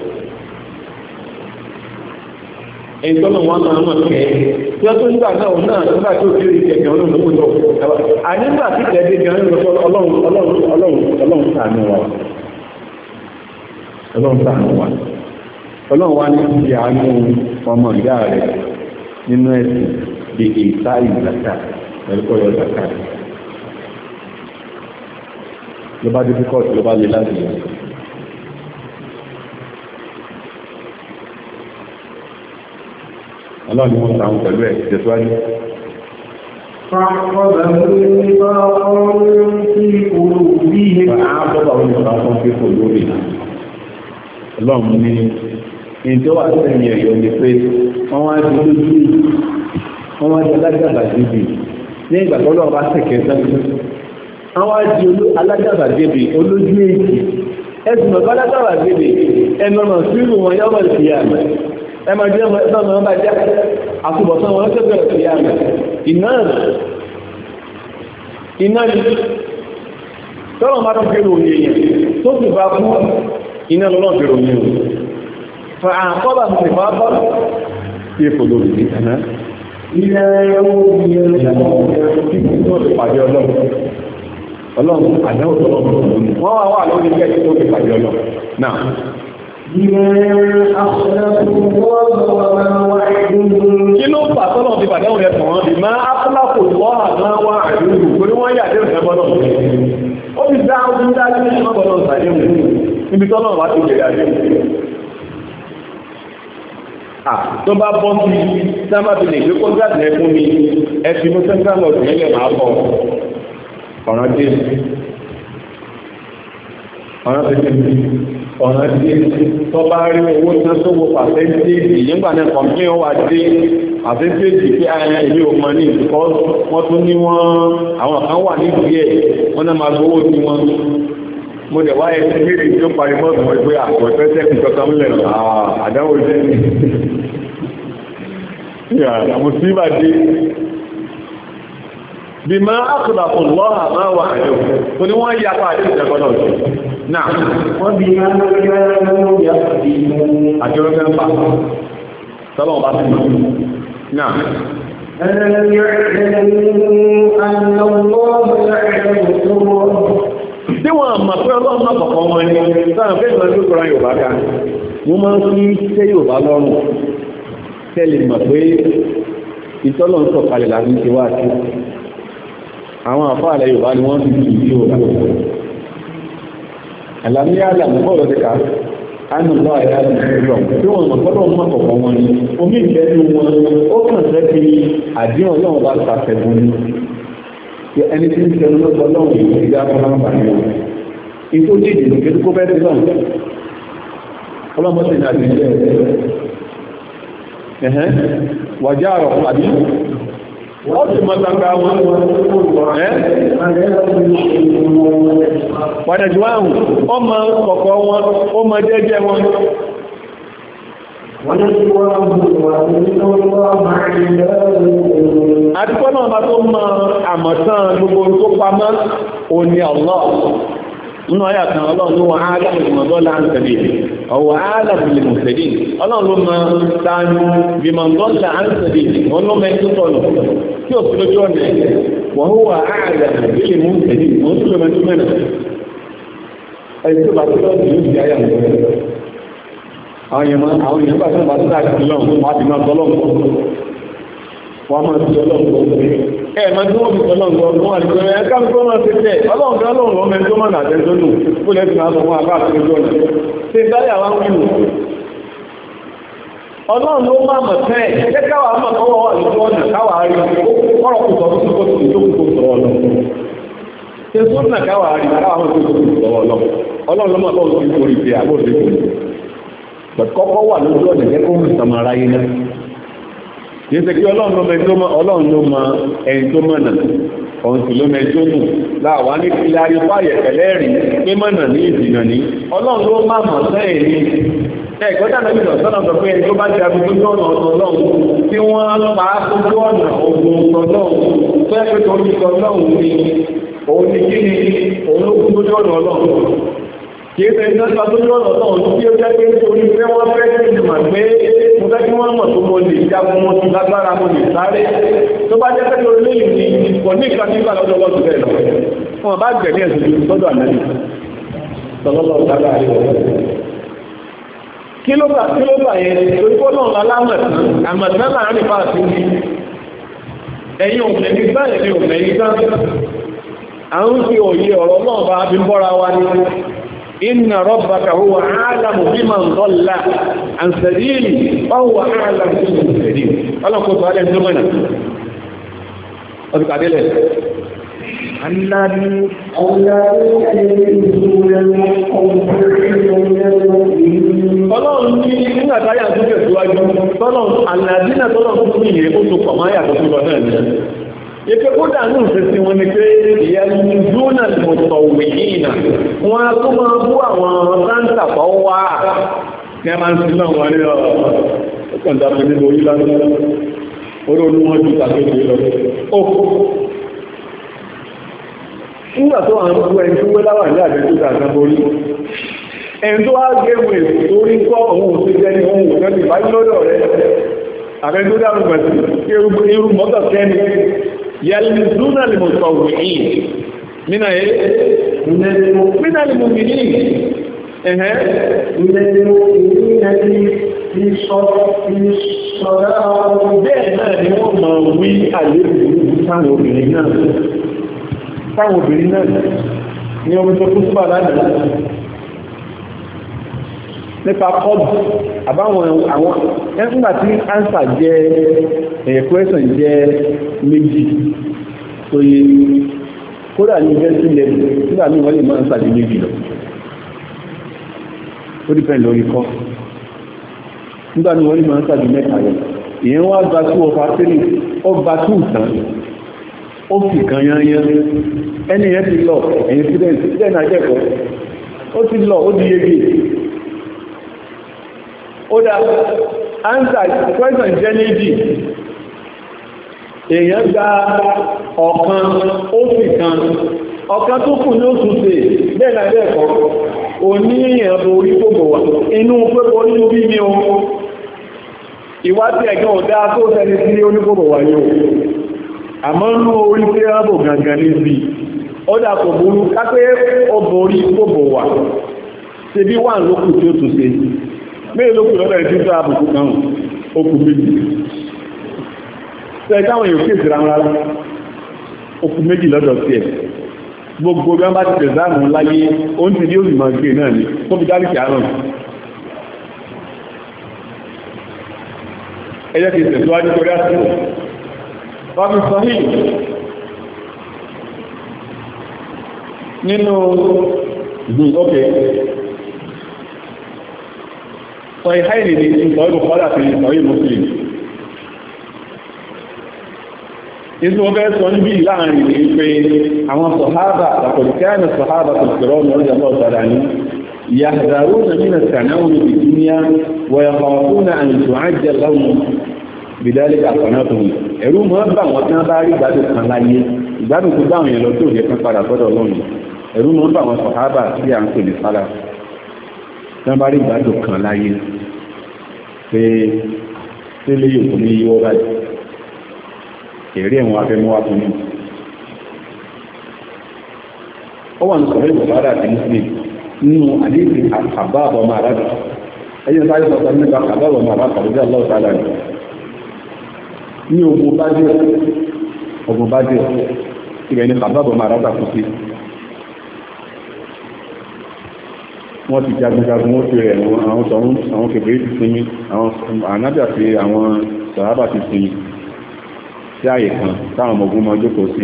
ẹni tọ́nà wọn náà náà kẹ́ tí wọ́n tó nígbà náà náà nígbà tí ó kéré ìkẹ̀kẹ́ ọlọ́run ló lọ ànígbà tí kẹ́ẹ̀dé gan ń lọ ọlọ́run ọlọ́run ọlọ́run ṣàánú wa ọlọ́run ṣàánú wa ọlọ́run wa ní ti àánú ọmọ ìyá rẹ̀ nínú ẹ̀sìn lè láti yọjọ́ ọlọ́ni wọ́n sàún pẹ̀lú ẹ̀ tẹ̀síwájú Ọlọ́run ní ìjọ wà sẹ́yìn ẹ̀yọ́ ni pé wọ́n wá di lójú wọ́n wá di alágàbà débi ní ìgbà tó lọ́wọ́ bá sẹ̀kẹ́ sẹ́yìn wọ́n wá di alágàbà débi olójú èjì ẹ̀sùn ọ̀gá alágàbà débi ẹnọ̀nà sírù wọn yọ́wọ́ ìfìyà ẹ máa jẹ́ náà máa bá jẹ́ àtúbọ̀tán wọn tó bẹ̀rẹ̀ sí àmì iná iná ni tọ́lọ̀ máa tó fẹ́rò òye yẹn tó sì bá kú iná lọ́nà fẹ́rò òye o fa àkọ́bà sì bá bọ́ sí èfò lórí ní ẹ̀nà ilẹ̀ ẹ̀wọ̀ ìyẹn ọlọ́run àdáwò tọ́lọ̀ wọ́n wà wà lórí ilẹ̀ tó fi pàdé ọlọ́run náà Kí ló fà tọ́lọ̀ ti bàdẹ́ tó bá bọ́ sí sábàbí lè gbé kọ́ńtàtì fún mi, ẹ mú sẹ́ńtà lọ́dún nílẹ̀ máa bọ̀. Ọ̀ràn dé. Ọ̀ràn dé ọ̀nà díẹ̀ tó bá rí owó tán tó wo pàṣẹ́ntéèjì nígbà náà kọ̀m̀pín ó wà dé pàṣẹ́ntéèjì pé ara ah, ilé ọmọ ní ìdíkọ́ wọ́n tún ní wọ́n àwọn kan wà ní díẹ̀ wọ́n náà máa gbowó sí wọn mo dẹ̀ wáyé sí méjì tó parí mọ́ọ̀tù wọn pé àpò ah, ìfẹ́ sẹ́kùn kankan ah, àdáwò jẹ́ ni <laughs> àmùsíbà dé bí máa ákùnlá fún lọ́ha máa wà àjò kò ní wọ́n yapa àti ìjẹ̀kọ́nà rẹ̀ náà wọ́n bí máa ń gbẹ́rẹ́ mú yà sí àjọ rẹ̀ ń pa sọ́lọ́ ọba sí náà أَلَمْ يَعْلَمُوا أَنَّ wọ́n àmà pé ọlọ́run náà kọ̀kọ́ wọn ni, sáà máa ń fi iṣẹ́ Yorùbá lọ́rùn, tẹ́lẹ̀ mọ̀ pé ìtọ́lọ̀ ń sọ̀kalẹ̀ láti ṣe wá sí àwọn àfáàlẹ̀ Yorùbá ni wọ́n ti fi ìjọ àlàmíyà àlàmùkọ́rọ̀ ti ká ánùbọ̀ àyà ìjọ tí wọ́n mọ̀ fọ́lọ́ mọ́ kọ̀kọ́ wọn ni omi ìfẹ́lú wọn ó kàn fẹ́ fi àdíhàn náà bá sàfẹ́gun ni ẹni tí ń tẹnu lọ́sọ lọ́wọ́ ìwé ìdí afọ́nàmà ni wọn ikú jíjì ní kí kó fẹ́ ti lọ́wọ́ ọlọ́mọ sì ní àdíjẹ́ wàjá àrọ̀ àdíjẹ́ wọ́n sì ọ tàbí àwọn ẹ́ ọ wọ́n ọmọ kọ̀kọ́ wọn ó dị jẹ́jẹ́ wọn àti pọ́nà ọmọ tó mọ gbogbo tó pamọ́ òní Allah nínú ayé àtàn ọlọ́run ló wọ alábìlìmọ̀dọ́ láǹtẹ̀lẹ̀ ọ̀wọ̀ alábìlìmọ̀tẹ̀lẹ̀ ọlọ́run ló mọ sáájú bìmọ̀dọ́ láǹtẹ̀lẹ̀ wọn ló mọ ẹni tọ̀nù tí ò sí lójú ọ̀nà wọ́n wọ alábìlìmọ̀tẹ̀lẹ̀ wọ́n tún lọ mẹ́tú mẹ́nà ẹni tó bá tó lọ́dún yóò di bá tó bá wọ́n máa fi ọlọ́run gbọ́ ẹ̀ máa tí wọ́n fi ọlọ́run gbọ́ wọ́n àti ọ̀rẹ́ ẹ̀ká ń gbọ́ máa fi tẹ̀ ọlọ́run fẹ́ ọlọ́run lọ́mọ ẹjọ́ máa nàjẹ́ tó lù kó lẹ́sìn máa sọ wọn àbá àti ẹjọ́ náà ṣe dáyà wá ń wù ọlọ́run ló máa mọ̀ tẹ́ ẹ̀ káwà máa kọ́wọ́ wà lójú ọ̀nà káwà rí kọ́rọ̀ kù sọ fún kó tìlú tó kù sọ ọlọ́ ṣe sọ́nà káwà rí káwà máa tó kù sọ ọlọ́ ọlọ́run lọ́mọ tó ń fi orí fi àbóòdé kù kọ́kọ́ wà lójú ọ̀nà jẹ́ kó ń sọmọ aráyé náà kìí ṣe kí ọlọ́run ló mọ ọlọ́run ló mọ ẹni tó mọ̀nà ọ̀hún sì ló mẹ́jọ nù láwa ní kílẹ̀ arípa àyẹ̀kẹ́lẹ́ rí pé mọ̀nà ní ìdìnà ní ọlọ́run ló má mọ̀ sẹ́yìn ní ẹ̀kọ́ dáná bí lọ sọ́nà sọ pé ẹni tó bá ni òun ni kí ni òun kìí ṣe ìjọba tó yọ ọ̀nà náà tí ó jẹ́ pé nítorí pé wọ́n fẹ́ kí n mọ̀ pé mo fẹ́ kí wọ́n mọ̀ tó mo lè jagun mo ti lágbára mo lè sáré tó bá jẹ́ pẹ́lú olóyìn ní ìpọ̀ ní ìka nígbà lọ́dọ̀ wọ́n ti bẹ̀rẹ̀ lọ wọn bá gbẹ̀mí ẹ̀sùn ju sọ́dọ̀ ànábì tọ́lọ́lọ́ sábà rí wọn. kí ló bà kí ló bà yẹn torí kó náà lálámọ̀tán àmọ̀tán láàárín bá àti ní ẹ̀yin òun ọ̀rọ̀ náà bá fi bọ́ra wa ní إن ربك هو أعلم بمن ضل عن سبيلي وهو أعلم بالمهتدين ألا كنت عليه الزمنة أبقى عليه الذي Ọlọ́run ní nígbà táyà tó tẹ̀síwájú, tọ́lọ̀ àlàdínà tọ́lọ̀ fún ìyẹ̀ ó tó pọ̀ máyà tó fún ọ̀nà ìrìnà. Ipe ó dànù ìfẹ́sí wọn ni pé ìyẹ́lú Jónà mọ̀tọ̀ wìyìnà wọn tó máa bú àwọn sáńtà pọ̀ wá ní a máa ń sí náà wọ́n ní ọ̀kọ̀ǹdà fún nínú orí lánàá orí olú wọn jù tàbí lọ. Nígbà tó àwọn ọmọ ẹni tó wé láwà ní àjẹ́jú àtàborí. Ẹni tó wá gé wè torí ń kọ́ òun òsì jẹ́ ní ohun òfẹ́ ti báyìí lọ́dọ̀ rẹ̀. Àbẹ́jú dárùn-ún pẹ̀sì, irú mọ́tọ̀ kẹ́ni yalmizuna al-mutawwi'in mina ye mina al-mu'minin ẹhẹ bẹ́ẹ̀ náà ni wọ́n máa wí àlébù táwọn obìnrin náà táwọn obìnrin náà ni ọmọ tó kú sí bàbá náà nípa kọ́bù àbáwọn àwọn ẹgbà tí ánsà jẹ́ ẹ̀kọ́ẹ̀sàn jẹ́ méjì tó yé kódà ní university level nígbà ní wọ́n lè máa ń sàdé méjì lọ ó dìpẹ́ lórí kọ́ nígbà ní wọ́n lè máa ń sàdé mẹ́ta lọ ìyẹn wá gba tó ọfà tẹ́lẹ̀ ó gba tó ìtàn ó fi kan yanyan ẹni yẹn ti lọ ẹ̀yìn student ó ti lọ ó di yege oda? dá answer question jẹ́ méjì èèyàn gba ọ̀kan ó fi kan ọ̀kan tó kù ní oṣù tè bẹ́ẹ̀ náà bẹ́ẹ̀ kọ́ o ní èèyàn borí gbogbo wà inú pẹ́pọ̀ nínú bí mi o ìwádìí ẹ̀gbọ́n ọ̀dá tó sẹni sí wà ní o àmọ́ nú orí pé rábò gangan ní sí ọdá kò burú kápẹ́ ọbọ̀ orí gbogbo wà ṣe bí wà lókù mẹ́ẹ̀lókù lọ́dọ̀ ìdí tó àbùkù kan okùn méjì tẹ́ káwọn èèyàn kéèsì rárá okùn méjì lọ́dọ̀ sí ẹ̀ gbogbo bí wọ́n bá ti tẹ̀sáàmù láyé oún ti ní òrìmọ̀ gbé e náà ni tó fi dáríkì àárùn ẹjẹ́ ti tẹ̀síwájú torí àtìkò wọ́n fi sọ hìí nínú ok صحيحين من صحيح البخاري في صحيح مسلم ìsìn wọn bẹ́ẹ̀ sọ níbi láàrin ìlú pé àwọn sọ̀hábà àkọ̀lùkẹ́ẹ̀nì sọ̀hábà tó kìrọ̀ lọ́jà lọ́wọ́ sára ní yàtàrú na nínú kanáwó ní dúníà wọ̀yàkọ̀ọ̀kú na àìsùn àjẹ́ láwọn bìdálẹ̀ àkọ̀nàtòun ẹ̀rú mọ́ bá wọn tí wọ́n bá rí ìgbádùn kan láyé ìgbádùn tó bá wọn yẹn lọ tó yẹ kan padà gbọ́dọ̀ lọ́nà ẹ̀rú mọ́ bá wọn sọ̀hábà tí à ń pè ní sára tán bá rí ìgbádùn kan láyé pé tẹ́lẹ̀ yóò ní yíwọ́ báyìí èrè ẹ̀wọ̀n afẹ́mọ́wá fún ní ó wà sọ̀rọ̀ ìbọ̀bára àti muslim nínú àdéhìí àbábọ̀ máa rábà ẹ̀yìn sáré sọ̀tọ̀ nípa àbábọ̀ máa rábà ọjọ́ lọ́wọ́ ní ogun bá dé ọgbọ̀n bá dé ibẹ̀ ní àbábọ̀ máa rábà kú sí wọ́n ti jagunjagun wọ́n ti rẹ̀ àwọn tọ̀rún àwọn kèbèrè ti sinmi àwọn ànábíà ti àwọn sàrábà ti sinmi sí àyè kan táwọn ọmọ ogun máa jókòó sí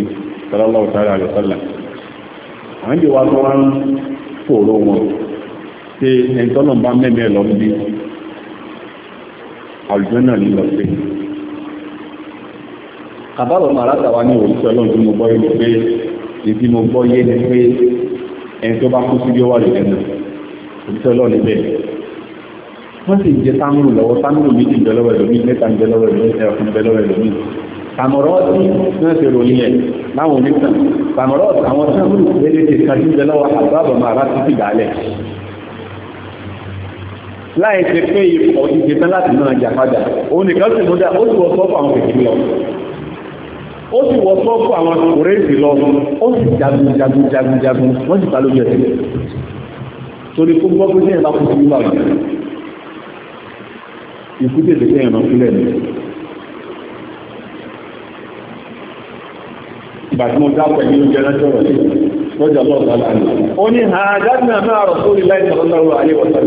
sallallahu ta'ala alaihi wasallam àwọn ìdí wa tó wá ń fòró wọn pé ẹni tọ́lọ̀ bá mẹ́mẹ́ lọ bí àlùjọ náà ní lọ sí àbálọ̀ màrá tàwa ní òwúrọ̀ ọlọ́run tí mo gbọ́ yé ni pé ìdí bá kú sí bí ó wà lẹ́nu òjíṣẹ́ ọlọ́run níbẹ̀ wọ́n sì jẹ támúrù lọ́wọ́ támúrù méjì ń bẹ lọ́wọ́ ẹ̀lòmí mẹ́ta ń bẹ lọ́wọ́ ẹ̀lòmí ẹ̀yà fún bẹ lọ́wọ́ ẹ̀lòmí tàmọ̀rọ́ọ̀tì náà ṣe ròyìn ẹ̀ láwọn onítàn tàmọ̀rọ́ọ̀tì àwọn támúrù lédèdè kan ń bẹ lọ́wọ́ àbábọ̀ máa bá títí dálẹ̀ láì ṣe pé ipò ìṣe tán láti náà jà padà òun nìkan sì múdà ó sì wọ sọ́ọ̀fù àwọn kèkè lọ ó sì wọ sọ́ọ̀fù àwọn kòrèsì lọ ó sì jagun jagun jagun jagun wọ́n sì ta lójú torí fún gbọ́gbọ́ ní ẹ̀lá fún ìlú àjò ikú tètè tẹ́ ẹ̀ràn sílẹ̀ ní ìgbà tí mo dápẹ̀ ní oúnjẹ lọ́jọ́rọ̀ sí lọ́jọ́ lọ́ọ̀tà láàrin ó ní àádájúmọ̀ àmọ́ àrọ̀ sórí láìsọ̀rọ̀ lọ́rọ̀ ayé wọ̀sán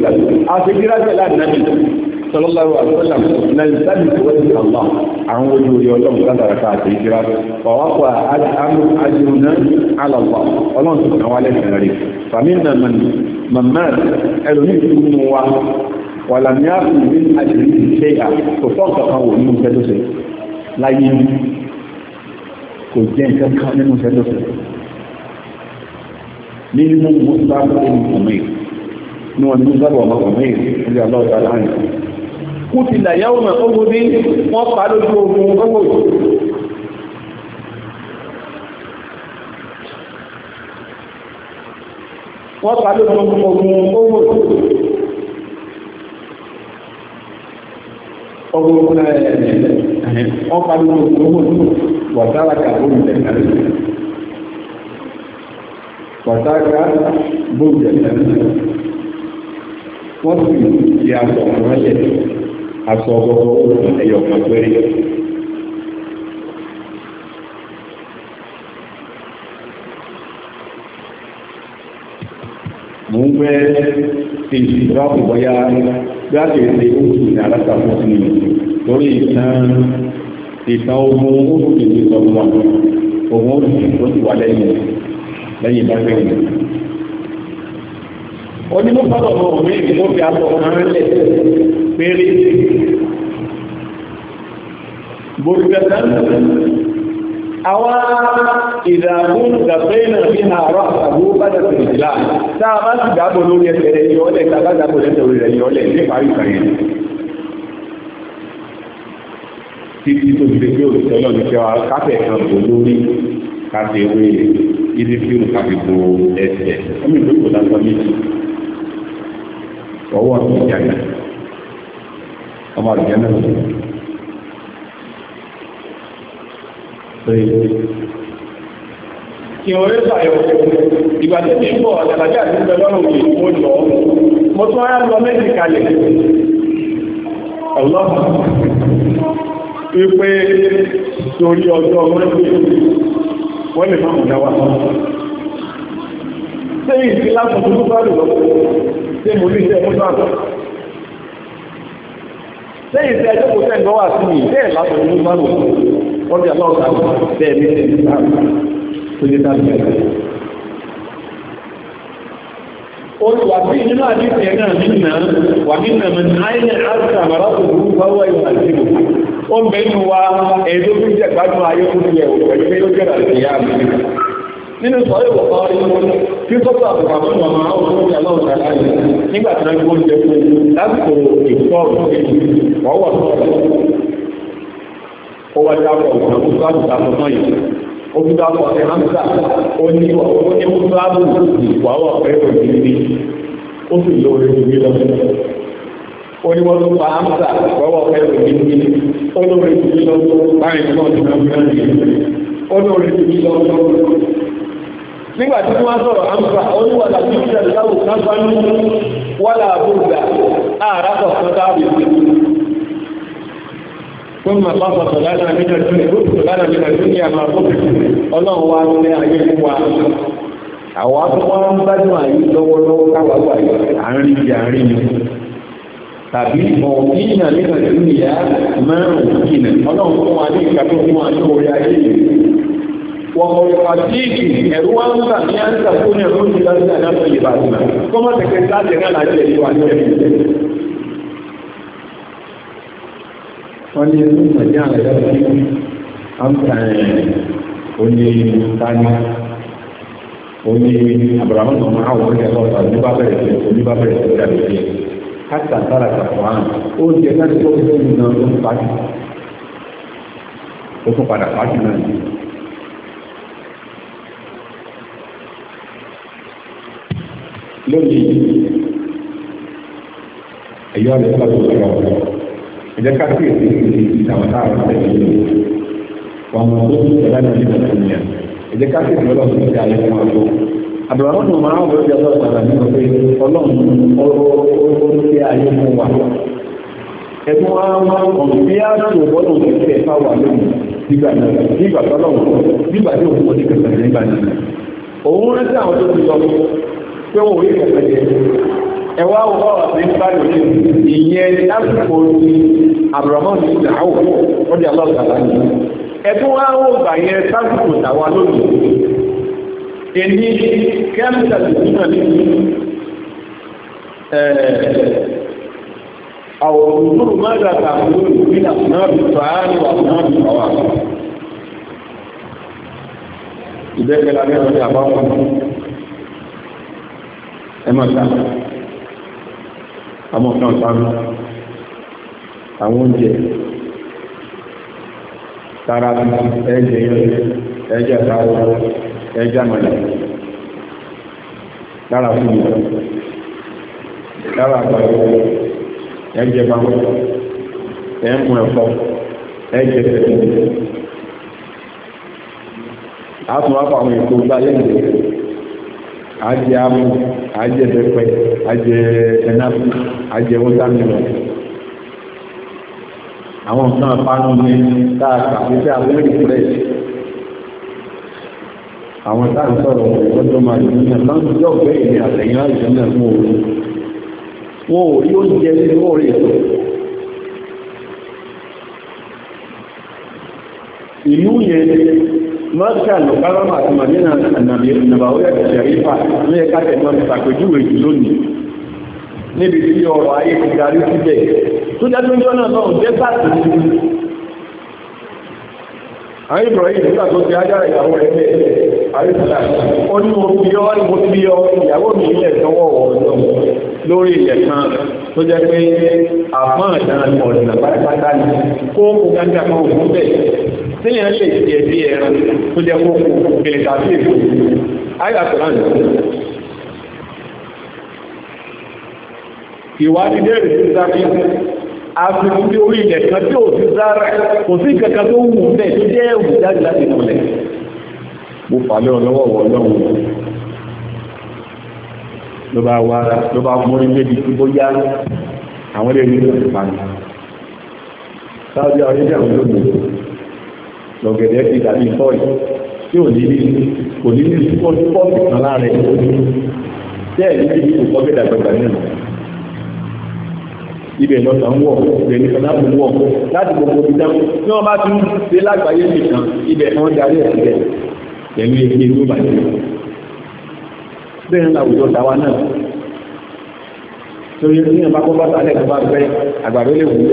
sọlọ́láwọ́ àlọ́lá lẹ́yìnsáàbì kúrò sí ọ̀lá àwọn ojú orí ọlọ́run látara ká àti ìjírá ọ̀wápọ̀ ajínúná alọ̀lọ́ ọlọ́run tó kàn wá lẹ́sìn rẹ̀ fàmínà mọ̀mọ́ ẹlòmí ìtumú wa wà lámìáàfù ní àjèjì ṣe à kò fọ́ kankan wò nínú iṣẹ́ tó ṣe láyé kò jẹ́ nǹkan kan nínú iṣẹ́ tó ṣe nínú mọ́tò bá bọ́ kútìlà wọ́n pa lójú ogun ogun wọ́n pa lójú ogun wọ́n pa lójú ogun sì aṣọ ọgọgọ òògùn ẹyọ kan péré. mo ń fẹ́ èyí ìdáàbò bọ́yá bí a lè ṣe oṣù ní aláṣàkóso ní lórí ìtàn ìtàn ogun oṣù kejì sọ fún wa òun ó sì lẹ́yìn lẹ́yìn bá fẹ́ yìí onímọ̀sọ́dọ̀ ọmọ mi ni mo fi àtọ̀ kan lẹ̀ péré bòrùgbẹ̀tà àwọn ìdààmú ìdàpẹ́nà bí i àárọ̀ àbú bájà tìrìtìlá tá a bá sì dábò lórí ẹsẹ̀ rẹ̀ yọlẹ̀ tá a bá dábò lẹ́sẹ̀ orí rẹ̀ yọlẹ̀ ní parí kàrí títí tó ti gbé òṣìṣẹ́ náà ní kẹwàá ọwọ́ mi jàgbà ọmọ àgbẹ̀ náà pé kí wọ́n rí sàyọ̀ ìgbà tí mi àtàlàjá àti ìgbẹ̀lọ́rùn yìí mo lọ mo tún ara lọ méjì kalẹ̀ ọlọ́pàá wípé torí ọjọ́ mọ́lẹ́gbẹ̀ẹ́ wọ́n lè máa mọ̀ dáwà ṣé ìdí láti dúdú bá lò lọ́wọ́ ṣé mo ní iṣẹ́ mú náà ṣé ìṣe ẹjọ́ kò tẹ̀ lọ́wọ́ àti mi bẹ́ẹ̀ láti dúdú bá lò wọ́n ti àlọ́ ọ̀gá bẹ́ẹ̀ mi ṣe Ó ń bẹ̀rù wa ẹ̀ẹ́dógún ayé fún ìyẹ̀wò pẹ̀lú pé ó jẹ́ nínú sọ́rọ̀ ìwọ̀pá orí orí tí ó tọ́pọ̀ àpapọ̀ àwọn ọmọ àwọn olóògbé aláwọ̀dá láàyè nígbà tí wọ́n gbó oúnjẹ fún lásìkò ìtọ́ ọ̀rọ̀ ọwọ́ sọ́rọ̀ ó wá dápọ̀ ọ̀gbọ̀n tó bá ti dápọ̀ mọ́ yìí ó fi dápọ̀ ọ̀sẹ̀ hamza ó ní ọ̀pọ̀ ní mú sáàbù ìwàwọ̀ ọ̀pẹ́ òjì ní ó sì lóore jù mí lọ ó ní wọ́n tó pa hamza ìwàwọ̀ ọ̀pẹ́ òjì ní ó lóore jù mí lọ báyìí náà ti náà fi hàn nígbà tí wọ́n sọ̀rọ̀ àmúfà oníwàlà tí ó jẹ́ ìyáwó lágbánú wọ́là àbúrúgbà àràkọ̀ kan táàbì sí fún màpapọ̀ sọ̀lánà nínú ìlú sọ̀lánà nínú ìlú ní àmà fókè ọlọ́run wa ní ayé fún wa àwọn akọ́kọ́ ń gbádùn àyè lọ́wọ́lọ́wọ́ káwàwà àárín ìdí àárín ni tàbí ọ̀gbìnà nínú ìlú ìyá márùn-ún ọlọ́run fún wa ní ìkàtó fún wa ní orí ayé yìí wọ̀kọ̀yọ̀kọ̀tíìkì ẹ̀rú wá ń tà ní àǹtà fún ẹ̀rú ní láti àdáfẹ́ ìbàdàn kọ́mọ̀ tẹ̀kẹ́ sáàtẹ̀ náà láti ẹ̀rí wà ní ẹ̀rí wọ́n ní ẹ̀rú ìmọ̀já àrẹ́dá sí àǹtà òní tani òní àbùràmọ́ ọmọ àwọn ọ̀rẹ́ ọ̀tà oníbàbẹ̀rẹ̀ oníbàbẹ̀rẹ̀ ìgbàlẹ̀ kátà sára kàfọ́ àrùn ó jẹ́ láti tó lónìí ẹ̀yọ́ rẹ̀ pàtó ọ̀rọ̀ ọ̀rọ̀ ẹ̀jẹ̀ káfí èsì ìdí ìtàwọn táwọn tẹ̀lé lónìí wọn mọ̀ tó ti tẹ̀lé náà nígbà tó nìyà ẹ̀jẹ̀ káfí èsì ọlọ́run ti tẹ̀lé fún wa tó àbẹ̀wọ̀n tó máa ń wọ ẹ̀jẹ̀ ọlọ́run padà nínú pé ọlọ́run ó ti ayé fún wa ẹ̀tún wa máa ń kàn bí á tó bọ́lọ̀ ní ìfẹ́ fáwà lónìí nígbà nígbà tó nígbà tí òun kò ní kẹsàn-án nígbà náà òun rántí àwọn tó ti lọ pé wọ́n ò yẹ kẹ̀kẹ́ jẹ ẹwà wọ́n ọ̀rọ̀ sí nípa lòdì ìyẹn lásìkò ní Abrahamu ní ìdáhùn ó di aláàbàlá ní ẹ̀tún wá ó gbà yẹn lásìkò tàwa lónìí èmi kẹ́míkà lòdìmọ̀ ní àwọn olùkúrò máa dà tàbí olùkúrò náà bí tààrí wà náà bí tàwà ìbẹ́gbẹ̀lá mẹ́rin àbáwọn ẹmọ ta àmọ́ kan pàmù àwọn oúnjẹ tara ẹjẹ ẹjẹ tara ẹjẹ àmàlà lára fún mi lára àgbàdo ẹjẹ bá ẹmú ẹ̀fọ́ ẹjẹ tẹ̀lé àtúnwápọ̀ àwọn ètò gbáyé ìgbèrè ajẹ amu ajẹ bẹpẹ ajẹ ẹnapu ajẹ wọtamilọ àwọn nǹkan apanu ní táàkà wípé abẹ́rẹ́ ìfúrẹ́ àwọn táàkà sọ̀rọ̀ ọjọ́ máa yìí ní àtàkùnjọ́ ọ̀gbẹ́ ìní àtẹ̀yìn àìsàn náà fún òru wọn ò rí oúnjẹ nínú orí ètò ìlú yẹn mọ́tíkà lọ́kàrọ́mà àti màdínà nàbàwọ́yà ìṣẹ̀rífà ní ẹ̀ka tẹ̀mọ́ ìṣàpèjúwe jù lónìí níbi tí ọrọ̀ ayé ti darí síbẹ̀ tó jẹ́tún jọ náà náà jẹ́ sáàtì nínú àwọn Ibrahim nígbà tó ti ájára ìyàwó rẹ̀ bẹ́ẹ̀ àríṣà ó ní mo fi ọ́ ní mo fi ọ́ ìyàwó mi ní ẹ̀sánwọ́ ọ̀dọ́ lórí ilẹ̀ kan tó jẹ́ pé àpọ́n àdára ọ̀dọ̀ pátá ni kó kó gángá kan òkú bẹ́ẹ̀ tíyàn lè jẹ bí ẹran tó jẹ́ kó bèèrè tàbí èkó ayà koran ìwádìí dẹ́rẹ̀ sí sáré àfikún tí orí ilẹ̀ kan tí ò sí sára kò sí kankan tó wù bẹ́ẹ̀ tó jẹ́ ẹ̀wù jáde láti ìpínlẹ̀ mo fàlẹ́ ọlọ́wọ́ wọ lọ́wọ́ ló bá wá ló bá mú ilé bí tí bóyá àwọn ilé àwọn ilé àwọn olóògbé lọ́gẹ̀dẹ̀ ti dàbí tọ́ì tí ò ní kò ní ní pọ́ọ̀tì kan láàrẹ tí ẹ̀ ní ibi kò kọ́gẹ̀ dàgbàgbà nínú ibẹ̀ lọ́ta ń wọ̀ ibẹ̀ ní sọ́dáàbò ń wọ̀ láti gbogbo ibi dáhùn tí wọ́n bá tún ṣe lágbàáyé nìkan ibẹ̀ kan darí ẹ̀ síbẹ̀ pẹ̀lú ẹgbẹ́ inú bàjẹ́ bẹ́ẹ̀ ń làwùjọ tàwa náà torí ní ẹ̀bá kọ́ bàtà lẹ́gbẹ̀ẹ́ àgbàdo lè wù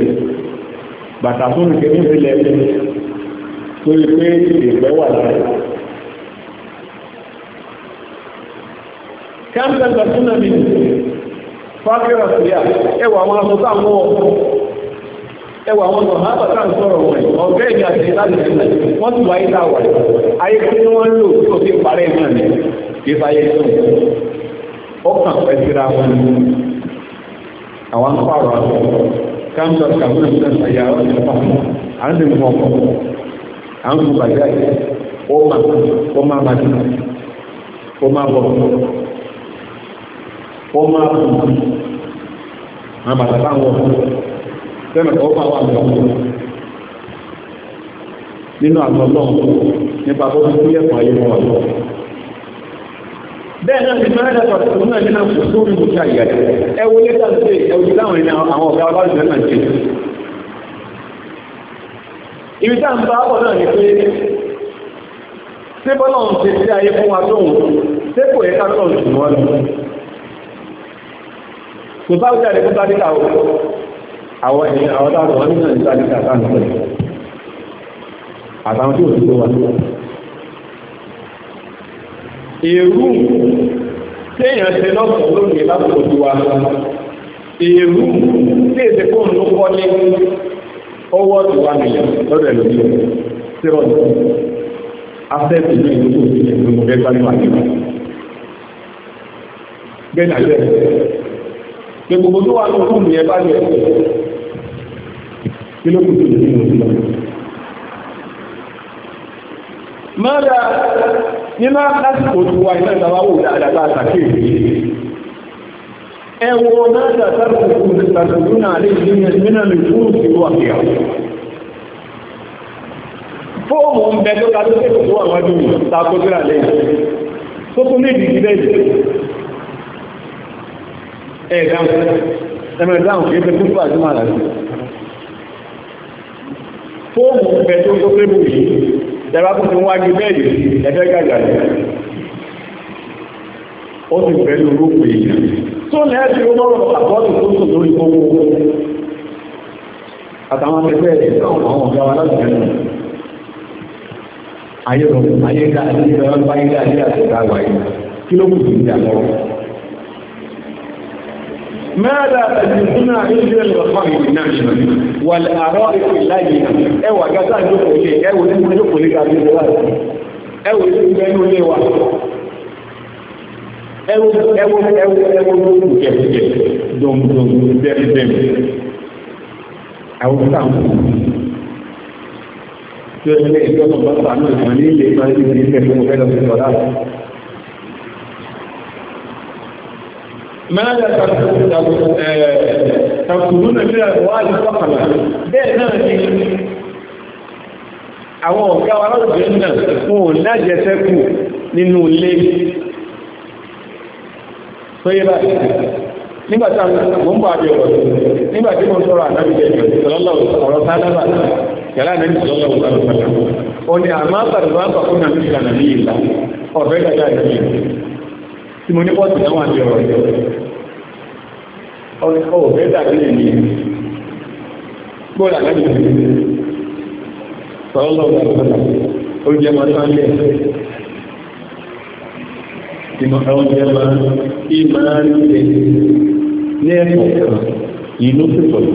bàtà tó nìkẹ́ ní ìpínlẹ̀ ẹgbẹ́ torí pé ìgbẹ́ wà láàrin. káńtẹ̀ntà tsunami. fákírà síyà ẹwà àwọn asọ́tà mọ́ ẹwà àwọn ọ̀hábà tá ń sọ̀rọ̀ wọ̀nyí ọ̀gá ẹ̀mí àti ìtàlẹ̀ wọ́n ti wà ìta wà ayé tí wọ́n lò tí òfin parẹ́ náà ní ìfàyè tó ọkàn pẹ̀ síra wọn àwọn pààrọ̀ káńtẹ̀ntà súnàmì fákírà síyà ọ̀gá ẹ̀mí àti ìtàlẹ̀ à ń fún bàjá yìí ó mà ó má má dùn ó má bọ̀ ó má bù àwọn bàtà bá ń wọ̀ sẹ́mi ó má wà lọ́wọ́ nínú àgbọ̀ náà nípa bó ti kúlẹ̀ fún ayé wọn lọ. bẹ́ẹ̀ náà ni mẹ́rẹ́dà pàtàkì fún náà nínú àkókò orí ìmúṣà ẹ wọlé sáà ṣe ẹwùjì láwọn ẹni àwọn ọ̀gá ọlọ́run náà ṣe ibi tá ń bá ọ̀pọ̀ náà ni pé tí bọ́lọ̀ ń ṣe sí ayé fún wa tóhùn tí kò yẹ kátọ̀ jù wọ́n lọ kò bá wúdà ní kúta níta o àwọn ẹ̀yìn àwọn táwọn wọn nínú ìta níta táwọn pẹ̀lú àtàwọn tí ò sí tó wà èrú téèyàn ṣe lọ́pọ̀ lónìí lásìkò tí wa èrú tí èsèkó ń ló ní ọwọ́ ti wá nílẹ̀ lọ́dọ̀ ẹ̀lòmí sírọ̀ ní afẹ́ẹ̀tì ní ìlú tó ti ẹ̀sùn mo fẹ́ gbájú àdéhùn bẹ́ẹ̀ náà bẹ́ẹ̀ pé gbogbo tó wà ní ọdún mi ẹ bá jẹ kí ló kù tó lè nínú ìlú mọ́ra nínú lásìkò tó wà iná ìdáwáwò dáadáa bá àtàkì èyí ẹwọ mẹ́ta tàbùkù tàbùkùnà lè jíyàn mínà lè fún ìwọ àkíyà fóòmù ń bẹ tó kàtó tẹ́kù tó àwájú tàkótíra lè tó tún lè dìdí lẹ́jì ẹ̀dáhùn kéfẹ́ tó fà sí màrà sí fóòmù ń bẹ tó tó pé ó sì fẹ́ ní orúkọ èèyàn tó lẹ́ẹ̀sì ó mọ́rọ̀ àbọ́dù tó sùn lórí gbogbo àtàwọn akẹgbẹ́ rẹ̀ àwọn ọ̀gá wa láti ẹnu ayé rọ̀ ayé ká ayé rọ̀ ayé ká ayé àtẹ̀ká wáyé kí ló kù sí ìjà lọ́wọ́ ماذا تجدون عند الرقم الناشئ والارائك اللينه ايوا جزاك الله خير ايوا انت تقول لي قاعد دلوقتي ايوا انت بينه ليه واحد ẹwọ ẹwọ ẹwọ ẹwọ lóògùn jẹjẹ dọmdọm dẹmdẹm àwọn sáàmù tí ó lé ìjọba bá sàánù ìwọ̀n ní ilé ìgbà ìlú ní ìfẹ́ fún ọ̀fẹ́ lọ́sẹ̀ sọ̀rọ̀ àlọ́. ماذا تقولون من الأقوال الفقرة؟ بẹ́ẹ̀ náà ni àwọn ọ̀gá wa lọ́dọ̀ náà fún òun lájẹsẹ́kù nínú ilé tọ́yẹ́bà nígbàtí mo ń bọ̀ àbí ọ̀rọ̀ nígbàtí mo ń sọ̀rọ̀ ànábì jẹ́jọ sọlọ́lọ́wọ́ ọ̀rọ̀ sálábà yàrá ànábì sọlọ́lọ́wọ́ sọlọ́lọ́wọ́ ó ní àmá pàtàkì àpà fún àmì ìlànà ní ìlà ọ̀rẹ́ gàdá ìlú tí mo ní pọ́ọ̀tì náà àbí ọ̀rọ̀ ọ̀rẹ́ gàdá ìlú gbọ́dọ̀ ìmọ̀ọ́jẹ́mà ìmọ̀ọ́jẹ́ ní ẹ̀kọ́ kan inú pẹ̀lú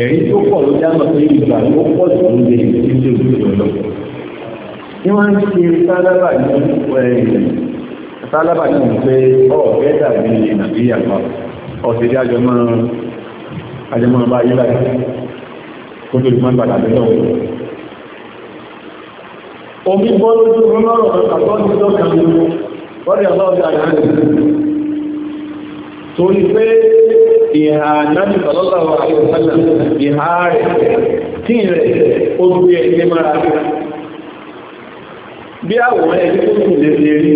ẹ̀rí tó pọ̀ ló dámọ̀ pé ìgbà ló pọ̀ jù ló lè ní ilé òṣèlú lọ ní wọ́n ń ṣe sálábà ní ẹ̀yìn sálábà ní pé ọ̀fẹ́ dàbí nàìjíríà pa ọ̀sẹ̀ dí ajọmọ́ omi bọ́ lójú rọ́lọ́rọ̀ àtọ́jọ́ kàmí wọ́n lọ́dọ̀ àyàrí torí pé ìhà náàbì tọ́lọ́lọ́wọ́ àyọ̀sánà ìhà rẹ̀ tí rẹ̀ ó gbé ẹgbẹ́ mara bí àwọn ẹgbẹ́ tó kù lè rí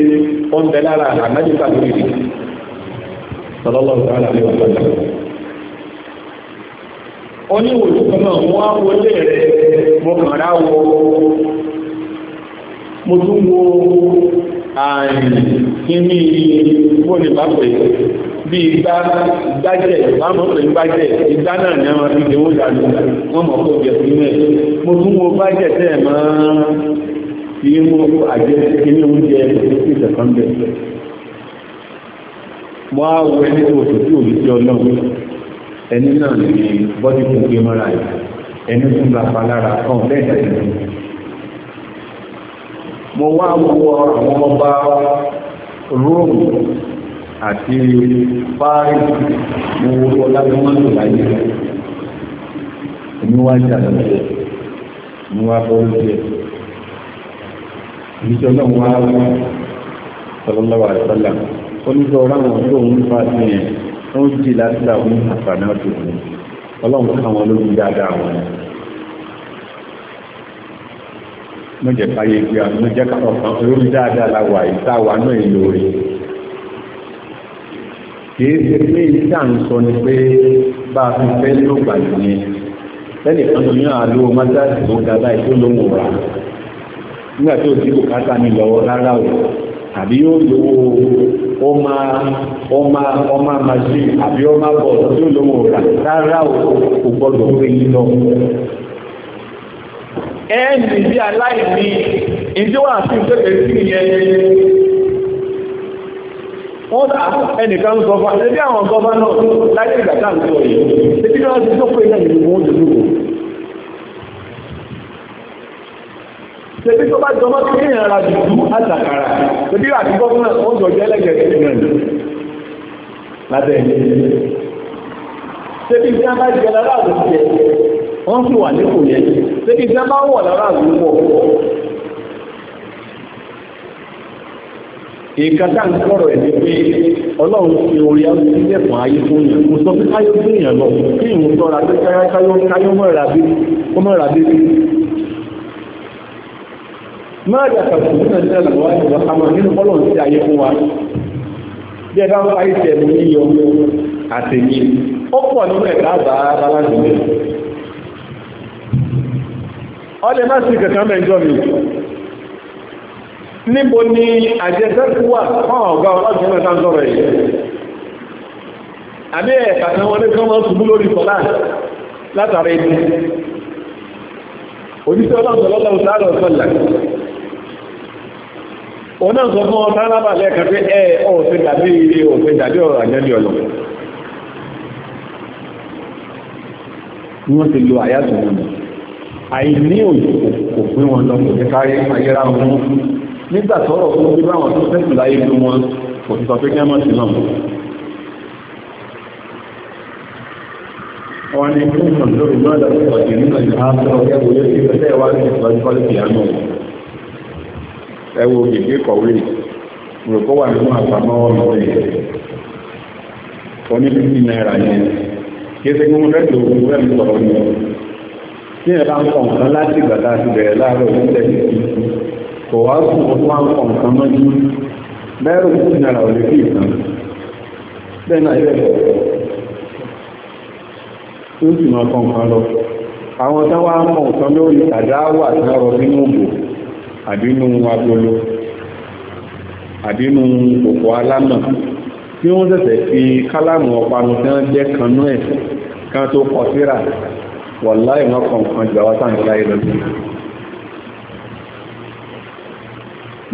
ọ̀ndẹ̀ lára ànábì tọ́lọ́lọ́wọ́ àyọ̀sánà oníwòlùkọ́ náà wọ́n á wọlé rẹ̀ mọ́kànlá wọ́n mo tún wo ààrin kí ní wọ́n ní bá pè bí igbá gbájẹ̀ láàmú pé gbájẹ̀ igbá náà ní àwọn ìdè wọ́n dànù wọ́n mọ̀ kó jẹ̀ sí mẹ́ mo tún wo gbájẹ̀ tẹ́ ẹ̀ máa fi mú àjẹ́ kí ní oúnjẹ ìṣẹ̀kan bẹ̀ mo á wo ẹni tó tó tí òbí sí ọlọ́run ẹni náà ní bọ́dí fún gbé mọ́ra ẹni tún bá pa lára kan bẹ́ẹ̀ mo wá wọ àwọn ọba Róòmù àti Paris mo wo ọlágbọ́nmọ́tò láyé èmi wá jà lọ́sẹ̀ mo wá bọ́ lóṣẹ̀ ìjọ náà wá sallallahu alaihi wasallam onígbà ọ̀ráwọn yóò ń fa sí ẹ̀ ó ń jì láti àwọn àfààní ọ̀tún ọlọ́run káwọn lórí dáadáa wọn mo jẹ ká yege wa mo jẹ ká ọkàn lórí dáadáa la wà yìí tá a wà náà èlò rẹ̀ kìí ṣe pé ìdá ń sọ ni pé bá a fi fẹ́ ló gbà nìyẹn lẹ́nu ìpanu yóò á lo mọ́tàdì tó dáadáa ètò lóhùn wa nígbà tó ti kò káta mi lọ́wọ́ rárá o àbí yóò lówó ó máa ó máa àbí ó máa bọ̀ tó lóhùn wa rárá o kò gbọ́dọ̀ pé yín ẹ̀ẹ́nì bí aláìní ìjọ wà sí ìpẹ́pẹ̀ sí ìyẹn wọ́n dà ẹnìkan ń gọba ẹbí àwọn gọba náà láti ìgbàtà ń sọ yìí ẹbí náà ti tọ́pọ̀ ilẹ̀ ìlú wọn jù lúwò ṣebí tó bá jọmọ́ sí ìrìn ara jùlú àtàkàrà ṣebí àti gọ́ọ̀nà ó jọ jẹ́ lẹ́gẹ̀ẹ́ sí ìrìn lábẹ́ ẹni ṣebí tí a bá jẹ lára àdúgbò wọ́n sì wà nípò yẹn ṣé iṣẹ́ bá wọ̀ lára àdúgbò ìkàtà ń sọ̀rọ̀ ẹ̀ ní pé ọlọ́run ti orí ẹ̀kùn ayé fún yàn mo sọ pé káyọ́ fún yàn lọ kí ìwọ̀n tọ́ra pé káyọ́ káyọ́ mọ́ra bí ó mọ́ra bí bí máa dàkà fún náà jẹ́ lọ́wọ́ ìwọ̀n àmọ́ nínú ọlọ́run ti ayé fún wa bí ẹ bá ń fa ìṣẹ̀lú yíyọ àtẹ̀yìn ó pọ̀ nínú ẹ̀ka àbá balájú ọlẹ́ má sí kẹta mẹ́jọ mi níbo ni àjẹsẹ́kù wà fún ọ̀gá ọlọ́dún mẹ́ta sọ̀rọ̀ yìí àbí ẹ̀ka kan wọlé kan wọ́n ṣubú lórí sọ́lá látàrí ibi òjíṣẹ́ ọlọ́dún sọ́lọ́ sọ́lá òun náà sọ fún ọ ni wọ́n ti lo àyàtọ̀ wọn àìní òjò kò pín wọn lọ kò jẹ́ káyé ayéra wọn nígbà tọ́rọ̀ fún bí báwọn tó fẹ́sùn láyé bí wọn kò ti sọ pé kí wọ́n ti náà wọ́n ní fún ìmọ̀ lórí lọ́dọ̀ ìpàdé nígbà ìhà sọ̀rọ̀ ẹ̀wọ̀ yóò ti fẹ́ wá ní ìpàdé pọ́lìtì àánú kí ẹsẹ̀ gbogbo fẹ́ tó gbogbo fẹ́ mi sọ̀rọ̀ mi tí ẹ bá ń kọ̀ nǹkan láti ìgbà tá a ti bẹ̀rẹ̀ láàárọ̀ ní tẹ̀lé sí kò wá sùn ó wá ń kọ̀ nǹkan mọ́jú bẹ́ẹ̀rù sí náírà ò lè fi ìtàn bẹ́ẹ̀ náà ilẹ̀ bọ̀ tí ó sì máa kọ̀ nǹkan lọ àwọn tán wá ń kọ̀ nǹkan lórí àdáwà tí wọ́n nínú òbò àbínú agolo àbínú òpó alámọ̀ tí wọ́n ṣẹ̀ṣẹ̀ fi kálámù ọ̀panu tí wọ́n jẹ́ kan náà kan tó kọ síra wọ̀láì wọ́n kọ̀ nǹkan jù àwọn táǹkì láyé lọ sí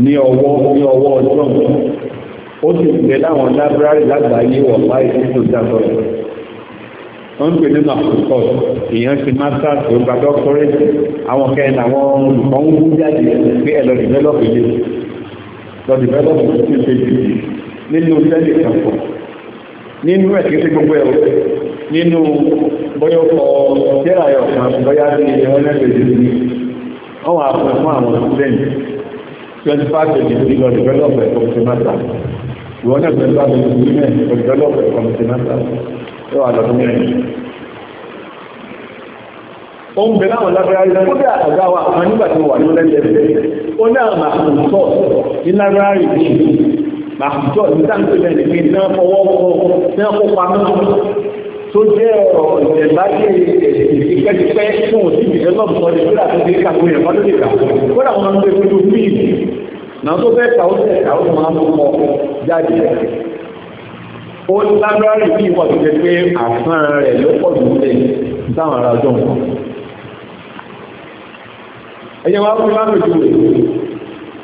ní ọwọ́ ní ọwọ́ ọjọ́ ó sì pè láwọn lábúrárì lágbàáyé wọ̀láì tí tó dájọ́ wọ́n ń pè nínú àkókò èèyàn ti masters tó gba doctorate àwọn kẹrin àwọn olùkọ́ ń wú jáde pé ẹ lọ develop ilé lọ develop nínú tẹ́lẹ̀ kankan nínú ẹ̀kẹ́sí gbogbo ẹ̀rọ nínú bọ́yọ́kọ̀ tẹ́lá ẹ̀ ọ̀kan bọ́yá sí ẹ̀rọ lẹ́gbẹ̀ẹ́ ní ọwọ́ àpọ̀ fún àwọn student 25 pages ní lọ develop ẹ̀ kọ́mọ̀tì mátà ìwọ́n náà 25 pages ní mẹ́ lọ develop ẹ̀ kọ́mọ̀tì mátà ẹ̀ wà lọ́dún mẹ́rin ó ń bẹ láwọn lábẹ́rẹ́ kódà àgbà wa àwọn nígbà tí wọ́n wà ní lẹ́gbẹ̀ẹ́ ó ní àwọn àkùnkọ́ ní lábẹ́rẹ́ ìṣèlú àwùjọ ìdáǹtò lẹ́nu pé náà fọwọ́ náà kó pamọ́ tó jẹ́ ọ̀rọ̀ ìjẹ̀báyé ìpẹ́tipẹ́ fún òsì ìdẹ́lọ́pù ọdẹ tó dà tó dé kàkó yẹn fọ́dún lè kà kódà wọn ń gbé fúdú fíìmù náà tó fẹ́ kàó tẹ̀ kàó tó máa ń mọ jáde ó lágbára bí ìwọ̀ tó jẹ́ pé àsán rẹ̀ ló pọ̀ jù lé táwọn ará ọjọ́ wọn. ẹ̀yẹ̀ wá fún lámì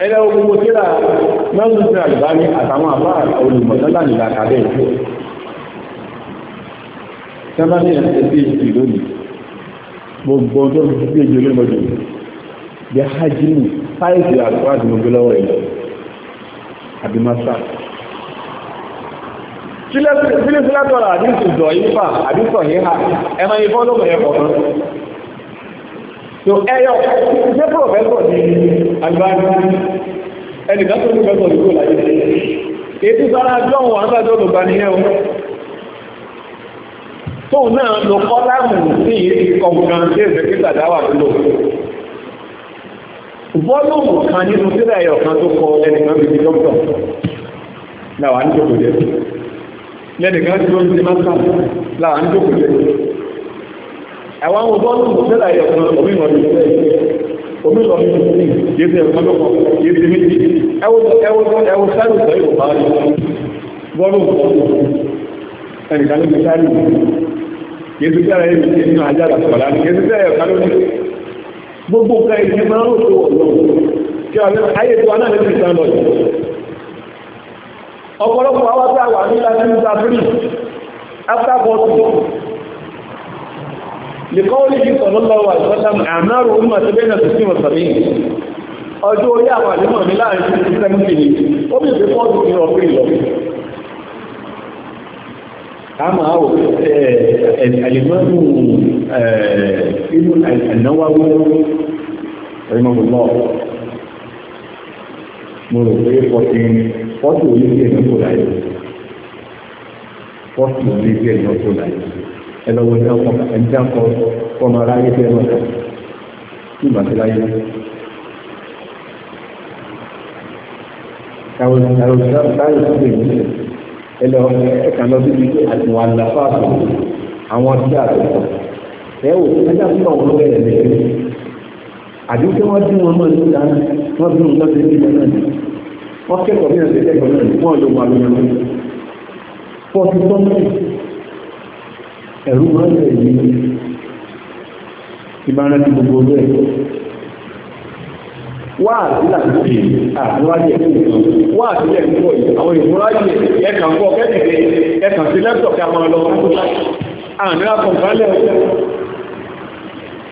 ẹlẹ́ ogun tíra mẹ́rin tíra ìbá ní àtàwọn àbá olùmọ̀tọ́lá nìlà kàbẹ̀ ìfẹ́ sẹ́mbà ẹ̀sẹ̀ sí ìlónì gbogbo tó sí èjì olómọdé bí hajjimu fáìsì àtúwà àdìmọ̀gbélọ́wọ́ ìlọ àbímọ́sá sílẹ̀ sílẹ̀ tọ́ra àdínkù dọ̀ yípa so ẹyọ ṣé pọ̀fẹ́sọ̀ ní agbára ẹnìkan tó ní pẹ́sọ̀ ìgbò láyé ètò sára jọ́wọ́ àgbàjọ́ olùgbà ní ẹ̀wọ̀n tóun náà lọ kọ́ láàmù sí ọgbọ̀n tí èsẹ̀ kíkà dáwà lò bọ́lùmù kan nínú sílẹ̀ ẹ̀yọ̀ kan tó kọ ẹnìkan bíi dókítà láwà ń jókòó jẹ́ lẹ́nìkan tó ń ti máa ń kà láwà ń jókòó jẹ́ àwọn ọmọ bọ́ọ̀lù ìṣẹ́lá ẹ̀kùn omínà ìṣẹ́lẹ̀ omínà ìṣẹ́lẹ̀ yéé ṣe ẹ̀kùn lọ́kọ̀ yéé ṣe méjì ẹwọ sáré ìṣẹ́ yóò bá rí bọ́ọ̀lù ẹnìkan ló ti sáré yéé ṣe sáré ìṣẹ́ nínú ajá àtọ̀lá ní yéé ṣe sáré ẹ̀kùn ló ní gbogbo nǹkan ìṣẹ́ máa ń rò tó ọ̀lọ́ kí ayé tó aná lẹ́sìn ìṣẹ́ lọ ọ̀pọ̀lọpọ̀ àwọn tá a wà ní láti ń ta fírì after 40 لقوله صلى الله عليه وسلم أعمار أمة بين 60 و 70 ọjọ́ orí àwọn àdínà ní láàrin sí ti sẹ́mìtì ni ó bí ìfẹ́ pọ́ọ̀dù ní ọ̀pẹ́ ìlọ a máa wò ẹ̀lẹ́gbọ́nù inú àìsànáwáwó ẹ̀rìmọ̀gbọ̀lọ́ mo rò ẹlọ́wọ́ ní ọkọ̀ ẹ̀jákọ̀ ọmọ aráyé fẹ́ lọ́kọ̀ nígbà tí láyé. Àwọn ìṣàlùsọ táyì sí èyí ẹlọ ẹ̀ka lọ síbi àtìwọ̀n àlàfà àtò àwọn tí a lọ. Ẹ wò ẹjá fún àwọn ọmọ bẹ̀rẹ̀ lẹ́yìn. Àbí kí wọ́n dín wọn mọ́ ní ìlà wọ́n bí wọn lọ́sẹ̀ ní ìlà náà. Wọ́n kẹ́kọ̀ọ́ bí wọ́n ṣe kẹ́kọ̀ọ́ náà wọ́n lọ wà lóyún. Fọ́ọ̀tù tọ́mọ́tì ẹ̀rú mọ́lẹ̀ yìí ìbára ti gbogbo rẹ̀ wà láti àwọ́wájẹ̀ wà sílẹ̀ púpọ̀ àwọn ìmúrájẹ̀ ẹ̀kàn pọ̀ kẹ́kẹ̀ẹ́ ẹ̀kàn sí lẹ́pọ̀ ká máa lọ àmì àkọ̀kálẹ̀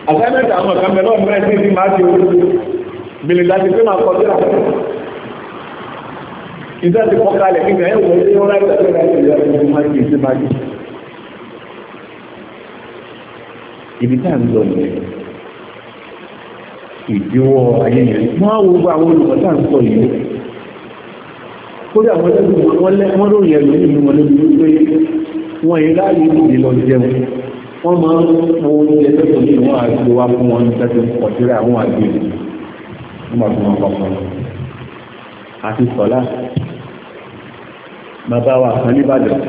àtẹ́mẹ́ta àwọn ìkàmẹ́lọ́ mẹ́rin sí ti máa ti orí bèèrè láti pé máa kọjá ìdá ti kọkálẹ̀ kí ibi tá à ń lọ yẹn ìdíwọ́ ayé yẹn wọ́n á wo gbogbo àwọn olùkọ́ tá à ń sọ yìí kódà wọn lẹ́gbẹ̀ẹ́ wọn lẹ́ wọ́n lórí ẹ̀rọ nínú wọn lórí wípé wọn yìí láàyè ìdí lọ jẹun wọ́n máa ń mọ oúnjẹ lọ́sọ̀ọ́ ní ìwọ̀n àgbo wa fún wọn nígbà tó ń pọ̀ síra àwọn àgbo nígbà tó fún wọn àti sọ̀lá bàbá wa kan níbàdàn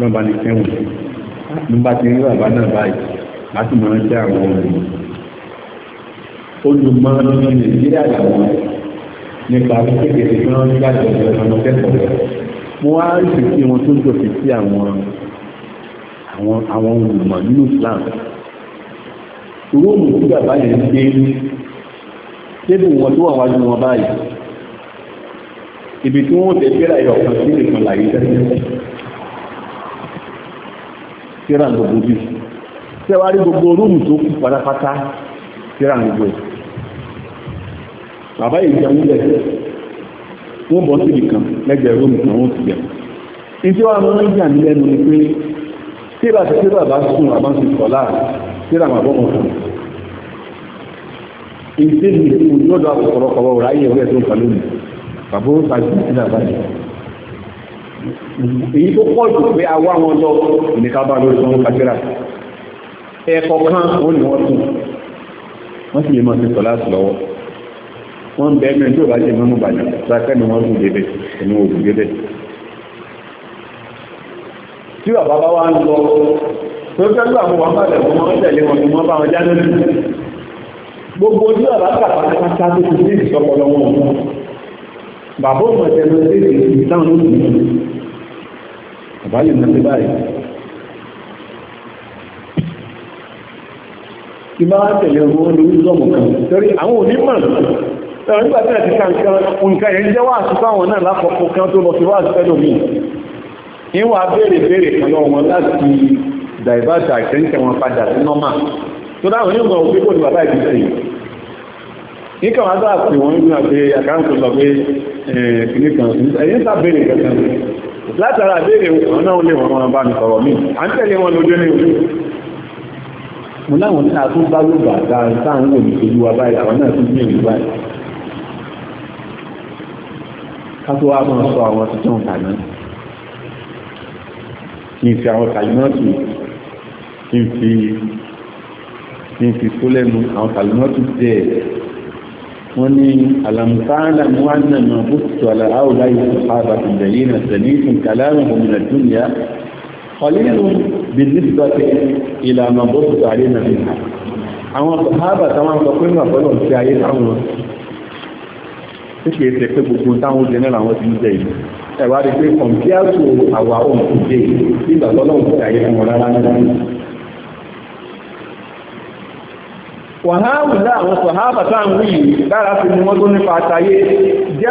lọ́ba ní sẹ́wọ̀n nígbà tí ń rí bàbá náà báyìí láti máa jẹ́ àwọn ọmọ olùmọ̀ ní nàìjíríà làwọn nípa kékeré náà gbàgbọ́ ọmọ kẹ́kọ̀ọ́ mo wá rí sí wọn tó ń jòkè sí àwọn àwọn àwọn olùmọ̀ nínú Islam róòmù tí bàbá yẹn ń gbé tébù wọn tó wà wájú wọn báyìí ibi tí wọ́n tẹ fẹ́ra ẹ̀yọ̀ kan sí nìkan láyé tẹ́lẹ̀ fẹ́ra gbogbo tẹ́wárí gbogbo rúùmù tó kù pátápátá síra gbogbo ẹ̀ bàbá yìí jẹun lẹ̀ wọ́n bọ́ síbi kan lẹ́gbẹ̀ẹ́ rúùmù kan wọ́n ti bẹ̀ ìjọ àwọn ìjà ní lẹ́nu ni pé tí bá ti tí bàbá sùn àbá ti sọ̀ láàrín síra àbọ̀ kan ìdíbi ìdíbi lọ́dọ̀ àpòkọ̀rọ̀kọ̀rọ̀ ráyè orí ẹ̀tọ́ ìfà lónìí bàbá ó sàájú sí àbájá èyí tó pọ̀ jù pé a wá wọn lọ ìníká bá lórí wọn kájẹ́rà ẹ̀kọ̀ kan ó ní wọ́n tún wọ́n sì lè máa ti sọ láti lọ́wọ́ wọ́n ń bẹ́ẹ̀ mẹ́rin tí ò bá jẹ́ mọ́mú bàjẹ́ sákẹ́ ni wọ́n gùn débẹ̀ ẹni wọ́n gùn débẹ̀ tí bàbá bá wá ń lọ tó kẹ́lú àwọn wà bàjẹ́ wọn máa ń tẹ̀lé wọn ni wọ́n bá wọn jáde lù gbogbo ojú ọ̀rá kàkàkàkà tó ti ní ìsọpọlọ wọn bàbá òun ọ̀tẹ̀ lọ sí ìtàn lóṣù ti máa tẹ̀lé owó ní ìzọ́mù kan torí àwọn onímọ̀ ẹ̀rọ nígbà tí ẹ̀sì kankan nǹkan ẹ̀ ń jẹ́ wá àṣìkò àwọn náà lákọ̀ọ́kọ́ kan tó lọ sí wá àṣìkò ẹlòmí ìwà béèrè béèrè kan lọ wọn láti divert àìsẹ́ǹtẹ̀ wọn padà sí nọ́mà tó dáhùn yóò mọ̀ mo láwọn náà tó bá ló bà dá sáà ń wò ní ìlú wa báyìí àwọn náà tún gbìyànjú báyìí ká tó wá máa sọ àwọn tuntun kàná kí n fi àwọn kàlímọ́tì kí n fi kí n fi tó lẹ́nu àwọn kàlímọ́tì díẹ̀ wọ́n ní àlàmùsáàlà muhanna mabutu alahaula yìí sọ fábà ìdẹ̀yìn àtẹ̀lẹ́sìn kàlámù gómìnà dúnìyà kọlílù bí nísìtọ́tẹ̀ ìlànà bó tó tààrí nà ní àwọn sàhábà táwọn sọ pé nígbà fọ́lọ̀ sí ayé táwọn tí kìí ṣe pé gbogbo táwọn jẹ náà làwọn ti ń jẹ yìí ẹ̀wà rí pé kọ̀m̀píàtò àwa òun ti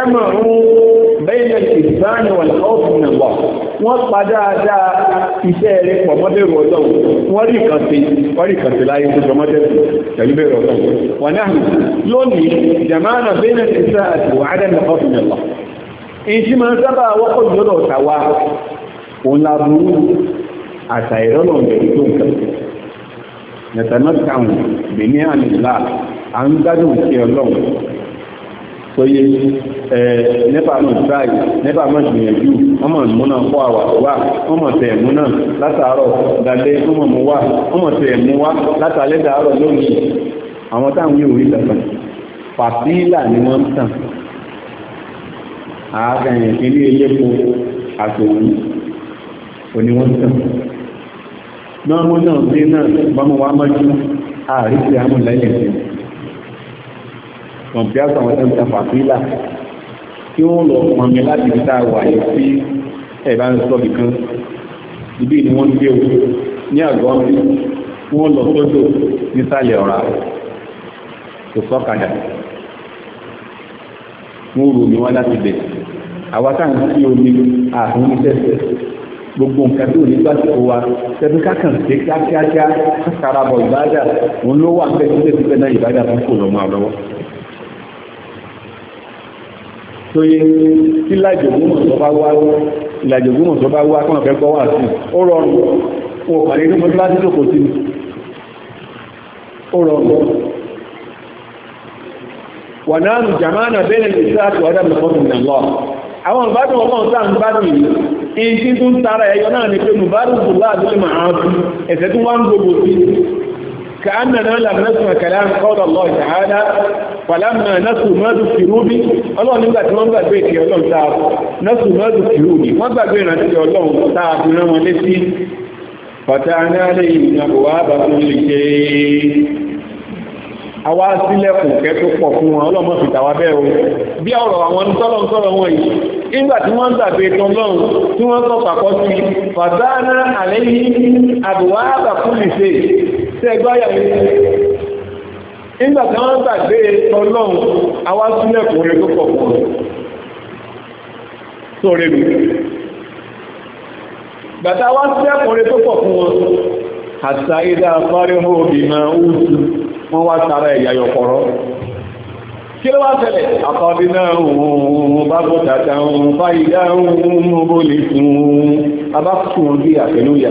dé nígbà bẹ́ẹ̀lẹ̀ ìsáàni wà lọ́ọ̀fún ẹ̀wà wọ́n pa dáadáa iṣẹ́ rẹ̀ pọ̀ mọ́bẹ̀rù ọlọ́run wọ́n rí ìkànsí wọ́n rí ìkànsí láyé tó jọ mọ́bẹ̀rù pẹ̀lú bẹ̀rù ọlọ́run wọ́n náà lónìí jamaana bẹ́ẹ̀lẹ̀ ìsáàtì wà á dẹ́nu lọ́ọ̀fún ẹ̀wà èyí máa sábà ẹ nípa mọ̀ tíráì nípa mọ̀ gbìyànjú ọmọ ìmúná fọ́ àwà wà ọmọ tẹ̀ múná látàárọ̀ dalẹ́ ọmọ mú wà ọmọ tẹ̀ mú wá látàlẹ́ dàárọ̀ lónìí àwọn táwọn yóò rí kankan fàtílà ni wọ́n ń tàn ààkàn ìpínlẹ̀ ilépo àtòwú oníwọ́n ń tàn náà mú náà sí náà bámu wá mọ́jú ààrí sí àmúlẹ́yìn kọ̀m̀pí àtàwọn ẹ̀sẹ̀ ìta fàfílà kí wọ́n lọ pọnmi láti níta wà yìí sí ẹ̀bá ń sọ nìkan ibi ni wọ́n gbé o ní àgọ́ bí wọ́n lọ sódò nísàlẹ̀ ọ̀rá kò sọ́kadà wọ́n rò ní wọ́n láti bẹ̀ àwátà ń sí omi àrùn níṣẹ́sẹ̀ gbogbo nǹkan tí ò ní gbà tó wa tẹbi kákan ṣe kíákíákíá kákarabọ̀ ìbádà òun ló wà ń bẹ síbẹ̀síbẹ̀ náà ìbádà fún kò lọ́mọ àlọ́wọ́ tó yé tí lájò gúnmọ̀ tó bá wá ìlàjò gúnmọ̀ tó bá wá kọ́nà fẹ́ kọ́ wà sí ó rọrùn ó pàdé ní mọ́tí láti lòkò sí ó rọrùn wà náà nù jàmánà bẹ́ẹ̀ lè sáàtù ọ̀dà mẹ́kọ́tùn nàlọ́ àwọn ìbádùn ọlọ́run sáà ń bádùn كأننا لم نسمع كلام قول الله تعالى فلما نسوا ما ذكروا به الله nígbà tí wọ́n gbàgbé ti Ọlọ́run tá نسوا ما ذكروا به wọ́n gbàgbé ran ti Ọlọ́run tá fi rán wọn létí فتحنا عليهم أبواب كل شيء àwa sílẹ̀kùn kẹ́ tó pọ̀ fún wọn ọlọ́mọ fìtà wa bẹ́ẹ̀ o bí ọ̀rọ̀ àwọn tọ́lọ̀ntọ́lọ̀ wọn yìí nígbà tí wọ́n ń tàbí ìtàn lọ́run tí wọ́n sọ pàkọ́ sí fàtánà àlẹ́yìn àbúwá àbàkúlìṣe tí ẹgbẹ́ àyà yìí nígbà tí wọ́n gbàgbé ọlọ́run àwa sílẹ̀ kò rẹ̀ tó pọ̀ pọ̀ tó rẹ̀ lù gbàtà wá sílẹ̀ kò rẹ̀ tó pọ̀ fún wọn àtà ìdá afárihó ìmọ̀ oúnjẹ wọ́n wá tara ẹ̀yà yọ̀kọ̀rọ̀ kí ló wá tẹ̀lẹ̀ àkọ́bí náà òun bá bọ́ tàtà òun bá ìdá òun mọ́ bó lè fún un bí àtẹ̀lóyà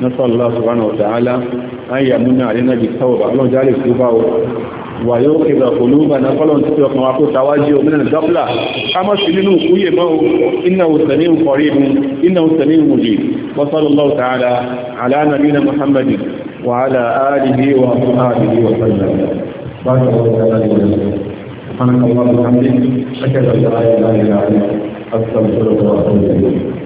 نسأل الله سبحانه وتعالى أن يمنع علينا بالتوبة اللهم جعل التوبة ويوقظ قلوبنا فلن تتوقع معكو تواجه من الغفلة كما سنينه قوية مو إنه سميع قريب إنه سميع مجيب وصلى الله تعالى على نبينا محمد وعلى آله وأصحابه وسلم بارك الله تعالى سبحانك اللهم وبحمدك أشهد أن لا إله إلا أنت أستغفرك وأتوب إليك